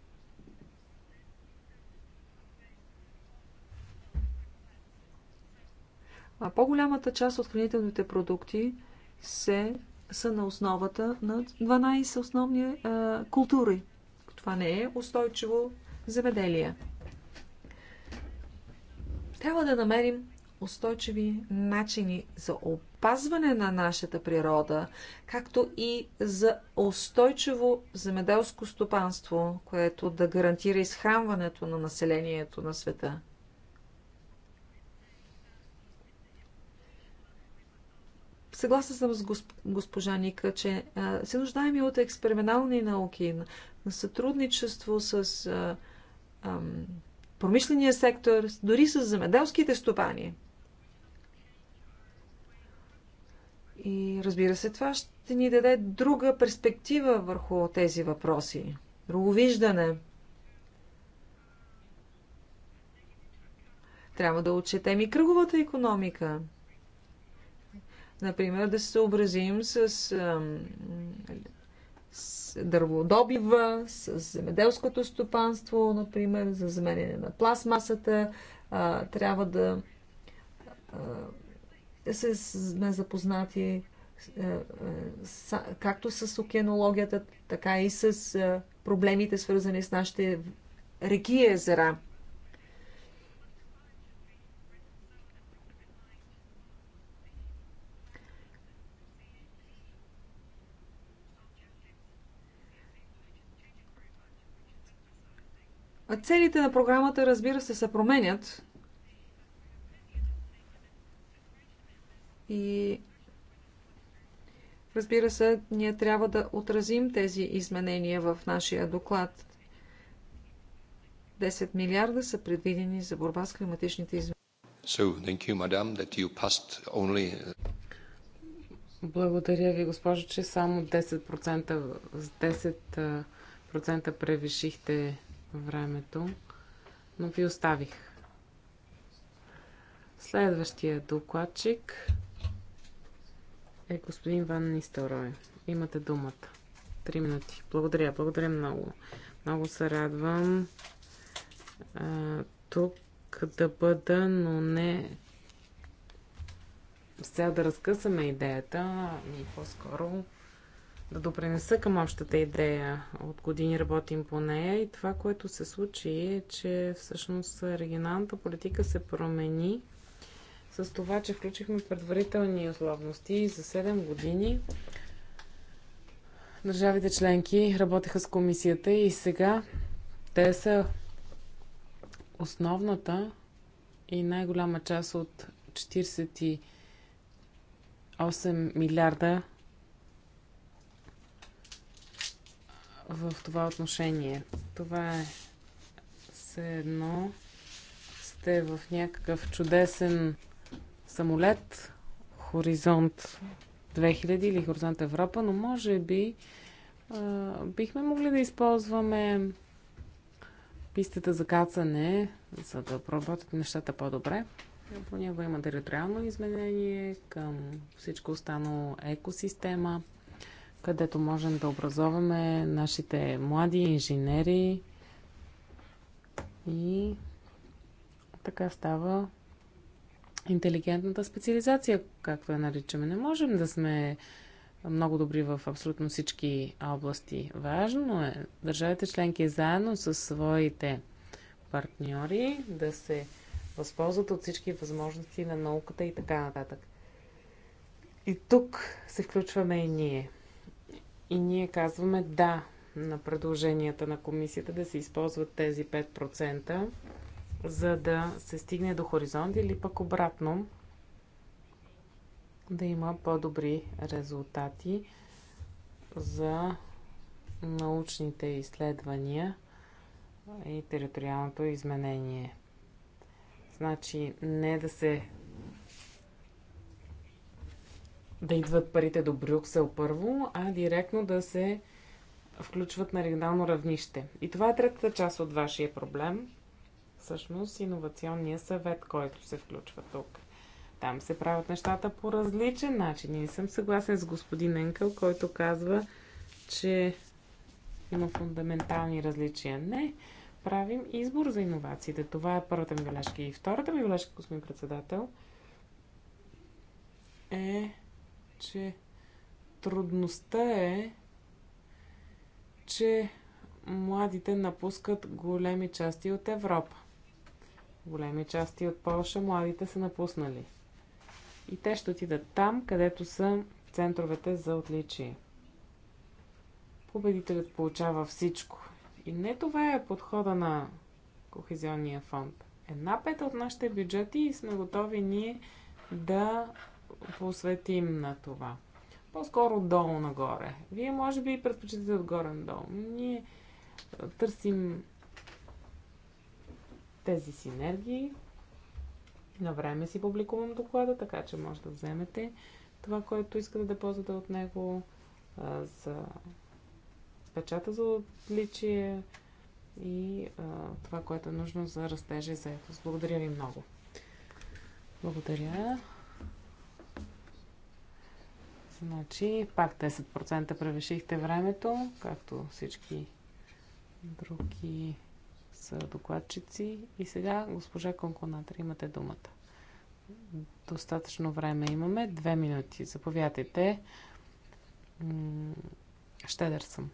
А по-голямата част от хранителните продукти се, са на основата на 12 основни а, е, култури. Това не е устойчиво земеделие. Трябва да намерим устойчиви начини за опазване на нашата природа, както и за устойчиво земеделско стопанство, което да гарантира изхранването на населението на света. Съгласна съм с госп... госпожа Ника, че а, се нуждаем и от експериментални науки, на, на сътрудничество с а, а, промишления сектор, дори с замеделските стопани. И разбира се, това ще ни даде друга перспектива върху тези въпроси, друго виждане. Трябва да отчетем и кръговата економика – Например, да се съобразим с, с дърводобива, с земеделското стопанство, например, за заменяне на пластмасата. Трябва да се сме запознати е, е, както с океанологията, така и с е, проблемите, свързани с нашите реки и езера. Е, целите на програмата, разбира се, се променят. И разбира се, ние трябва да отразим тези изменения в нашия доклад. 10 милиарда са предвидени за борба с климатичните изменения. So, uh, Благодаря ви, госпожо, че само 10%, 10% uh, превишихте времето, но ви оставих. Следващия докладчик е господин Ван Нистелрой. Имате думата. Три минути. Благодаря, благодаря много. Много се радвам а, тук да бъда, но не сега да разкъсаме идеята и ами по-скоро да допринеса към общата идея. От години работим по нея и това, което се случи е, че всъщност регионалната политика се промени с това, че включихме предварителни условности за 7 години държавите членки работеха с комисията и сега те са основната и най-голяма част от 48 милиарда в това отношение. Това е все едно сте в някакъв чудесен самолет, Хоризонт 2000 или Хоризонт Европа, но може би а, бихме могли да използваме пистата за кацане, за да проработят нещата по-добре. Понякога има териториално изменение към всичко останало екосистема където можем да образоваме нашите млади инженери и така става интелигентната специализация, както я наричаме. Не можем да сме много добри в абсолютно всички области. Важно е държавите членки заедно с своите партньори да се възползват от всички възможности на науката и така нататък. И тук се включваме и ние. И ние казваме да на предложенията на комисията да се използват тези 5%, за да се стигне до хоризонт или пък обратно да има по-добри резултати за научните изследвания и териториалното изменение. Значи не да се да идват парите до Брюксел първо, а директно да се включват на регионално равнище. И това е третата част от вашия проблем, всъщност иновационния съвет, който се включва тук. Там се правят нещата по различен начин. И не съм съгласен с господин Енкъл, който казва, че има фундаментални различия. Не, правим избор за иновациите. Това е първата ми бележка. И втората ми бележка, господин председател, е че трудността е, че младите напускат големи части от Европа. Големи части от Польша младите са напуснали. И те ще отидат там, където са центровете за отличие. Победителят получава всичко. И не това е подхода на Кохезионния фонд. Една пета от нашите бюджети и сме готови ние да посветим на това. По-скоро долу нагоре. Вие може би предпочитате отгоре надолу. Ние е, търсим тези синергии. На време си публикувам доклада, така че може да вземете това, което искате да ползвате от него е, за печата за отличие и а, е, това, което е нужно за растежа и заетост. Благодаря ви много. Благодаря. Значи, пак 10% превишихте времето, както всички други са докладчици. И сега, госпожа Конконатри, имате думата. Достатъчно време имаме. Две минути. Заповядайте. Щедър съм.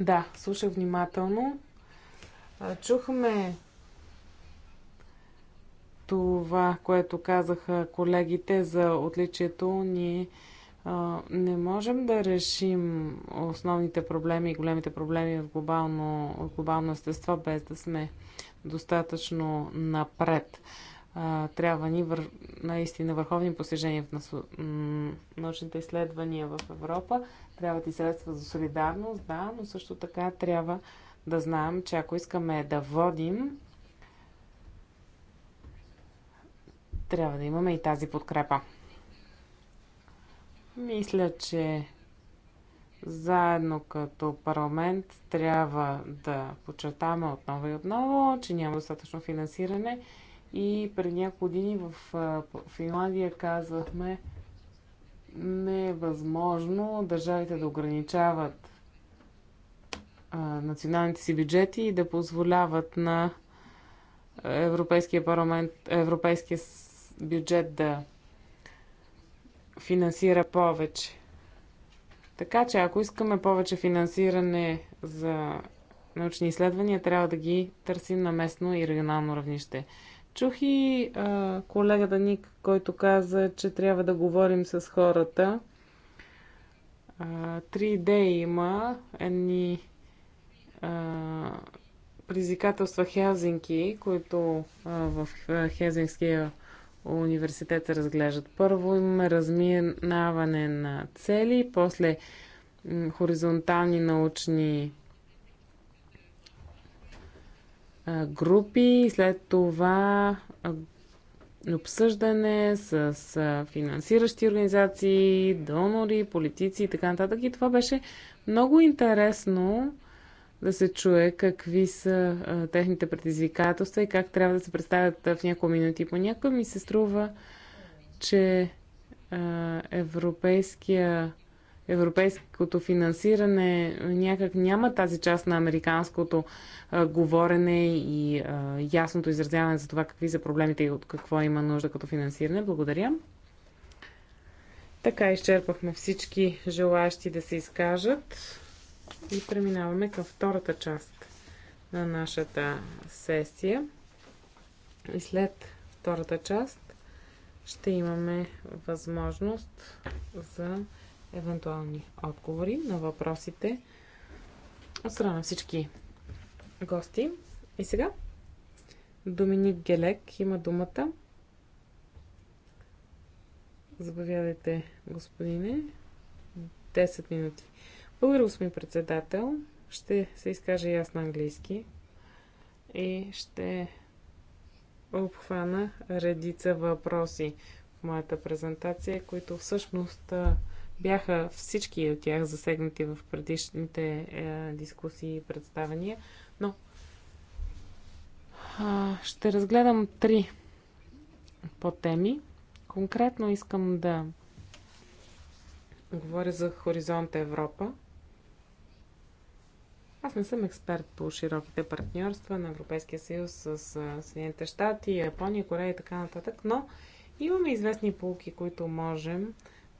Да, слушах внимателно. Чухме това, което казаха колегите за отличието ни не можем да решим основните проблеми и големите проблеми в глобално, в глобално естество, без да сме достатъчно напред. Трябва ни вър... наистина върховни постижения в научните изследвания в Европа. Трябват и средства за солидарност, да, но също така трябва да знаем, че ако искаме да водим, трябва да имаме и тази подкрепа. Мисля, че заедно като парламент трябва да подчертаваме отново и отново, че няма достатъчно финансиране. И преди няколко години в Финландия казахме, не е възможно държавите да ограничават а, националните си бюджети и да позволяват на Европейския парламент, Европейския бюджет да финансира повече. Така че, ако искаме повече финансиране за научни изследвания, трябва да ги търсим на местно и регионално равнище. Чух и а, колегата Ник, който каза, че трябва да говорим с хората. Три идеи има. Едни а, предизвикателства Хелзинки, които а, в Хелзинския университета разглеждат. Първо имаме разминаване на цели, после хоризонтални научни групи, след това обсъждане с финансиращи организации, донори, политици и така нататък. И това беше много интересно да се чуе какви са а, техните предизвикателства и как трябва да се представят в няколко минути. Понякога ми се струва, че а, европейския европейското финансиране някак няма тази част на американското а, говорене и а, ясното изразяване за това какви са проблемите и от какво има нужда като финансиране. Благодаря. Така изчерпахме всички желащи да се изкажат. И преминаваме към втората част на нашата сесия. И след втората част ще имаме възможност за евентуални отговори на въпросите от страна всички гости. И сега Доминик Гелек има думата. Заповядайте, господине. 10 минути. Благодаря, господин председател. Ще се изкажа и аз на английски и ще обхвана редица въпроси в моята презентация, които всъщност бяха всички от тях засегнати в предишните е, дискусии и представения, но а, ще разгледам три по-теми. Конкретно искам да говоря за Хоризонт Европа – аз не съм експерт по широките партньорства на Европейския съюз с Съединените щати, Япония, Корея и така нататък, но имаме известни полки, които можем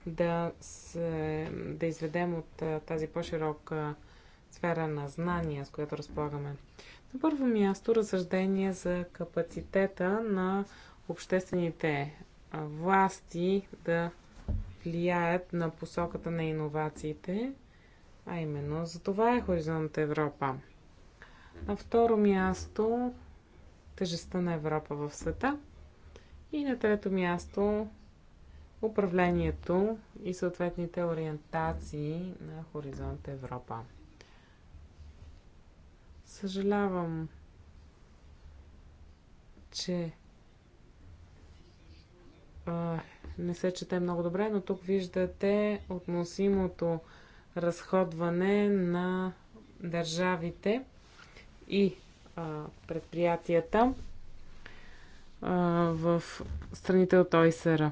да, се, да изведем от тази по-широка сфера на знания, с която разполагаме. На първо място разсъждение за капацитета на обществените власти да влияят на посоката на иновациите а именно, за това е Хоризонт Европа. На второ място, тежестта на Европа в света. И на трето място, управлението и съответните ориентации на Хоризонт Европа. Съжалявам, че а, не се чете много добре, но тук виждате относимото разходване на държавите и а, предприятията а, в страните от ОИСР.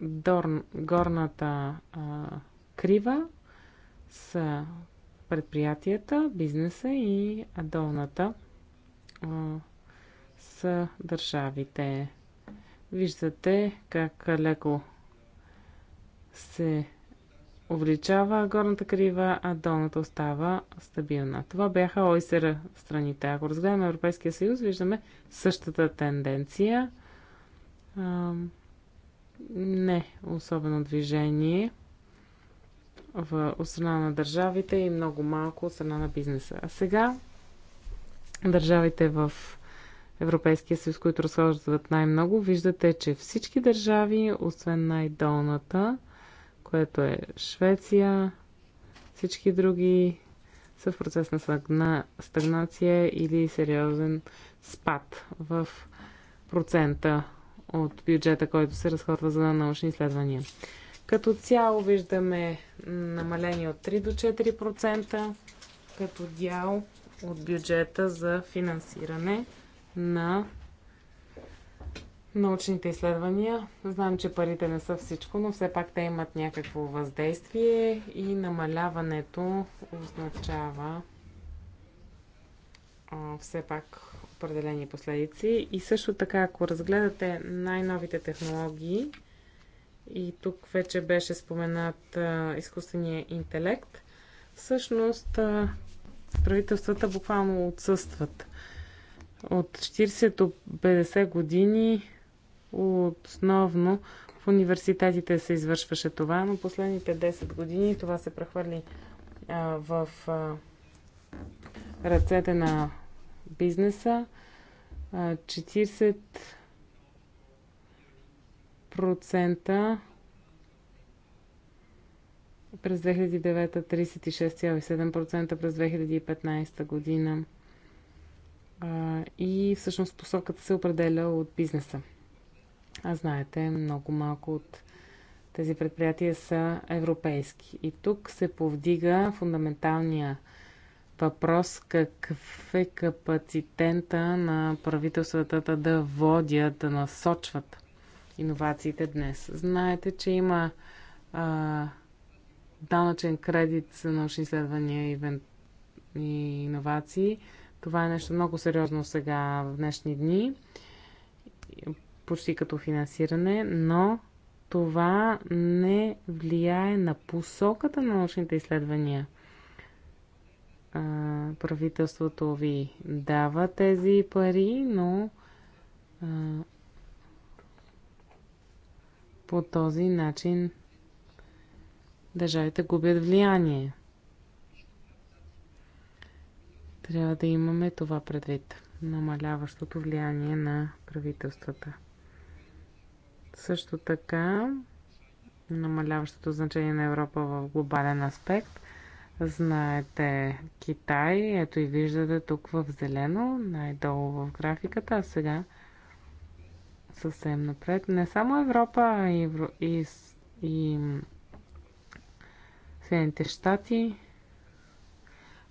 Дорн, горната а, крива са предприятията, бизнеса и долната с са държавите. Виждате как леко се увеличава горната крива, а долната остава стабилна. Това бяха ОИСР страните. Ако разгледаме Европейския съюз, виждаме същата тенденция. не особено движение в, страна на държавите и много малко от страна на бизнеса. А сега държавите в Европейския съюз, които разхождат най-много, виждате, че всички държави, освен най-долната, което е Швеция. Всички други са в процес на стагнация или сериозен спад в процента от бюджета, който се разходва за научни изследвания. Като цяло виждаме намаление от 3 до 4% като дял от бюджета за финансиране на научните изследвания. Знам, че парите не са всичко, но все пак те имат някакво въздействие и намаляването означава а, все пак определени последици. И също така, ако разгледате най-новите технологии, и тук вече беше споменат а, изкуствения интелект, всъщност а, правителствата буквално отсъстват. От 40 до 50 години Основно в университетите се извършваше това, но последните 10 години това се прехвърли а, в а, ръцете на бизнеса. А, 40% през 2009, 36,7% през 2015 година. и всъщност посоката се определя от бизнеса. А знаете, много малко от тези предприятия са европейски. И тук се повдига фундаменталния въпрос какъв е капацитента на правителствата да водят, да насочват иновациите днес. Знаете, че има а, данъчен кредит за научни изследвания и, вен... и иновации. Това е нещо много сериозно сега в днешни дни почти като финансиране, но това не влияе на посоката на научните изследвания. А, правителството ви дава тези пари, но а, по този начин държавите губят влияние. Трябва да имаме това предвид намаляващото влияние на правителствата. Също така, намаляващото значение на Европа в глобален аспект. Знаете Китай, ето и виждате тук в зелено, най-долу в графиката, а сега съвсем напред. Не само Европа, а и, и, и Съединените щати.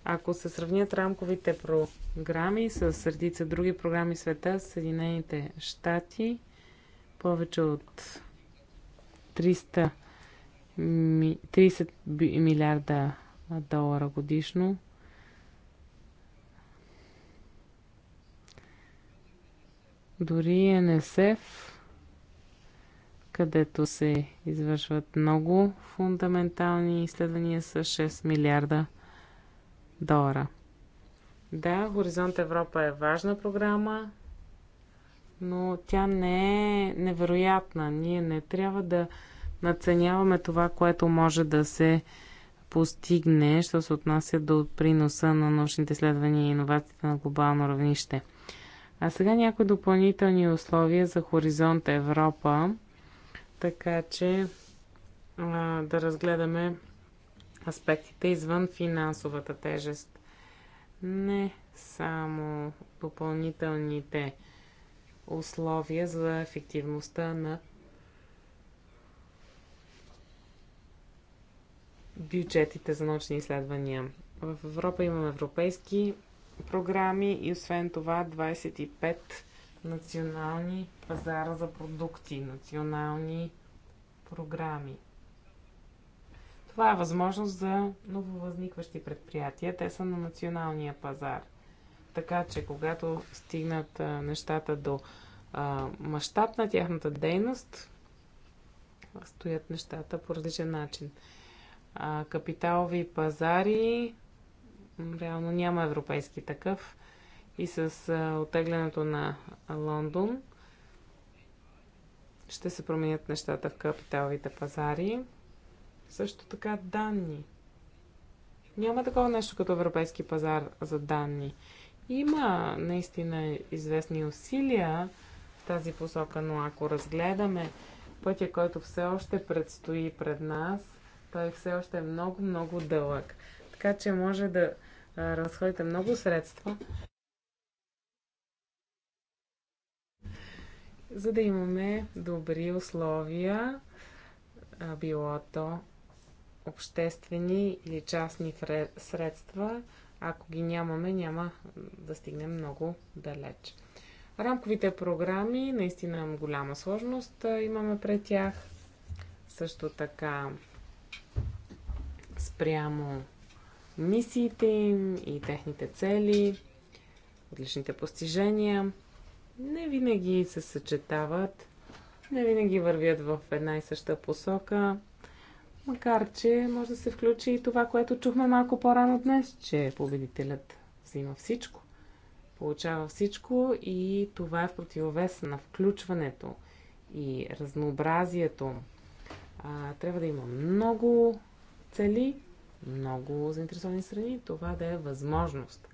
Ако се сравнят рамковите програми с редица други програми света, Съединените щати – повече от 30 милиарда долара годишно. Дори НСФ, където се извършват много фундаментални изследвания с 6 милиарда долара. Да, Хоризонт Европа е важна програма, но тя не е невероятна. Ние не трябва да наценяваме това, което може да се постигне, що се отнася до приноса на научните изследвания и иновациите на глобално равнище. А сега някои допълнителни условия за Хоризонт Европа, така че а, да разгледаме аспектите извън финансовата тежест. Не само допълнителните Условия за ефективността на бюджетите за научни изследвания. В Европа имаме европейски програми и освен това 25 национални пазара за продукти, национални програми. Това е възможност за нововъзникващи предприятия. Те са на националния пазар – така че когато стигнат а, нещата до мащаб на тяхната дейност, стоят нещата по различен начин. А, капиталови пазари, реално няма европейски такъв. И с а, отеглянето на Лондон ще се променят нещата в капиталовите пазари. Също така данни. Няма такова нещо като европейски пазар за данни. Има наистина известни усилия в тази посока, но ако разгледаме пътя, който все още предстои пред нас, той все още е много, много дълъг. Така че може да разходите много средства, за да имаме добри условия, било то обществени или частни средства, ако ги нямаме, няма да стигнем много далеч. Рамковите програми, наистина имам голяма сложност имаме пред тях. Също така спрямо мисиите им и техните цели, отличните постижения. Не винаги се съчетават, не винаги вървят в една и съща посока. Макар, че може да се включи и това, което чухме малко по-рано днес, че победителят взима всичко, получава всичко и това е в противовес на включването и разнообразието. А, трябва да има много цели, много заинтересовани страни, това да е възможност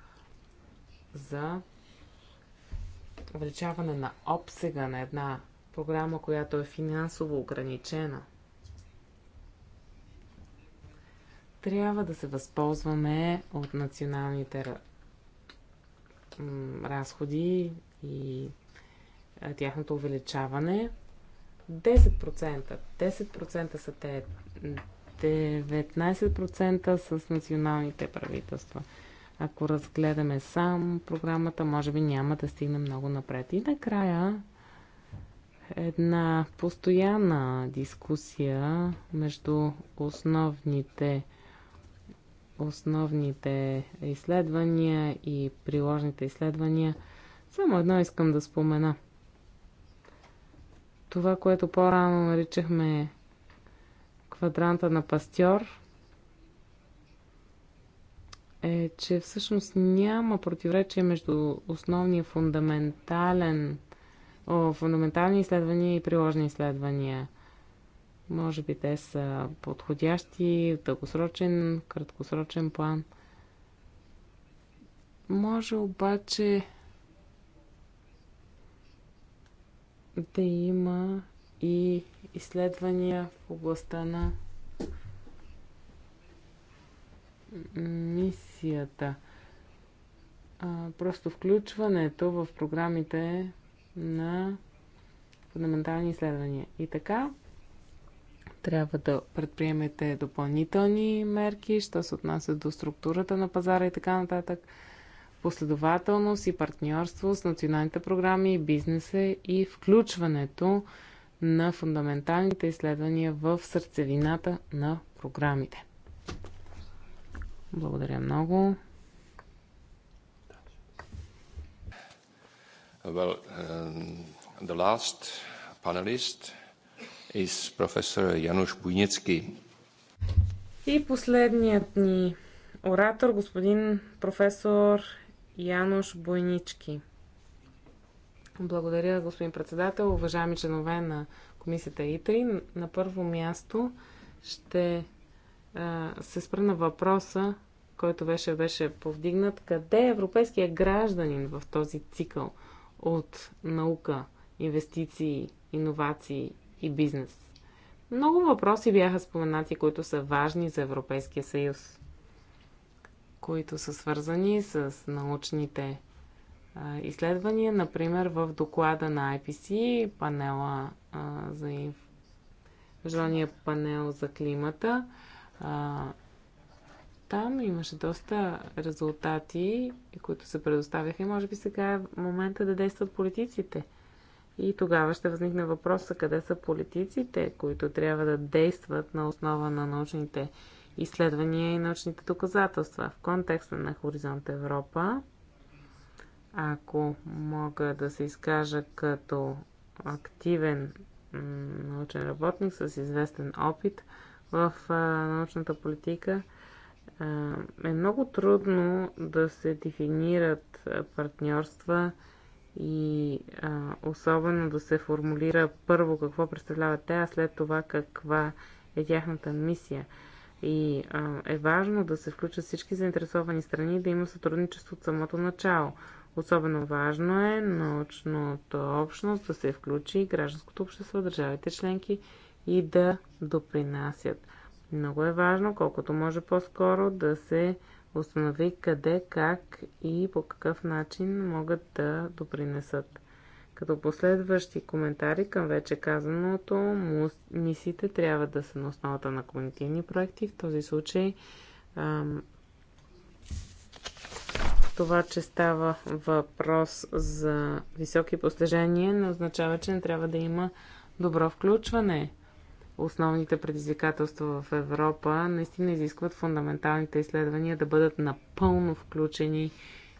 за увеличаване на обсега на една програма, която е финансово ограничена. трябва да се възползваме от националните разходи и тяхното увеличаване. 10%. 10% са те. 19% с националните правителства. Ако разгледаме сам програмата, може би няма да стигне много напред. И накрая една постоянна дискусия между основните основните изследвания и приложните изследвания, само едно искам да спомена. Това, което по-рано наричахме квадранта на пастьор, е, че всъщност няма противоречие между основния фундаментален, о, фундаментални изследвания и приложни изследвания – може би те са подходящи в дългосрочен, краткосрочен план. Може обаче да има и изследвания в областта на мисията. А, просто включването в програмите на фундаментални изследвания. И така, трябва да предприемете допълнителни мерки, що се отнася до структурата на пазара и така нататък. Последователност и партньорство с националните програми и бизнеса и включването на фундаменталните изследвания в сърцевината на програмите. Благодаря много. Well, um, the last panelist е с Professor Janusz Bujnicki. И последният ни оратор, господин професор Янош Бойнички. Благодаря, господин председател, уважаеми членове на комисията ИТРИ. На първо място ще а, се спра на въпроса, който беше, беше повдигнат. Къде е европейския гражданин в този цикъл от наука, инвестиции, иновации и бизнес. Много въпроси бяха споменати, които са важни за Европейския съюз, които са свързани с научните изследвания, например в доклада на IPC, панела за Международния панел за климата. А, там имаше доста резултати, които се предоставяха и може би сега е момента да действат политиците – и тогава ще възникне въпроса къде са политиците, които трябва да действат на основа на научните изследвания и научните доказателства. В контекста на Хоризонт Европа, ако мога да се изкажа като активен научен работник с известен опит в научната политика, е много трудно да се дефинират партньорства и а, особено да се формулира първо какво представляват те, а след това каква е тяхната мисия. И а, е важно да се включат всички заинтересовани страни и да има сътрудничество от самото начало. Особено важно е научното общност да се включи гражданското общество, държавите членки и да допринасят. Много е важно, колкото може по-скоро, да се установи къде, как и по какъв начин могат да допринесат. Като последващи коментари към вече казаното, мисите трябва да са на основата на когнитивни проекти. В този случай това, че става въпрос за високи постижения, не означава, че не трябва да има добро включване основните предизвикателства в Европа, наистина изискват фундаменталните изследвания да бъдат напълно включени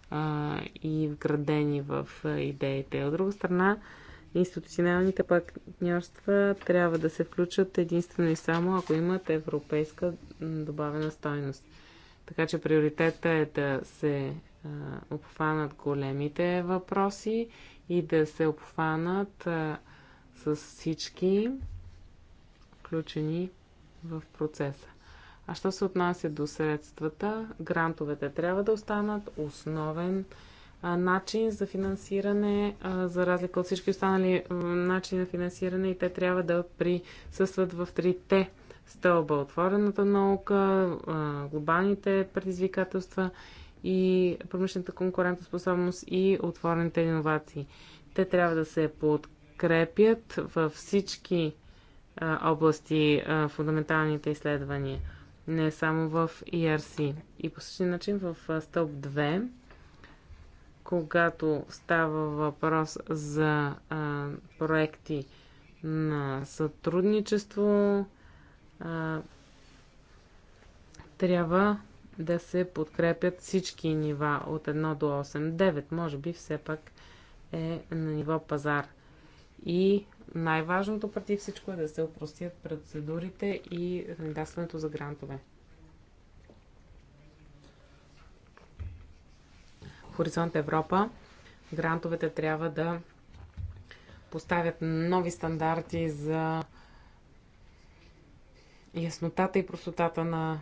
а, и вградени в идеите. От друга страна, институционалните партньорства трябва да се включат единствено и само ако имат европейска добавена стойност. Така че приоритета е да се а, обхванат големите въпроси и да се обхванат а, с всички включени в процеса. А що се отнася до средствата, грантовете трябва да останат основен начин за финансиране, за разлика от всички останали начини на финансиране и те трябва да присъстват в трите стълба отворената наука, глобалните предизвикателства и промишлената конкурентоспособност и отворените иновации. Те трябва да се подкрепят във всички области фундаменталните изследвания, не само в ERC. И по същия начин в стълб 2, когато става въпрос за проекти на сътрудничество, трябва да се подкрепят всички нива от 1 до 8. 9 може би все пак е на ниво пазар – и най-важното преди всичко е да се упростят процедурите и кандидатстването за грантове. Хоризонт Европа грантовете трябва да поставят нови стандарти за яснотата и простотата на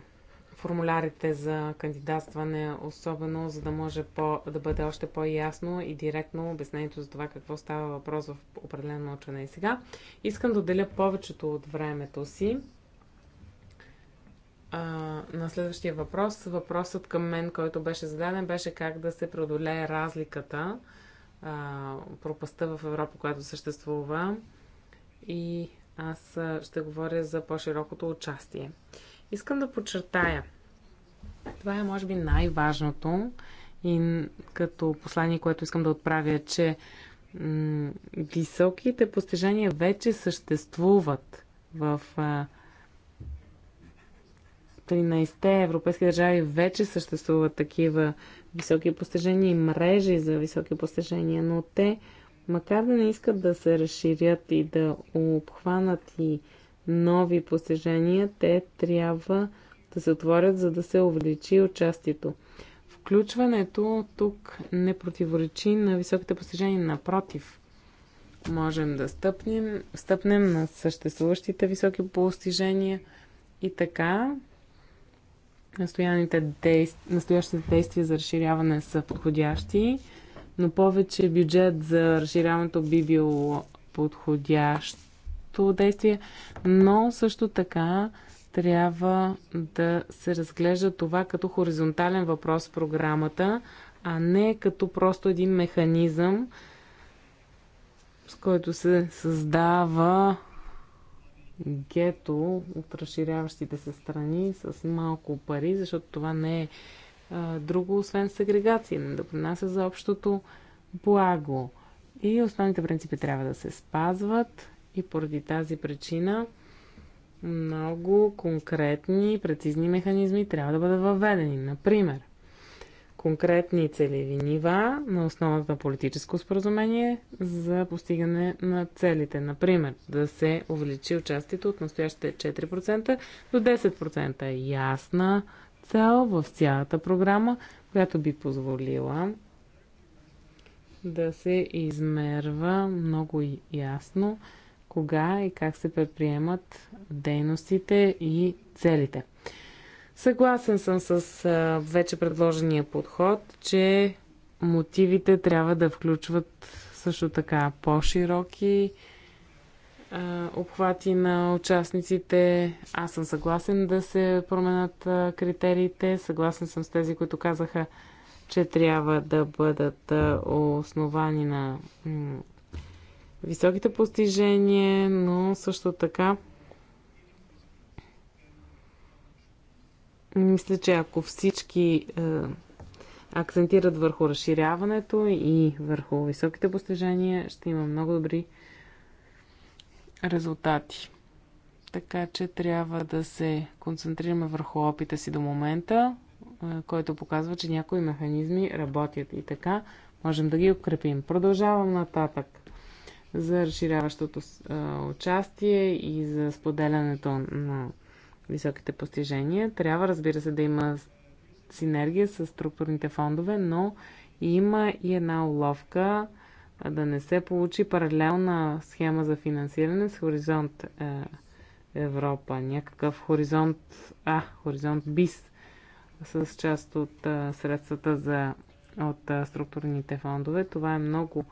формулярите за кандидатстване, особено за да може по, да бъде още по-ясно и директно обяснението за това какво става въпрос в определено научване. И сега искам да отделя повечето от времето си а, на следващия въпрос. Въпросът към мен, който беше зададен, беше как да се преодолее разликата, а, пропаста в Европа, която съществува и аз ще говоря за по-широкото участие. Искам да подчертая. Това е, може би, най-важното и като послание, което искам да отправя, че високите постижения вече съществуват в 13-те европейски държави вече съществуват такива високи постижения и мрежи за високи постижения, но те, макар да не искат да се разширят и да обхванат и нови постижения, те трябва да се отворят, за да се увеличи участието. Включването тук не противоречи на високите постижения, напротив. Можем да стъпнем, стъпнем на съществуващите високи постижения и така действ... настоящите действия за разширяване са подходящи, но повече бюджет за разширяването би бил подходящ неговото действие, но също така трябва да се разглежда това като хоризонтален въпрос в програмата, а не като просто един механизъм, с който се създава гето от разширяващите се страни с малко пари, защото това не е а, друго, освен сегрегация, не да принася за общото благо. И основните принципи трябва да се спазват и поради тази причина много конкретни и прецизни механизми трябва да бъдат въведени. Например, конкретни целеви нива на основата на политическо споразумение за постигане на целите. Например, да се увеличи участието от настоящите 4% до 10%. Е ясна цел в цялата програма, която би позволила да се измерва много ясно кога и как се предприемат дейностите и целите. Съгласен съм с вече предложения подход, че мотивите трябва да включват също така по-широки обхвати на участниците. Аз съм съгласен да се променят критериите. Съгласен съм с тези, които казаха, че трябва да бъдат основани на високите постижения, но също така мисля, че ако всички е, акцентират върху разширяването и върху високите постижения, ще има много добри резултати. Така че трябва да се концентрираме върху опита си до момента, е, който показва, че някои механизми работят и така можем да ги укрепим. Продължавам нататък за разширяващото участие и за споделянето на високите постижения. Трябва, разбира се, да има синергия с структурните фондове, но има и една уловка да не се получи паралелна схема за финансиране с хоризонт е, Европа, някакъв хоризонт А, хоризонт БИС с част от средствата за, от структурните фондове. Това е много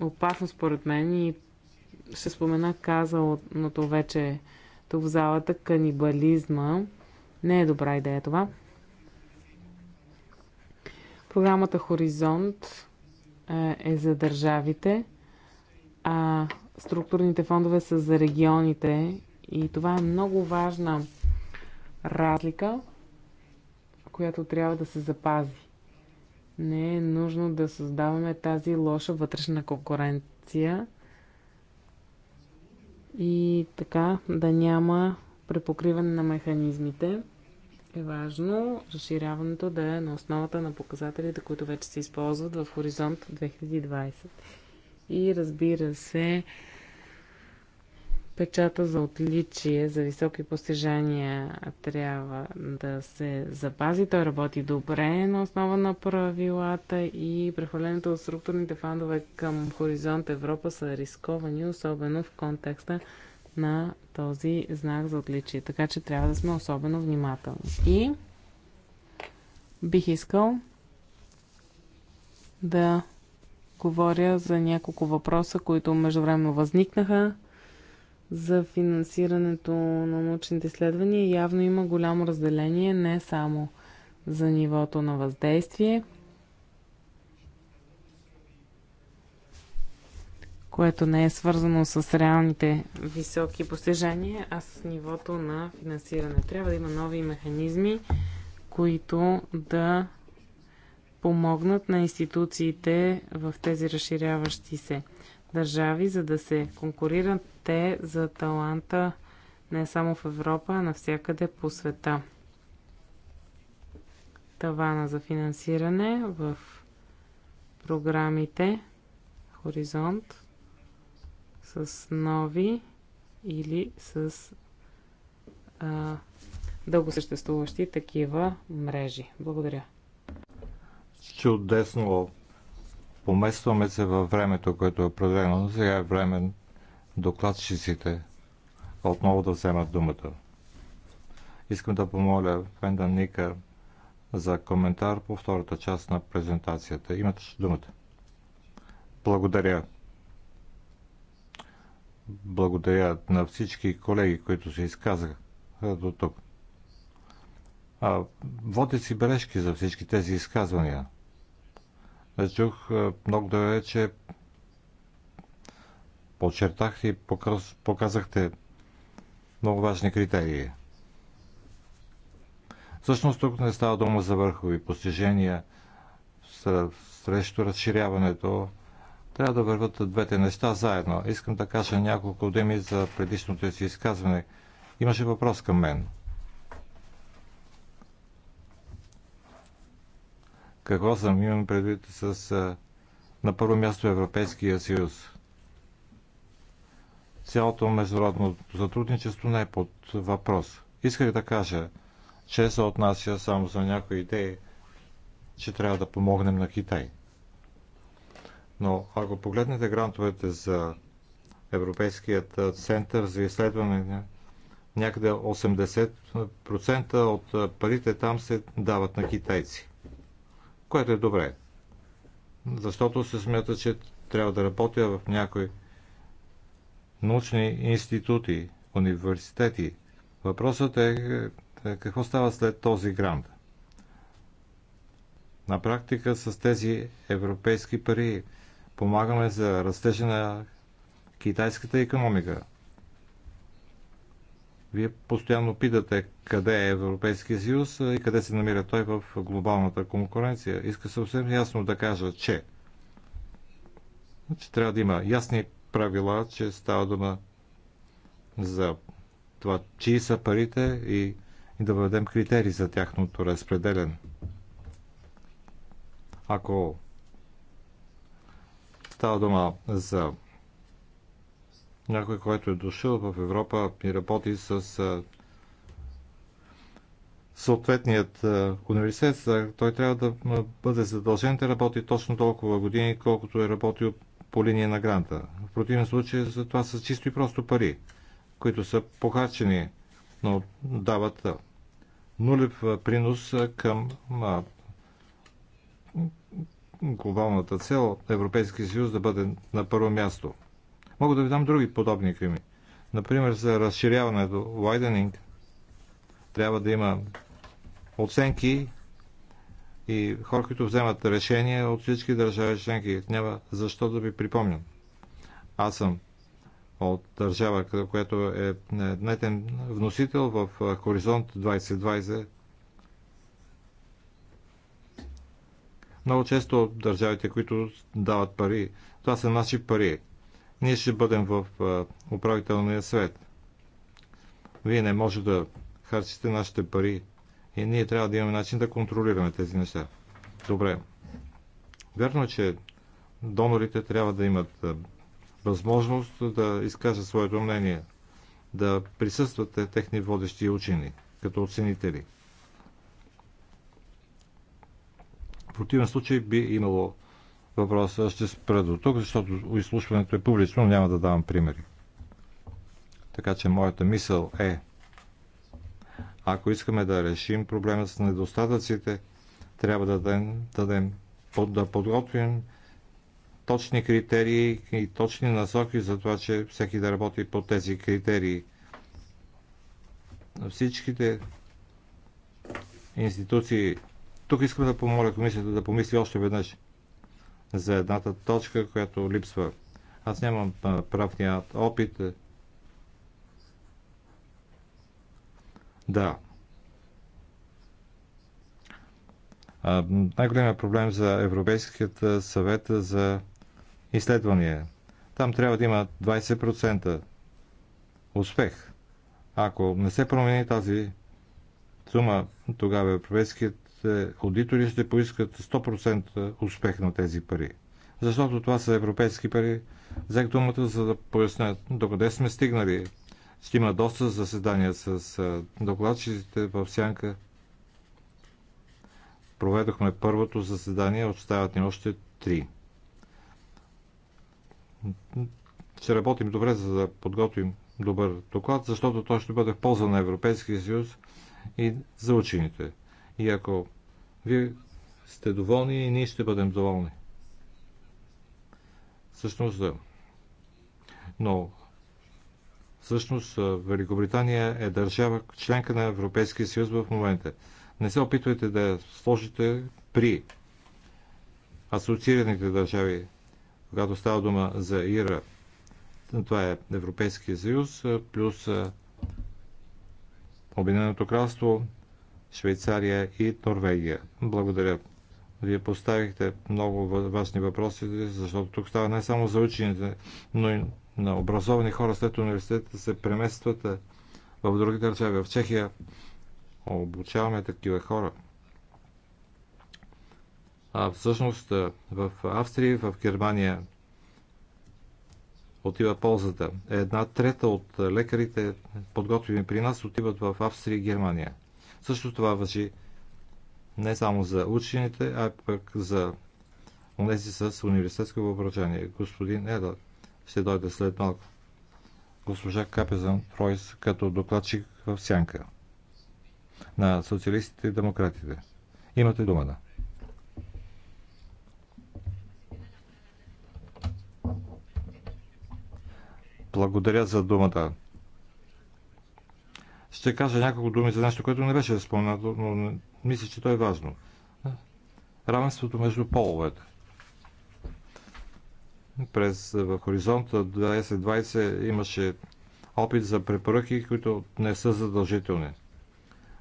опасно според мен и ще спомена казаното вече тук в залата канибализма. Не е добра идея това. Програмата Хоризонт е, е за държавите, а структурните фондове са за регионите и това е много важна разлика, която трябва да се запази. Не е нужно да създаваме тази лоша вътрешна конкуренция и така да няма препокриване на механизмите. Е важно разширяването да е на основата на показателите, които вече се използват в Хоризонт 2020. И разбира се, печата за отличие за високи постижения трябва да се запази. Той работи добре на основа на правилата и прехвалянето от структурните фандове към Хоризонт Европа са рисковани, особено в контекста на този знак за отличие. Така че трябва да сме особено внимателни. И бих искал да говоря за няколко въпроса, които междувременно възникнаха за финансирането на научните изследвания, явно има голямо разделение не само за нивото на въздействие, което не е свързано с реалните високи постижения, а с нивото на финансиране. Трябва да има нови механизми, които да помогнат на институциите в тези разширяващи се държави, за да се конкурират те за таланта не само в Европа, а навсякъде по света. Тавана за финансиране в програмите Хоризонт с нови или с а, дългосъществуващи такива мрежи. Благодаря. Чудесно Поместваме се във времето, което е определено, сега е време докладчиците отново да вземат думата. Искам да помоля Фенда Ника за коментар по втората част на презентацията. Имате думата. Благодаря. Благодаря на всички колеги, които се изказаха до тук. А, си бележки за всички тези изказвания чух много добре, че подчертахте и показахте много важни критерии. Всъщност тук не става дума за върхови постижения срещу разширяването. Трябва да върват двете неща заедно. Искам да кажа няколко думи за предишното си изказване. Имаше въпрос към мен – Какво съм имам предвид с на първо място Европейския съюз? Цялото международно сътрудничество не е под въпрос. Исках да кажа, че се отнася само за някои идеи, че трябва да помогнем на Китай. Но ако погледнете грантовете за Европейският център за изследване, някъде 80% от парите там се дават на китайци което е добре. Защото се смята, че трябва да работя в някои научни институти, университети. Въпросът е, е какво става след този грант. На практика с тези европейски пари помагаме за растежа на китайската економика. Вие постоянно питате къде е Европейския съюз и къде се намира той в глобалната конкуренция. Иска съвсем ясно да кажа, че, че трябва да има ясни правила, че става дума за това, чии са парите и, и да въведем критерии за тяхното разпределен. Ако става дума за някой, който е дошъл в Европа и работи с съответният университет, той трябва да бъде задължен да работи точно толкова години, колкото е работил по линия на гранта. В противен случай за това са чисто и просто пари, които са похарчени, но дават нулев принос към глобалната цел Европейския съюз да бъде на първо място – Мога да ви дам други подобни крими. Например, за разширяването, widening, трябва да има оценки и хора, които вземат решения от всички държави членки. Няма защо да ви припомням. Аз съм от държава, която е нетен вносител в Хоризонт 2020. Много често държавите, които дават пари, това са наши пари. Ние ще бъдем в управителния свет. Вие не може да харчите нашите пари и ние трябва да имаме начин да контролираме тези неща. Добре. Верно е, че донорите трябва да имат възможност да изкажат своето мнение, да присъстват техни водещи учени, като оценители. В противен случай би имало въпроса. Ще спра до тук, защото изслушването е публично, но няма да давам примери. Така че моята мисъл е, ако искаме да решим проблема с недостатъците, трябва да дадем, дадем да подготвим точни критерии и точни насоки за това, че всеки да работи по тези критерии. Всичките институции. Тук искам да помоля комисията да помисли още веднъж за едната точка, която липсва. Аз нямам правния опит. Да. Най-големият проблем за Европейският съвет за изследвания. Там трябва да има 20% успех. Ако не се промени тази сума, тогава Европейският аудитори ще поискат 100% успех на тези пари. Защото това са европейски пари. Взех думата, за да поясня докъде сме стигнали. Ще има доста заседания с докладчиците в Сянка. Проведохме първото заседание, остават ни още три. Ще работим добре, за да подготвим добър доклад, защото той ще бъде в полза на Европейския съюз и за учените. И ако вие сте доволни, и ние ще бъдем доволни. Всъщност, но всъщност Великобритания е държава членка на Европейския съюз в момента. Не се опитвайте да сложите при асоциираните държави, когато става дума за ИРА. Това е Европейския съюз плюс Обединеното кралство, Швейцария и Норвегия. Благодаря. Вие поставихте много важни въпроси, защото тук става не само за учените, но и на образовани хора след университета се преместват в други държави. В Чехия обучаваме такива хора. А всъщност в Австрия, в Германия отива ползата. Една трета от лекарите, подготвени при нас, отиват в Австрия и Германия – също това въжи не само за учените, а пък за унези с университетско въображение. Господин Еда ще дойде след малко. Госпожа Капезан Ройс като докладчик в сянка на социалистите и демократите. Имате думата. Благодаря за думата. Ще кажа няколко думи за нещо, което не беше споменато, но мисля, че то е важно. Равенството между половете. През е, в хоризонта 2020 имаше опит за препоръки, които не са задължителни,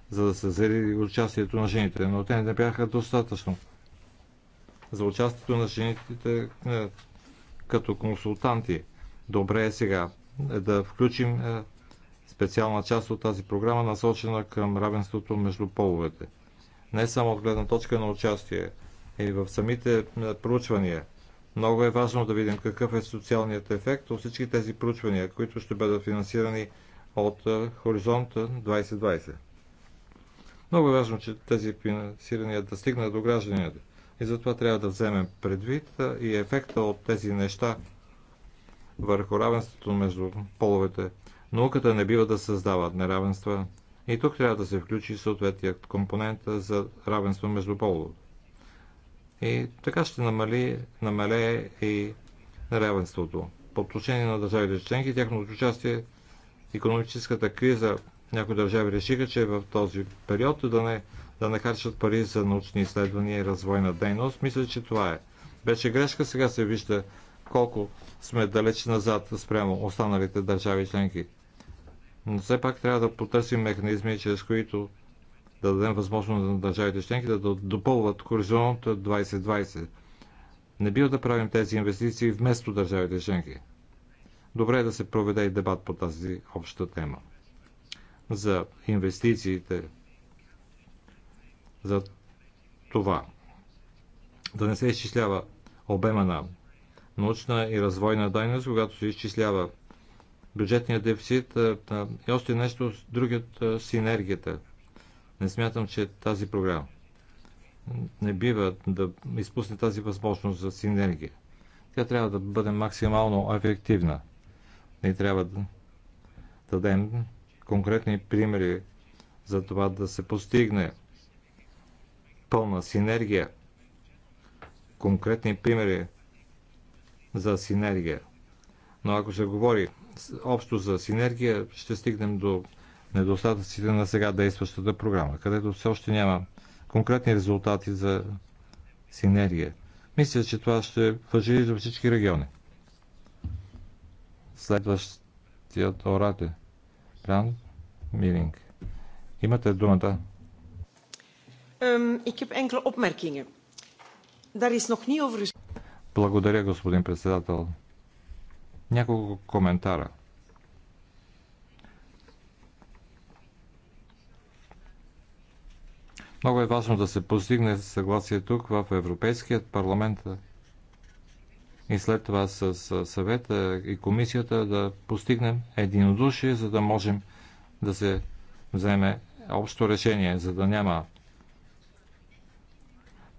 за да се зели участието на жените, но те не бяха достатъчно. За участието на жените е, като консултанти. Добре е сега е, да включим специална част от тази програма, насочена към равенството между половете. Не само от гледна точка на участие, и в самите е, проучвания. Много е важно да видим какъв е социалният ефект от всички тези проучвания, които ще бъдат финансирани от е, Хоризонт 2020. Много е важно, че тези финансирания да стигнат до гражданите. И затова трябва да вземем предвид е, и ефекта от тези неща върху равенството между половете Науката не бива да създава неравенства и тук трябва да се включи съответният компонент за равенство между половете. И така ще намали, намалее и неравенството. По отношение на държавите членки, тяхното участие економическата криза, някои държави решиха, че в този период да не, да не харчат пари за научни изследвания и развойна дейност. Мисля, че това е. Беше грешка, сега се вижда колко сме далеч назад спрямо останалите държави членки. Но все пак трябва да потърсим механизми, чрез които да дадем възможност на държавите членки да допълват хоризонт 2020. Не бива да правим тези инвестиции вместо държавите членки. Добре е да се проведе и дебат по тази обща тема. За инвестициите, за това да не се изчислява обема на научна и развойна дайност, когато се изчислява бюджетния дефицит и още нещо с другият синергията. Не смятам, че е тази програма не бива да изпусне тази възможност за синергия. Тя трябва да бъде максимално ефективна. Не трябва да дадем конкретни примери за това да се постигне пълна синергия. Конкретни примери за синергия. Но ако се говори общо за синергия ще стигнем до недостатъците на сега действащата програма, където все още няма конкретни резултати за синергия. Мисля, че това ще въжи за всички региони. Следващият орат е Бран Милинг. Имате думата. Ik heb enkele opmerkingen. Daar is nog niet over... Благодаря, господин председател. Няколко коментара. Много е важно да се постигне съгласие тук в Европейският парламент и след това с съвета и комисията да постигнем единодушие, за да можем да се вземе общо решение, за да няма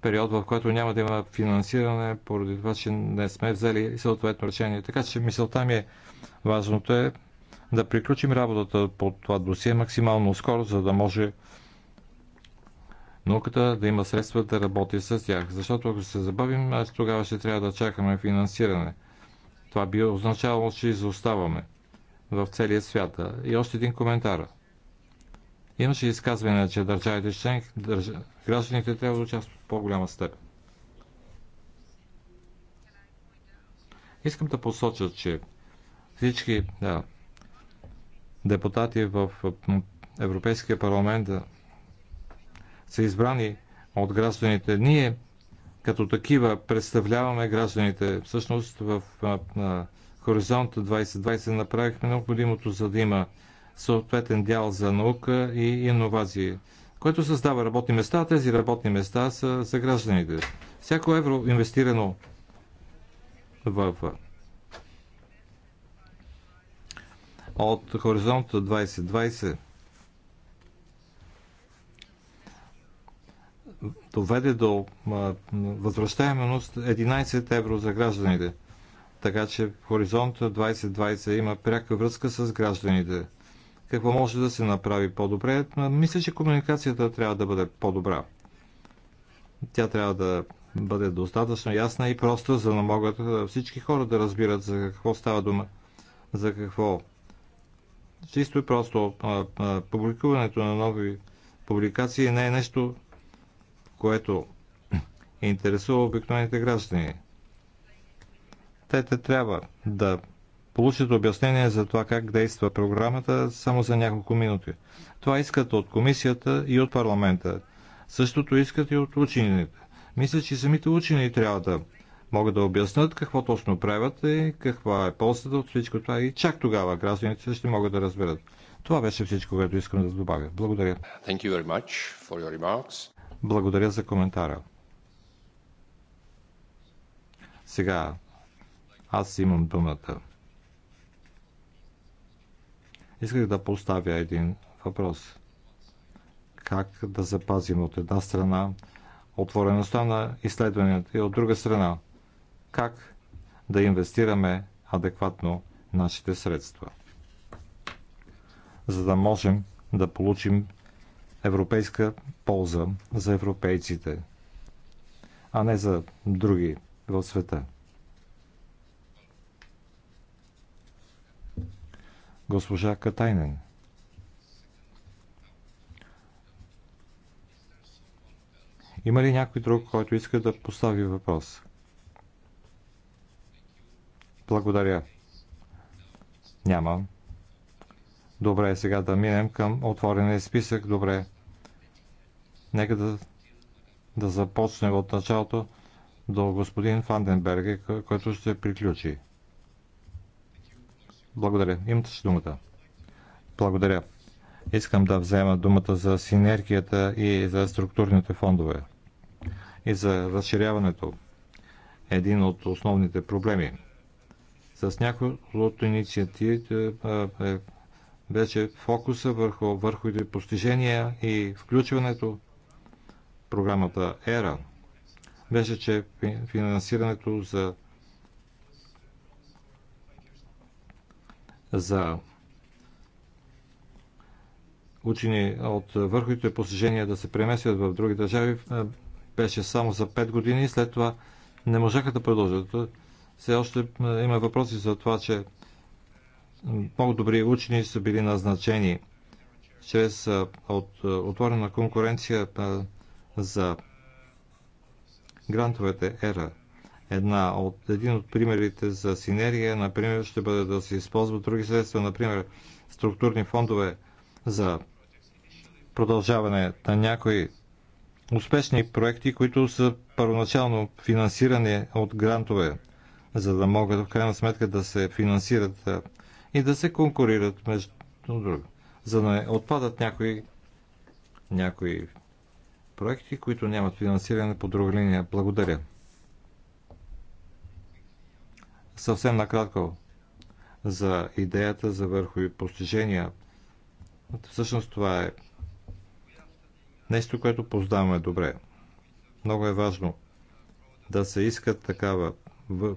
период, в който няма да има финансиране, поради това, че не сме взели съответно решение. Така че мисълта ми е, важното е да приключим работата по това досие максимално скоро, за да може науката да има средства да работи с тях. Защото ако се забавим, аз тогава ще трябва да чакаме финансиране. Това би означавало, че изоставаме в целия свят. И още един коментар. Имаше изказване, че държавите членки, държ... гражданите трябва да участват в по-голяма степен. Искам да посоча, че всички да, депутати в Европейския парламент да, са избрани от гражданите. Ние като такива представляваме гражданите. Всъщност в на, на, Хоризонт 2020 направихме необходимото, за да има съответен дял за наука и иновации, което създава работни места, а тези работни места са за гражданите. Всяко евро инвестирано в от хоризонта 2020 доведе до възвръщаемост 11 евро за гражданите. Така че хоризонт 2020 има пряка връзка с гражданите какво може да се направи по-добре. Мисля, че комуникацията трябва да бъде по-добра. Тя трябва да бъде достатъчно ясна и проста, за да могат всички хора да разбират за какво става дума, за какво. Чисто и просто публикуването на нови публикации не е нещо, което интересува обикновените граждани. Те, те трябва да получат обяснение за това как действа програмата само за няколко минути. Това искат от комисията и от парламента. Същото искат и от учените. Мисля, че самите учени трябва да могат да обяснат какво точно правят и каква е ползата от всичко това и чак тогава гражданите ще могат да разберат. Това беше всичко, което искам да добавя. Благодаря. Thank you very much for your remarks. Благодаря за коментара. Сега аз имам думата. Исках да поставя един въпрос. Как да запазим от една страна отвореността на изследванията и от друга страна как да инвестираме адекватно нашите средства, за да можем да получим европейска полза за европейците, а не за други в света. госпожа Катайнен. Има ли някой друг, който иска да постави въпрос? Благодаря. Няма. Добре, сега да минем към отворения списък. Добре. Нека да, да започнем от началото до господин Фанденберге, който ще приключи. Благодаря. Имате си думата. Благодаря. Искам да взема думата за синергията и за структурните фондове и за разширяването. Един от основните проблеми. С някои от инициативите е, беше фокуса върху върху постижения и включването програмата ЕРА. Беше, че финансирането за за учени от върховите постижения да се преместят в други държави е, беше само за 5 години и след това не можаха да продължат. Все още е, има въпроси за това, че много добри учени са били назначени чрез е, от отворена конкуренция за грантовете ера една от, един от примерите за синергия, например, ще бъде да се използват други средства, например, структурни фондове за продължаване на някои успешни проекти, които са първоначално финансирани от грантове, за да могат в крайна сметка да се финансират и да се конкурират между други, за да не отпадат някои, някои проекти, които нямат финансиране по друга линия. Благодаря. Съвсем накратко за идеята за върхови постижения. Всъщност това е нещо, което познаваме добре. Много е важно да се искат такава в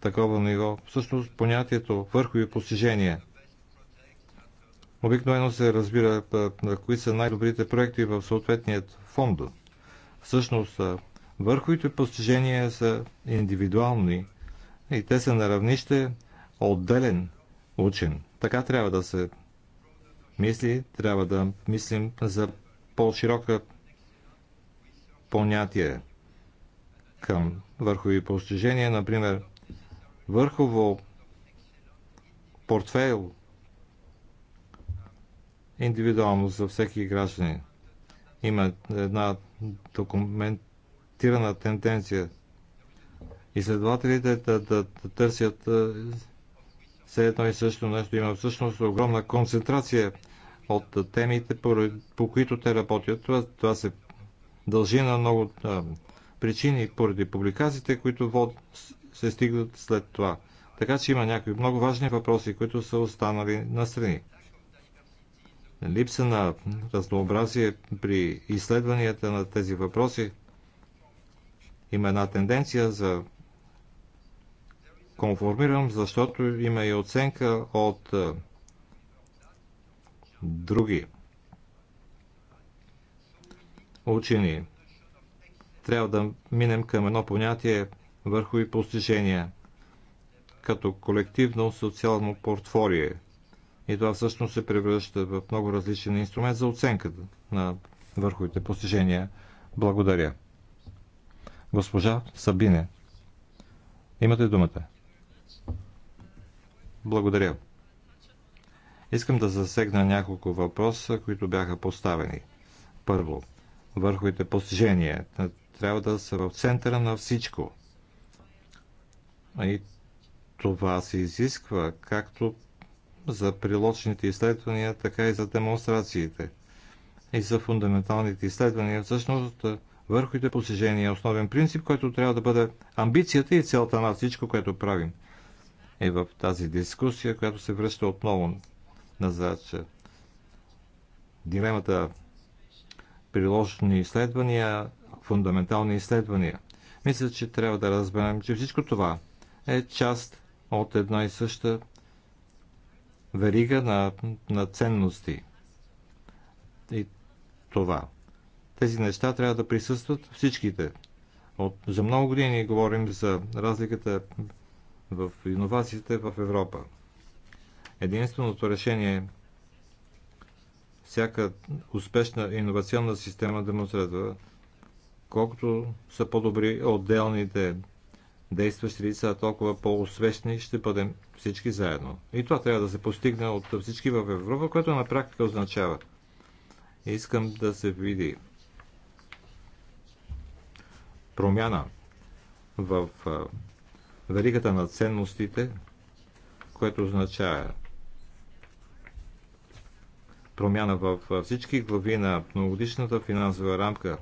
такова ниво. Всъщност понятието върхови постижения обикновено се разбира на кои са най-добрите проекти в съответният фонд. Всъщност върховите постижения са индивидуални и те са на равнище отделен учен. Така трябва да се мисли, трябва да мислим за по-широка понятие към върхови постижения, например върхово портфейл индивидуално за всеки гражданин. Има една документирана тенденция – изследователите да, да, да търсят е, все едно и също нещо. Има всъщност огромна концентрация от темите, по, по които те работят. Това, това се дължи на много а, е, причини поради публикациите, които вод, се стигнат след това. Така че има някои много важни въпроси, които са останали настрани. Липса на разнообразие при изследванията на тези въпроси има една тенденция за конформирам, защото има и оценка от е, други учени. Трябва да минем към едно понятие върхови постижения като колективно социално портфолио. И това всъщност се превръща в много различен инструмент за оценка на върховите постижения. Благодаря. Госпожа Сабине, имате думата. Благодаря. Искам да засегна няколко въпроса, които бяха поставени. Първо, върховите постижения трябва да са в центъра на всичко. И това се изисква както за прилочните изследвания, така и за демонстрациите. И за фундаменталните изследвания. Всъщност, върховите постижения е основен принцип, който трябва да бъде амбицията и целта на всичко, което правим – е в тази дискусия, която се връща отново назад. Че дилемата приложени изследвания, фундаментални изследвания. Мисля, че трябва да разберем, че всичко това е част от една и съща верига на, на ценности. И това. Тези неща трябва да присъстват всичките. От, за много години говорим за разликата в иновациите в Европа. Единственото решение е всяка успешна иновационна система да му следва колкото са по-добри отделните действащи лица, толкова по-успешни ще бъдем всички заедно. И това трябва да се постигне от всички в Европа, което на практика означава. Искам да се види промяна в веригата на ценностите, което означава промяна в всички глави на многогодишната финансова рамка.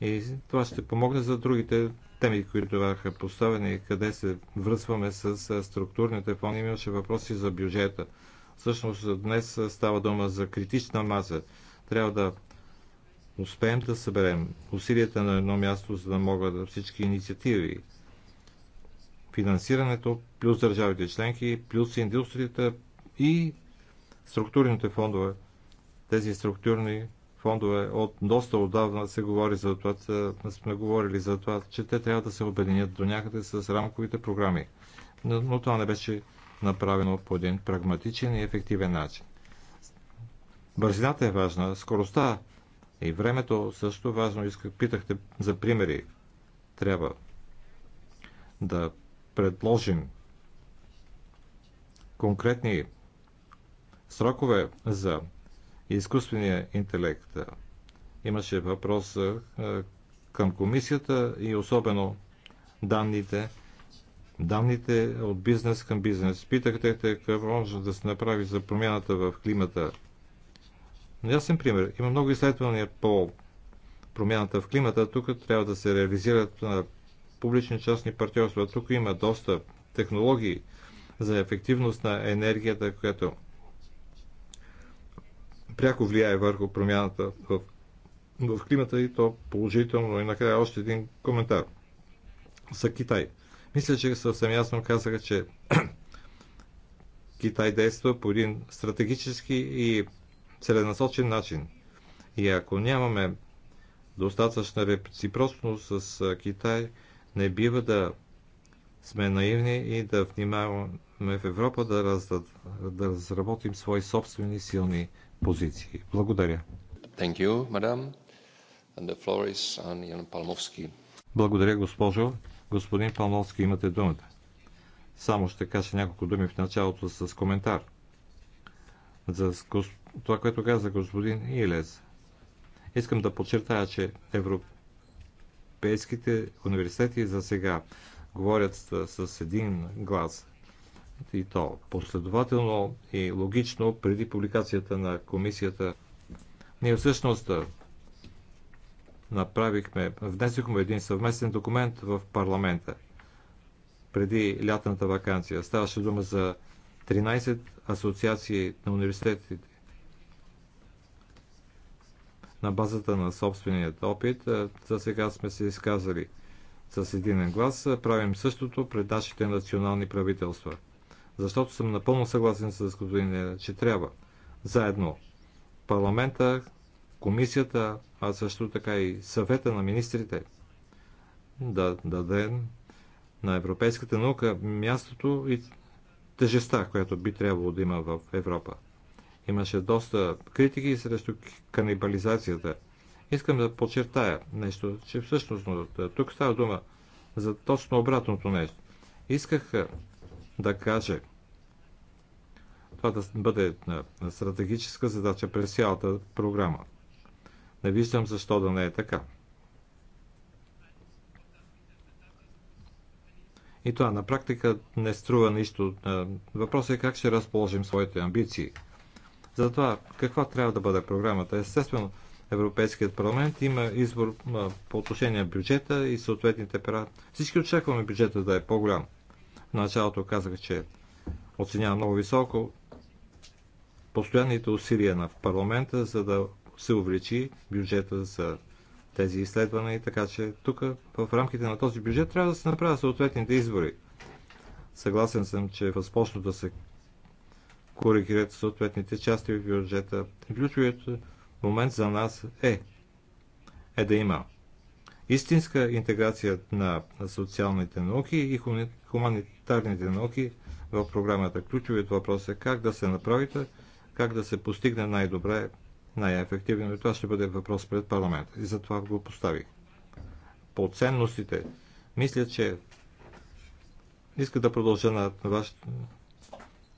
И това ще помогне за другите теми, които бяха поставени, къде се връзваме с структурните фони. Имаше въпроси за бюджета. Всъщност днес става дума за критична маса. Трябва да успеем да съберем усилията на едно място, за да могат всички инициативи финансирането, плюс държавите членки, плюс индустрията и структурните фондове. Тези структурни фондове от доста отдавна се говори за това, сме говорили за това, че те трябва да се обединят до някъде с рамковите програми. Но, но това не беше направено по един прагматичен и ефективен начин. Бързината е важна, скоростта и времето също важно. Исках, питахте за примери. Трябва да предложим конкретни срокове за изкуствения интелект. Имаше въпрос към комисията и особено данните. Данните от бизнес към бизнес. Питахте какво може да се направи за промяната в климата. Ясен пример. Има много изследвания по промяната в климата. Тук трябва да се реализират публично-частни партньорства. Тук има доста технологии за ефективност на енергията, която пряко влияе върху промяната в, в климата и то положително. И накрая още един коментар за Китай. Мисля, че съвсем ясно казаха, че *clears throat* Китай действа по един стратегически и целенасочен начин. И ако нямаме достатъчна реципрочност с Китай, не бива да сме наивни и да внимаваме в Европа да, раздад, да разработим свои собствени силни позиции. Благодаря. Thank you, madam. And the floor is on Благодаря, госпожо. Господин Палмовски, имате думата. Само ще кажа няколко думи в началото с коментар. За това, което каза господин Илес. Искам да подчертая, че Европа европейските университети за сега говорят с, с един глас и то последователно и логично преди публикацията на комисията. Ние всъщност направихме, внесохме един съвместен документ в парламента преди лятната вакансия. Ставаше дума за 13 асоциации на университетите на базата на собственият опит. Е, за сега сме се изказали с един глас. Е, правим същото пред нашите национални правителства. Защото съм напълно съгласен с господин, е, че трябва заедно парламента, комисията, а също така и съвета на министрите да дадем на европейската наука мястото и тежеста, която би трябвало да има в Европа. Имаше доста критики срещу канибализацията. Искам да подчертая нещо, че всъщност тук става дума за точно обратното нещо. Исках да кажа това да бъде стратегическа задача през цялата програма. Не виждам защо да не е така. И това на практика не струва нищо. Въпросът е как ще разположим своите амбиции – за това каква трябва да бъде програмата. Естествено, Европейският парламент има избор по отношение на бюджета и съответните пера. Всички очакваме бюджета да е по-голям. В началото казах, че оценява много високо постоянните усилия на парламента, за да се увеличи бюджета за тези изследвания. Така че тук в рамките на този бюджет трябва да се направят съответните избори. Съгласен съм, че е възможно да се коригират съответните части в бюджета. Ключовият момент за нас е, е да има истинска интеграция на социалните науки и хуманитарните науки в програмата. Ключовият въпрос е как да се направите, как да се постигне най-добре, най-ефективно. И това ще бъде въпрос пред парламента. И затова го поставих. По ценностите, мисля, че иска да продължа на, ваш,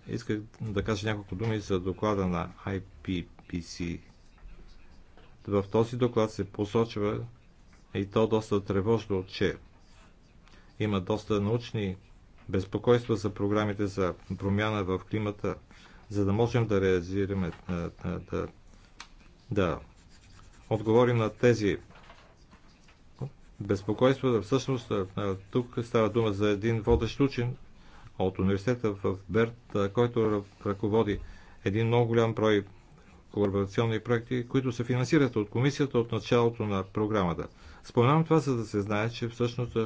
Исках да кажа няколко думи за доклада на IPPC. В този доклад се посочва и то доста тревожно, че има доста научни безпокойства за програмите за промяна в климата, за да можем да реализираме, да, да отговорим на тези безпокойства. Всъщност тук става дума за един водещ учен, от университета в Берт, който ръководи един много голям брой колаборационни проекти, които се финансират от комисията от началото на програмата. Споменавам това, за да се знае, че всъщност,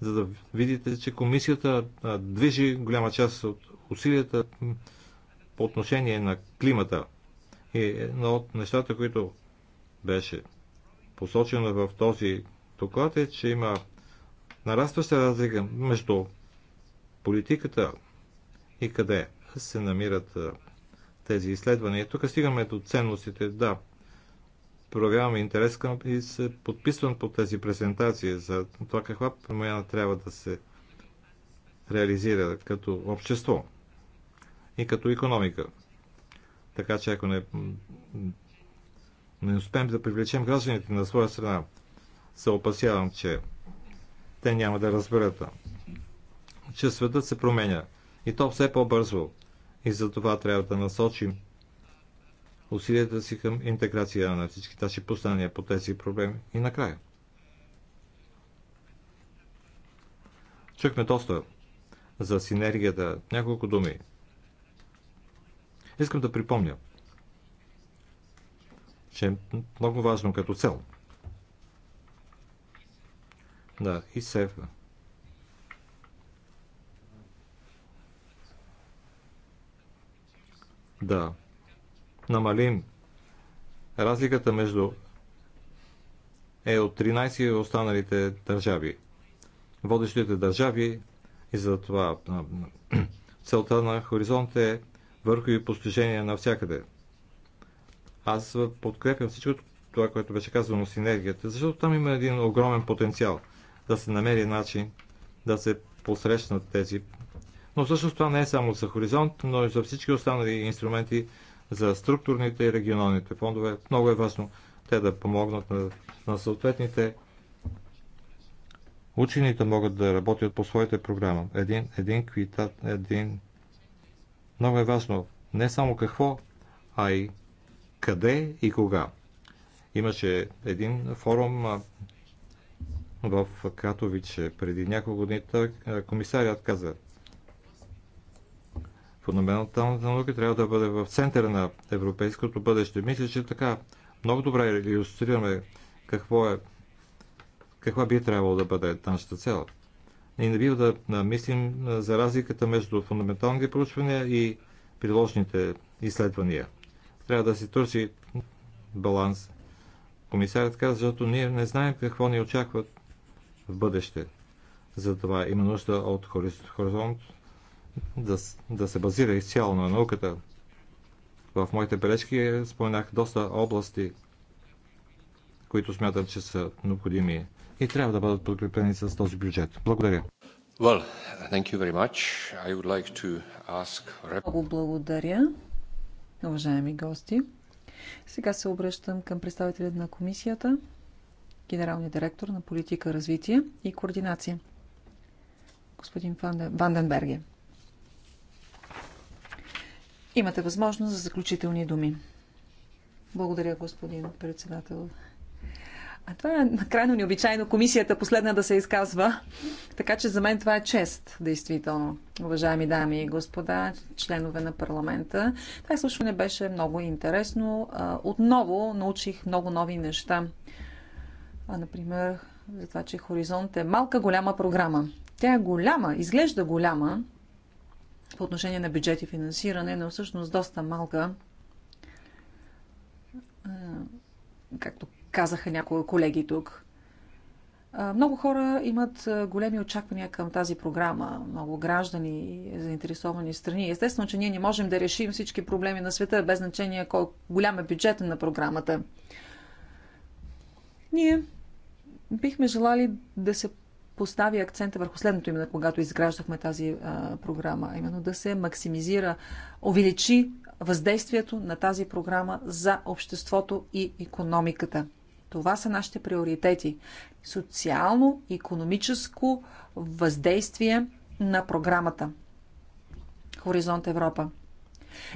за да видите, че комисията движи голяма част от усилията по отношение на климата. И едно от нещата, които беше посочено в този доклад е, че има нарастваща разлика между политиката и къде се намират тези изследвания. Тук стигаме до ценностите. Да, проявявам е интерес към и се подписвам по тези презентации за това каква промяна трябва да се реализира като общество и като економика. Така че ако не, не успеем да привлечем гражданите на своя страна, се опасявам, че те няма да разберат че светът се променя и то все по-бързо. И за това трябва да насочим усилията си към интеграция на всички тази познания по тези проблеми. И накрая. Чухме доста за синергията. Няколко думи. Искам да припомня, че е много важно като цел. Да, и сефа. да намалим разликата между е от 13 останалите държави. Водещите държави и затова целта на хоризонт е върху и постижение навсякъде. Аз подкрепям всичко това, което беше казано с енергията, защото там има един огромен потенциал да се намери начин да се посрещнат тези но всъщност това не е само за Хоризонт, но и за всички останали инструменти за структурните и регионалните фондове. Много е важно те да помогнат на, на съответните учените могат да работят по своите програма. Един, един квитат, един... Много е важно не само какво, а и къде и кога. Имаше един форум в Катовиче преди няколко дни. Е, комисарият каза, Фундаменталната наука трябва да бъде в центъра на европейското бъдеще. Мисля, че така много добре иллюстрираме какво е, каква би трябвало да бъде нашата цел. И не бива да мислим за разликата между фундаменталните проучвания и приложните изследвания. Трябва да се търси баланс. Комисарят каза, защото ние не знаем какво ни очакват в бъдеще. Затова има нужда от хоризонт да, да се базира изцяло на науката. В моите бележки споменах доста области, които смятам, че са необходими и трябва да бъдат подкрепени с този бюджет. Благодаря. Well, thank you very much. I would like to ask... Много благодаря, уважаеми гости. Сега се обръщам към представителят на комисията, генералния директор на политика, развитие и координация, господин Ванденберге. Имате възможност за заключителни думи. Благодаря, господин председател. А това е крайно необичайно комисията последна да се изказва. Така че за мен това е чест, действително. Уважаеми дами и господа, членове на парламента, това изслушване беше много интересно. Отново научих много нови неща. А, например, за това, че Хоризонт е малка голяма програма. Тя е голяма, изглежда голяма, по отношение на бюджет и финансиране, но всъщност доста малка. Както казаха някои колеги тук. Много хора имат големи очаквания към тази програма. Много граждани, и заинтересовани страни. Естествено, че ние не можем да решим всички проблеми на света, без значение колко голям е бюджета на програмата. Ние бихме желали да се постави акцента върху следното именно, когато изграждахме тази а, програма, именно да се максимизира, увеличи въздействието на тази програма за обществото и економиката. Това са нашите приоритети. Социално-економическо въздействие на програмата Хоризонт Европа.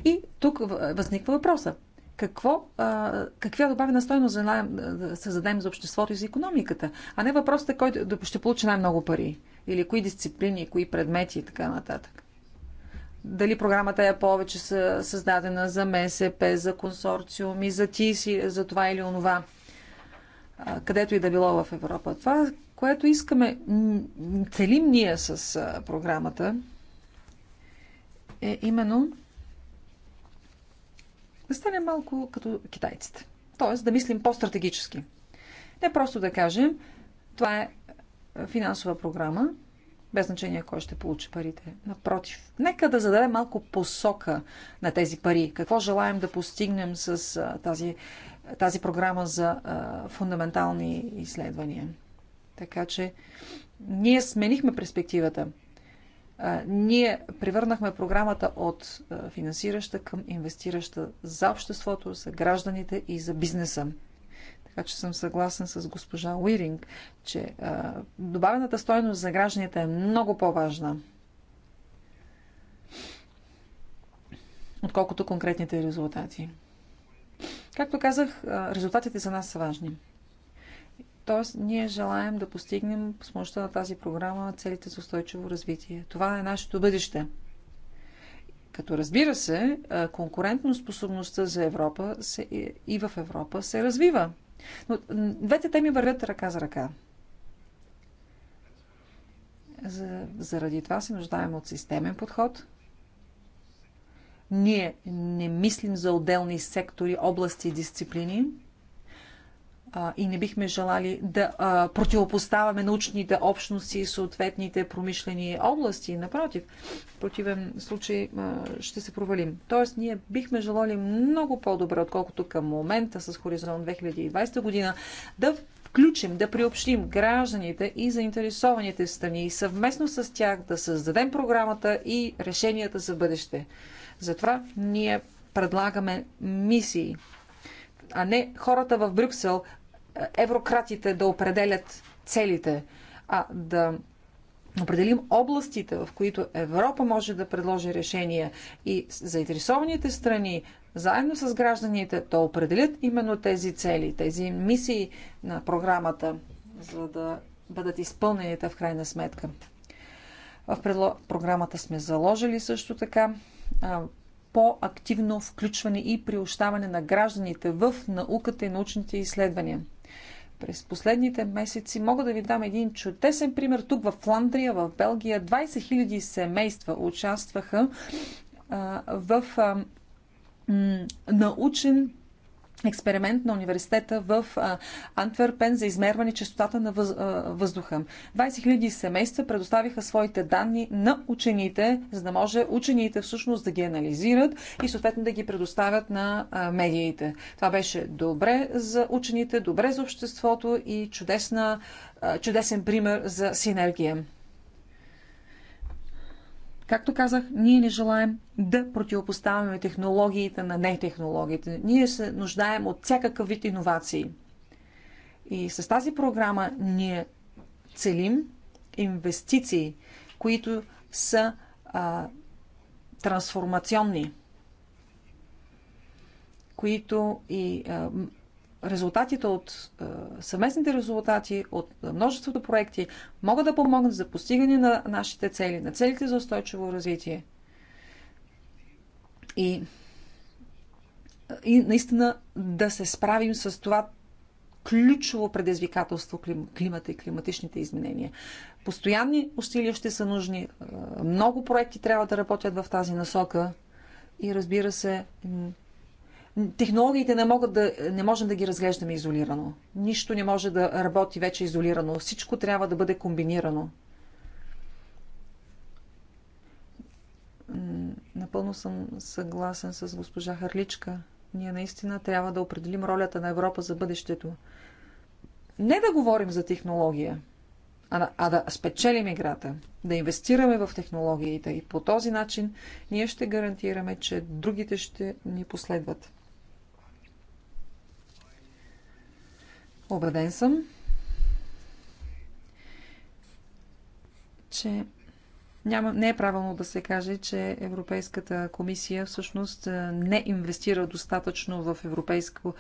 И тук възниква въпроса какво, а, каква добавена стойност да създадем за обществото и за економиката, а не въпросът е кой ще получи най-много пари или кои дисциплини, кои предмети и така нататък. Дали програмата е повече създадена за МСП, за консорциуми, за ТИС, за това или онова, където и да било в Европа. Това, което искаме, целим ние с програмата, е именно да станем малко като китайците. Тоест да мислим по-стратегически. Не просто да кажем, това е финансова програма, без значение кой ще получи парите. Напротив, нека да зададем малко посока на тези пари. Какво желаем да постигнем с а, тази, тази програма за а, фундаментални изследвания. Така че ние сменихме перспективата ние превърнахме програмата от финансираща към инвестираща за обществото, за гражданите и за бизнеса. Така че съм съгласен с госпожа Уиринг, че добавената стойност за гражданите е много по-важна, отколкото конкретните резултати. Както казах, резултатите за нас са важни. Тоест, ние желаем да постигнем с помощта на тази програма целите за устойчиво развитие. Това е нашето бъдеще. Като разбира се, конкурентно способността за Европа се, и в Европа се развива. Но двете теми вървят ръка за ръка. За, заради това се нуждаем от системен подход. Ние не мислим за отделни сектори, области и дисциплини – и не бихме желали да противопоставяме научните общности и съответните промишлени области. Напротив, в противен случай ще се провалим. Тоест, ние бихме желали много по-добре, отколкото към момента с Хоризонт 2020 година, да включим, да приобщим гражданите и заинтересованите страни и съвместно с тях да създадем програмата и решенията за бъдеще. Затова ние предлагаме мисии, а не хората в Брюксел еврократите да определят целите, а да определим областите, в които Европа може да предложи решения и заинтересованите страни, заедно с гражданите, да определят именно тези цели, тези мисии на програмата, за да бъдат изпълнените в крайна сметка. В предло... програмата сме заложили също така по-активно включване и приощаване на гражданите в науката и научните изследвания – през последните месеци. Мога да ви дам един чудесен пример. Тук в Фландрия, в Белгия, 20 000 семейства участваха а, в а, научен експеримент на университета в Антверпен за измерване частотата на въздуха. 20 000 семейства предоставиха своите данни на учените, за да може учените всъщност да ги анализират и съответно да ги предоставят на медиите. Това беше добре за учените, добре за обществото и чудесна, чудесен пример за синергия. Както казах, ние не желаем да противопоставяме технологиите на нетехнологиите. Ние се нуждаем от всякакъв вид иновации. И с тази програма ние целим инвестиции, които са а, трансформационни, които и а, резултатите от е, съвместните резултати от е, множеството проекти могат да помогнат за постигане на нашите цели, на целите за устойчиво развитие. И, и наистина да се справим с това ключово предизвикателство климата и климатичните изменения. Постоянни усилия ще са нужни. Е, много проекти трябва да работят в тази насока. И разбира се, технологиите не, могат да, не можем да ги разглеждаме изолирано. Нищо не може да работи вече изолирано. Всичко трябва да бъде комбинирано. Напълно съм съгласен с госпожа Харличка. Ние наистина трябва да определим ролята на Европа за бъдещето. Не да говорим за технология, а да, а да спечелим играта, да инвестираме в технологиите и по този начин ние ще гарантираме, че другите ще ни последват. Обеден съм, че няма, не е правилно да се каже, че Европейската комисия всъщност не инвестира достатъчно в европейско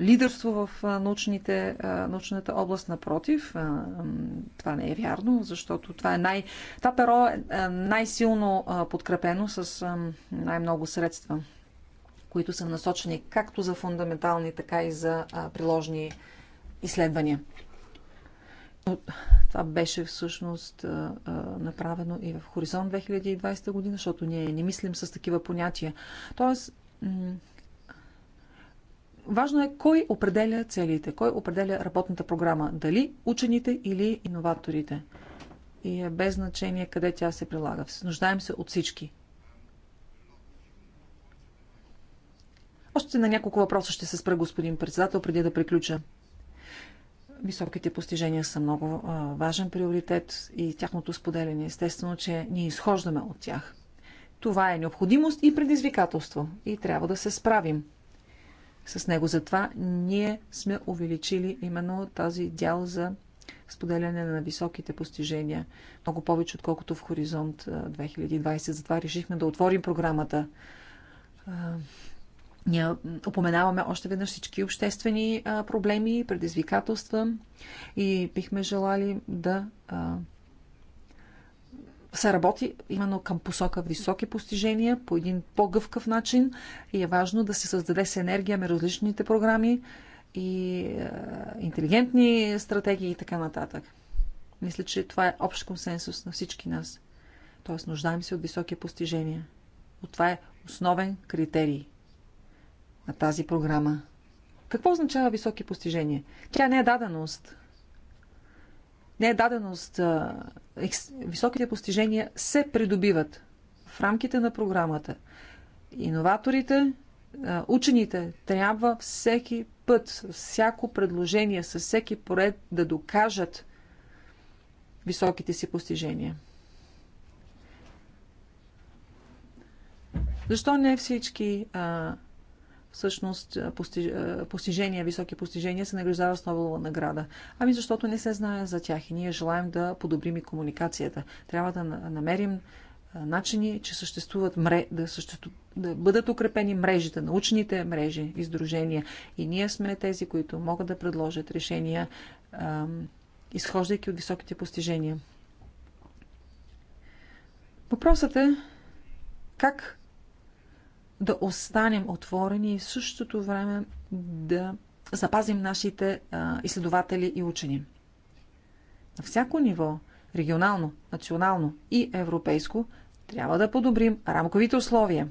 лидерство в научните, научната област. Напротив, това не е вярно, защото това е най... Това перо е най-силно подкрепено с най-много средства, които са насочени както за фундаментални, така и за приложни изследвания. Това беше всъщност направено и в Хоризонт 2020 година, защото ние не мислим с такива понятия. Тоест, важно е кой определя целите, кой определя работната програма, дали учените или иноваторите. И е без значение къде тя се прилага. Нуждаем се от всички. Още на няколко въпроса ще се спра, господин председател, преди да приключа. Високите постижения са много важен приоритет и тяхното споделяне. Естествено, че ние изхождаме от тях. Това е необходимост и предизвикателство и трябва да се справим с него. Затова ние сме увеличили именно тази дял за споделяне на високите постижения. Много повече, отколкото в Хоризонт 2020. Затова решихме да отворим програмата ние упоменаваме още веднъж всички обществени проблеми, предизвикателства и бихме желали да се работи именно към посока високи постижения, по един по-гъвкав начин и е важно да се създаде с енергия между различните програми и а, интелигентни стратегии и така нататък. Мисля, че това е общ консенсус на всички нас. Тоест, нуждаем се от високи постижения. От това е основен критерий на тази програма. Какво означава високи постижения? Тя не е даденост. Не е даденост. Високите постижения се придобиват в рамките на програмата. Иноваторите, учените трябва всеки път, всяко предложение, със всеки поред да докажат високите си постижения. Защо не всички а, всъщност постиж... постижения, високи постижения се награждава с нова награда? Ами защото не се знае за тях и ние желаем да подобрим и комуникацията. Трябва да намерим начини, че съществуват мре... да, съществу... да бъдат укрепени мрежите, научните мрежи, издружения. И ние сме тези, които могат да предложат решения, ам, изхождайки от високите постижения. Въпросът е как да останем отворени и в същото време да запазим нашите а, изследователи и учени. На всяко ниво, регионално, национално и европейско, трябва да подобрим рамковите условия.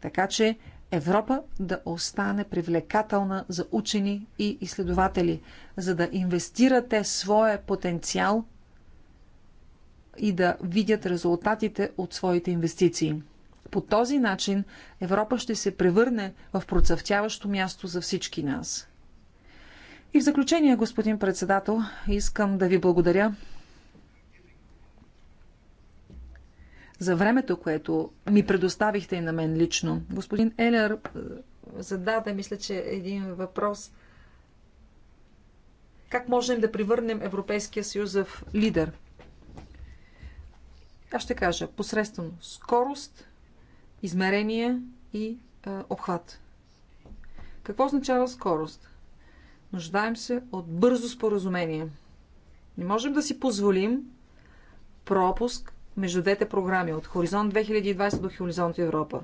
Така че Европа да остане привлекателна за учени и изследователи, за да инвестирате своя потенциал и да видят резултатите от своите инвестиции. По този начин Европа ще се превърне в процъфтяващо място за всички нас. И в заключение, господин председател, искам да ви благодаря за времето, което ми предоставихте и на мен лично. Господин Елер е, зададе, мисля, че един въпрос. Как можем да превърнем Европейския съюз в лидер? Аз ще кажа, посредством скорост, измерение и а, обхват. Какво означава скорост? Нуждаем се от бързо споразумение. Не можем да си позволим пропуск между двете програми от Хоризонт 2020 до Хоризонт Европа.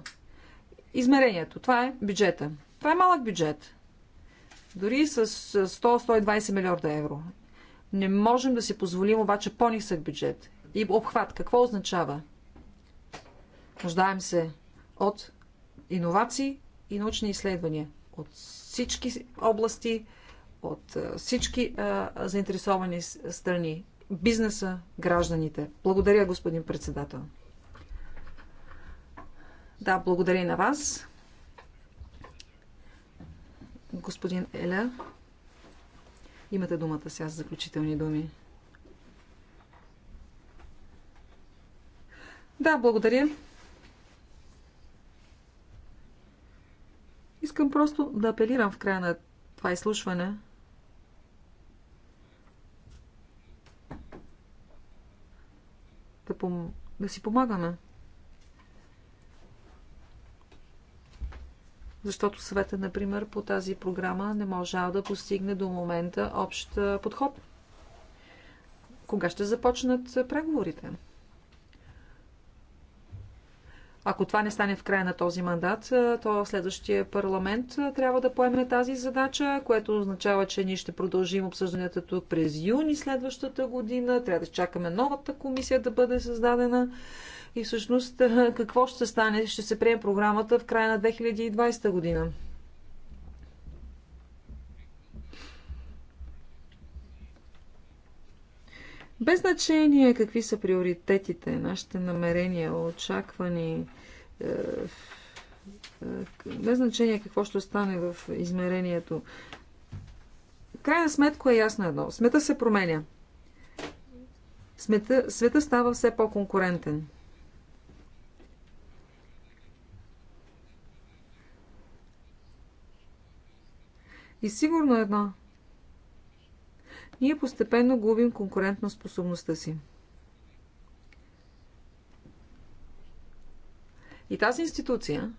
Измерението. Това е бюджета. Това е малък бюджет. Дори с 100-120 милиарда евро. Не можем да си позволим обаче по-нисък бюджет. И обхват. Какво означава? Нуждаем се от иновации и научни изследвания от всички области, от всички а, заинтересовани страни, бизнеса, гражданите. Благодаря, господин председател. Да, благодаря и на вас. Господин Еля, имате думата сега за заключителни думи. Да, благодаря. просто да апелирам в края на това изслушване. Да, пом... да си помагаме. Защото съветът, например, по тази програма не може да постигне до момента общ подход. Кога ще започнат преговорите? Ако това не стане в края на този мандат, то следващия парламент трябва да поеме тази задача, което означава, че ние ще продължим обсъжданията тук през юни следващата година. Трябва да чакаме новата комисия да бъде създадена. И всъщност какво ще стане? Ще се приеме програмата в края на 2020 година. Без значение какви са приоритетите, нашите намерения, очаквани, е, е, без значение какво ще стане в измерението, крайна сметка е ясно едно. Смета се променя. Смета, света става все по-конкурентен. И сигурно е едно ние постепенно губим конкурентно способността си. И тази институция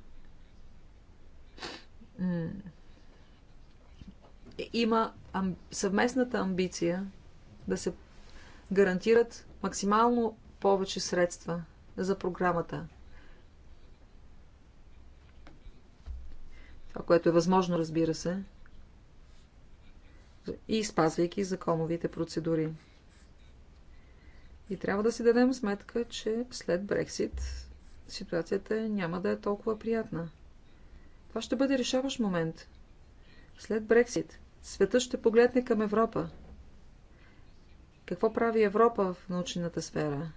има съвместната амбиция да се гарантират максимално повече средства за програмата. Това, което е възможно, разбира се и спазвайки законовите процедури. И трябва да си дадем сметка, че след Брексит ситуацията няма да е толкова приятна. Това ще бъде решаващ момент. След Брексит света ще погледне към Европа. Какво прави Европа в научната сфера?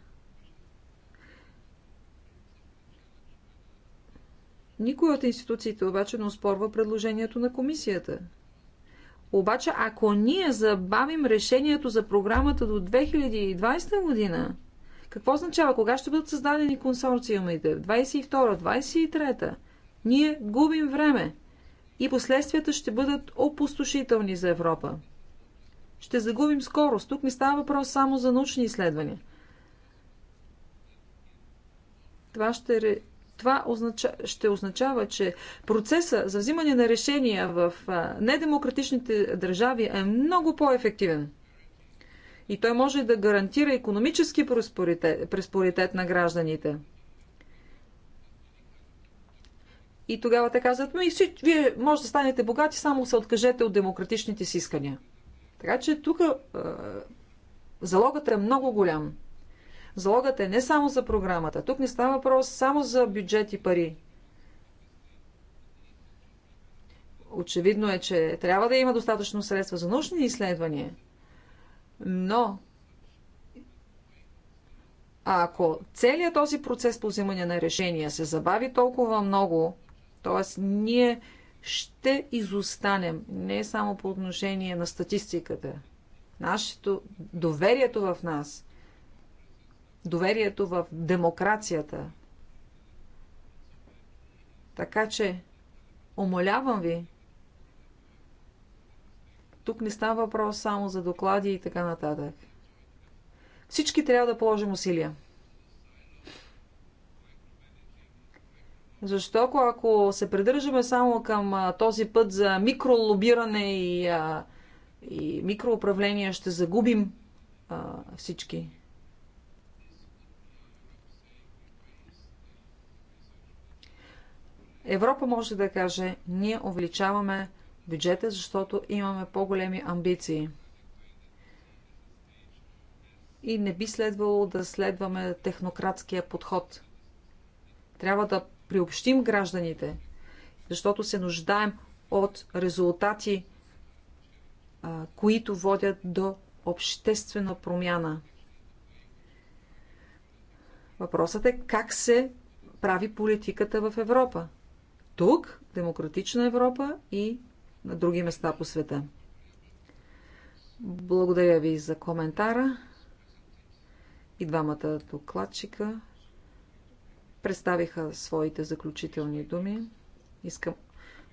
Никой от институциите обаче не оспорва предложението на комисията – обаче, ако ние забавим решението за програмата до 2020 година, какво означава? Кога ще бъдат създадени консорциумите? 22, 23. Ние губим време. И последствията ще бъдат опустошителни за Европа. Ще загубим скорост. Тук не става въпрос само за научни изследвания. Това ще това ще означава, че процеса за взимане на решения в недемократичните държави е много по-ефективен. И той може да гарантира економически преспоритет на гражданите. И тогава те казват, ми всички, вие може да станете богати, само се откажете от демократичните си искания. Така че тук залогът е много голям залогът е не само за програмата. Тук не става въпрос само за бюджет и пари. Очевидно е, че трябва да има достатъчно средства за научни изследвания, но ако целият този процес по взимане на решения се забави толкова много, т.е. ние ще изостанем не само по отношение на статистиката, нашето доверието в нас доверието в демокрацията. Така че, умолявам ви, тук не става въпрос само за доклади и така нататък. Всички трябва да положим усилия. Защото, ако се придържаме само към а, този път за микролобиране и, а, и микроуправление, ще загубим а, всички. Европа може да каже, ние увеличаваме бюджета, защото имаме по-големи амбиции. И не би следвало да следваме технократския подход. Трябва да приобщим гражданите, защото се нуждаем от резултати, които водят до обществена промяна. Въпросът е как се прави политиката в Европа тук, Демократична Европа и на други места по света. Благодаря ви за коментара. И двамата докладчика представиха своите заключителни думи. Искам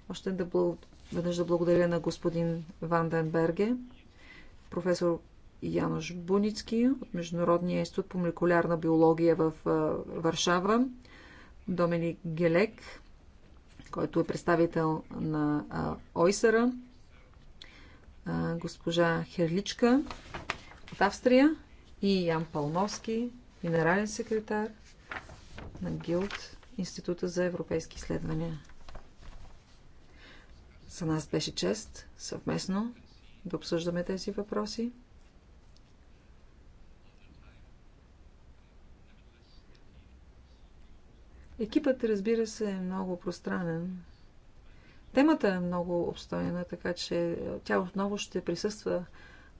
още да бъл... веднъж да благодаря на господин Ванденберге, професор Янош Буницки от Международния институт по молекулярна биология в Варшава, Доминик Гелек който е представител на ОИСъра, госпожа Херличка от Австрия и Ян Палмовски, генерален секретар на ГИЛД, Института за европейски изследвания. За нас беше чест съвместно да обсъждаме тези въпроси. Екипът, разбира се, е много пространен. Темата е много обстойна, така че тя отново ще присъства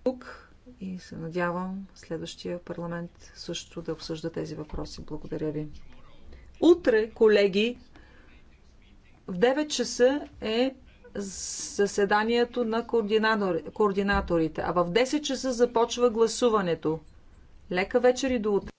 тук и се надявам следващия парламент също да обсъжда тези въпроси. Благодаря ви. Утре, колеги, в 9 часа е заседанието на координаторите, а в 10 часа започва гласуването. Лека вечер и до утре.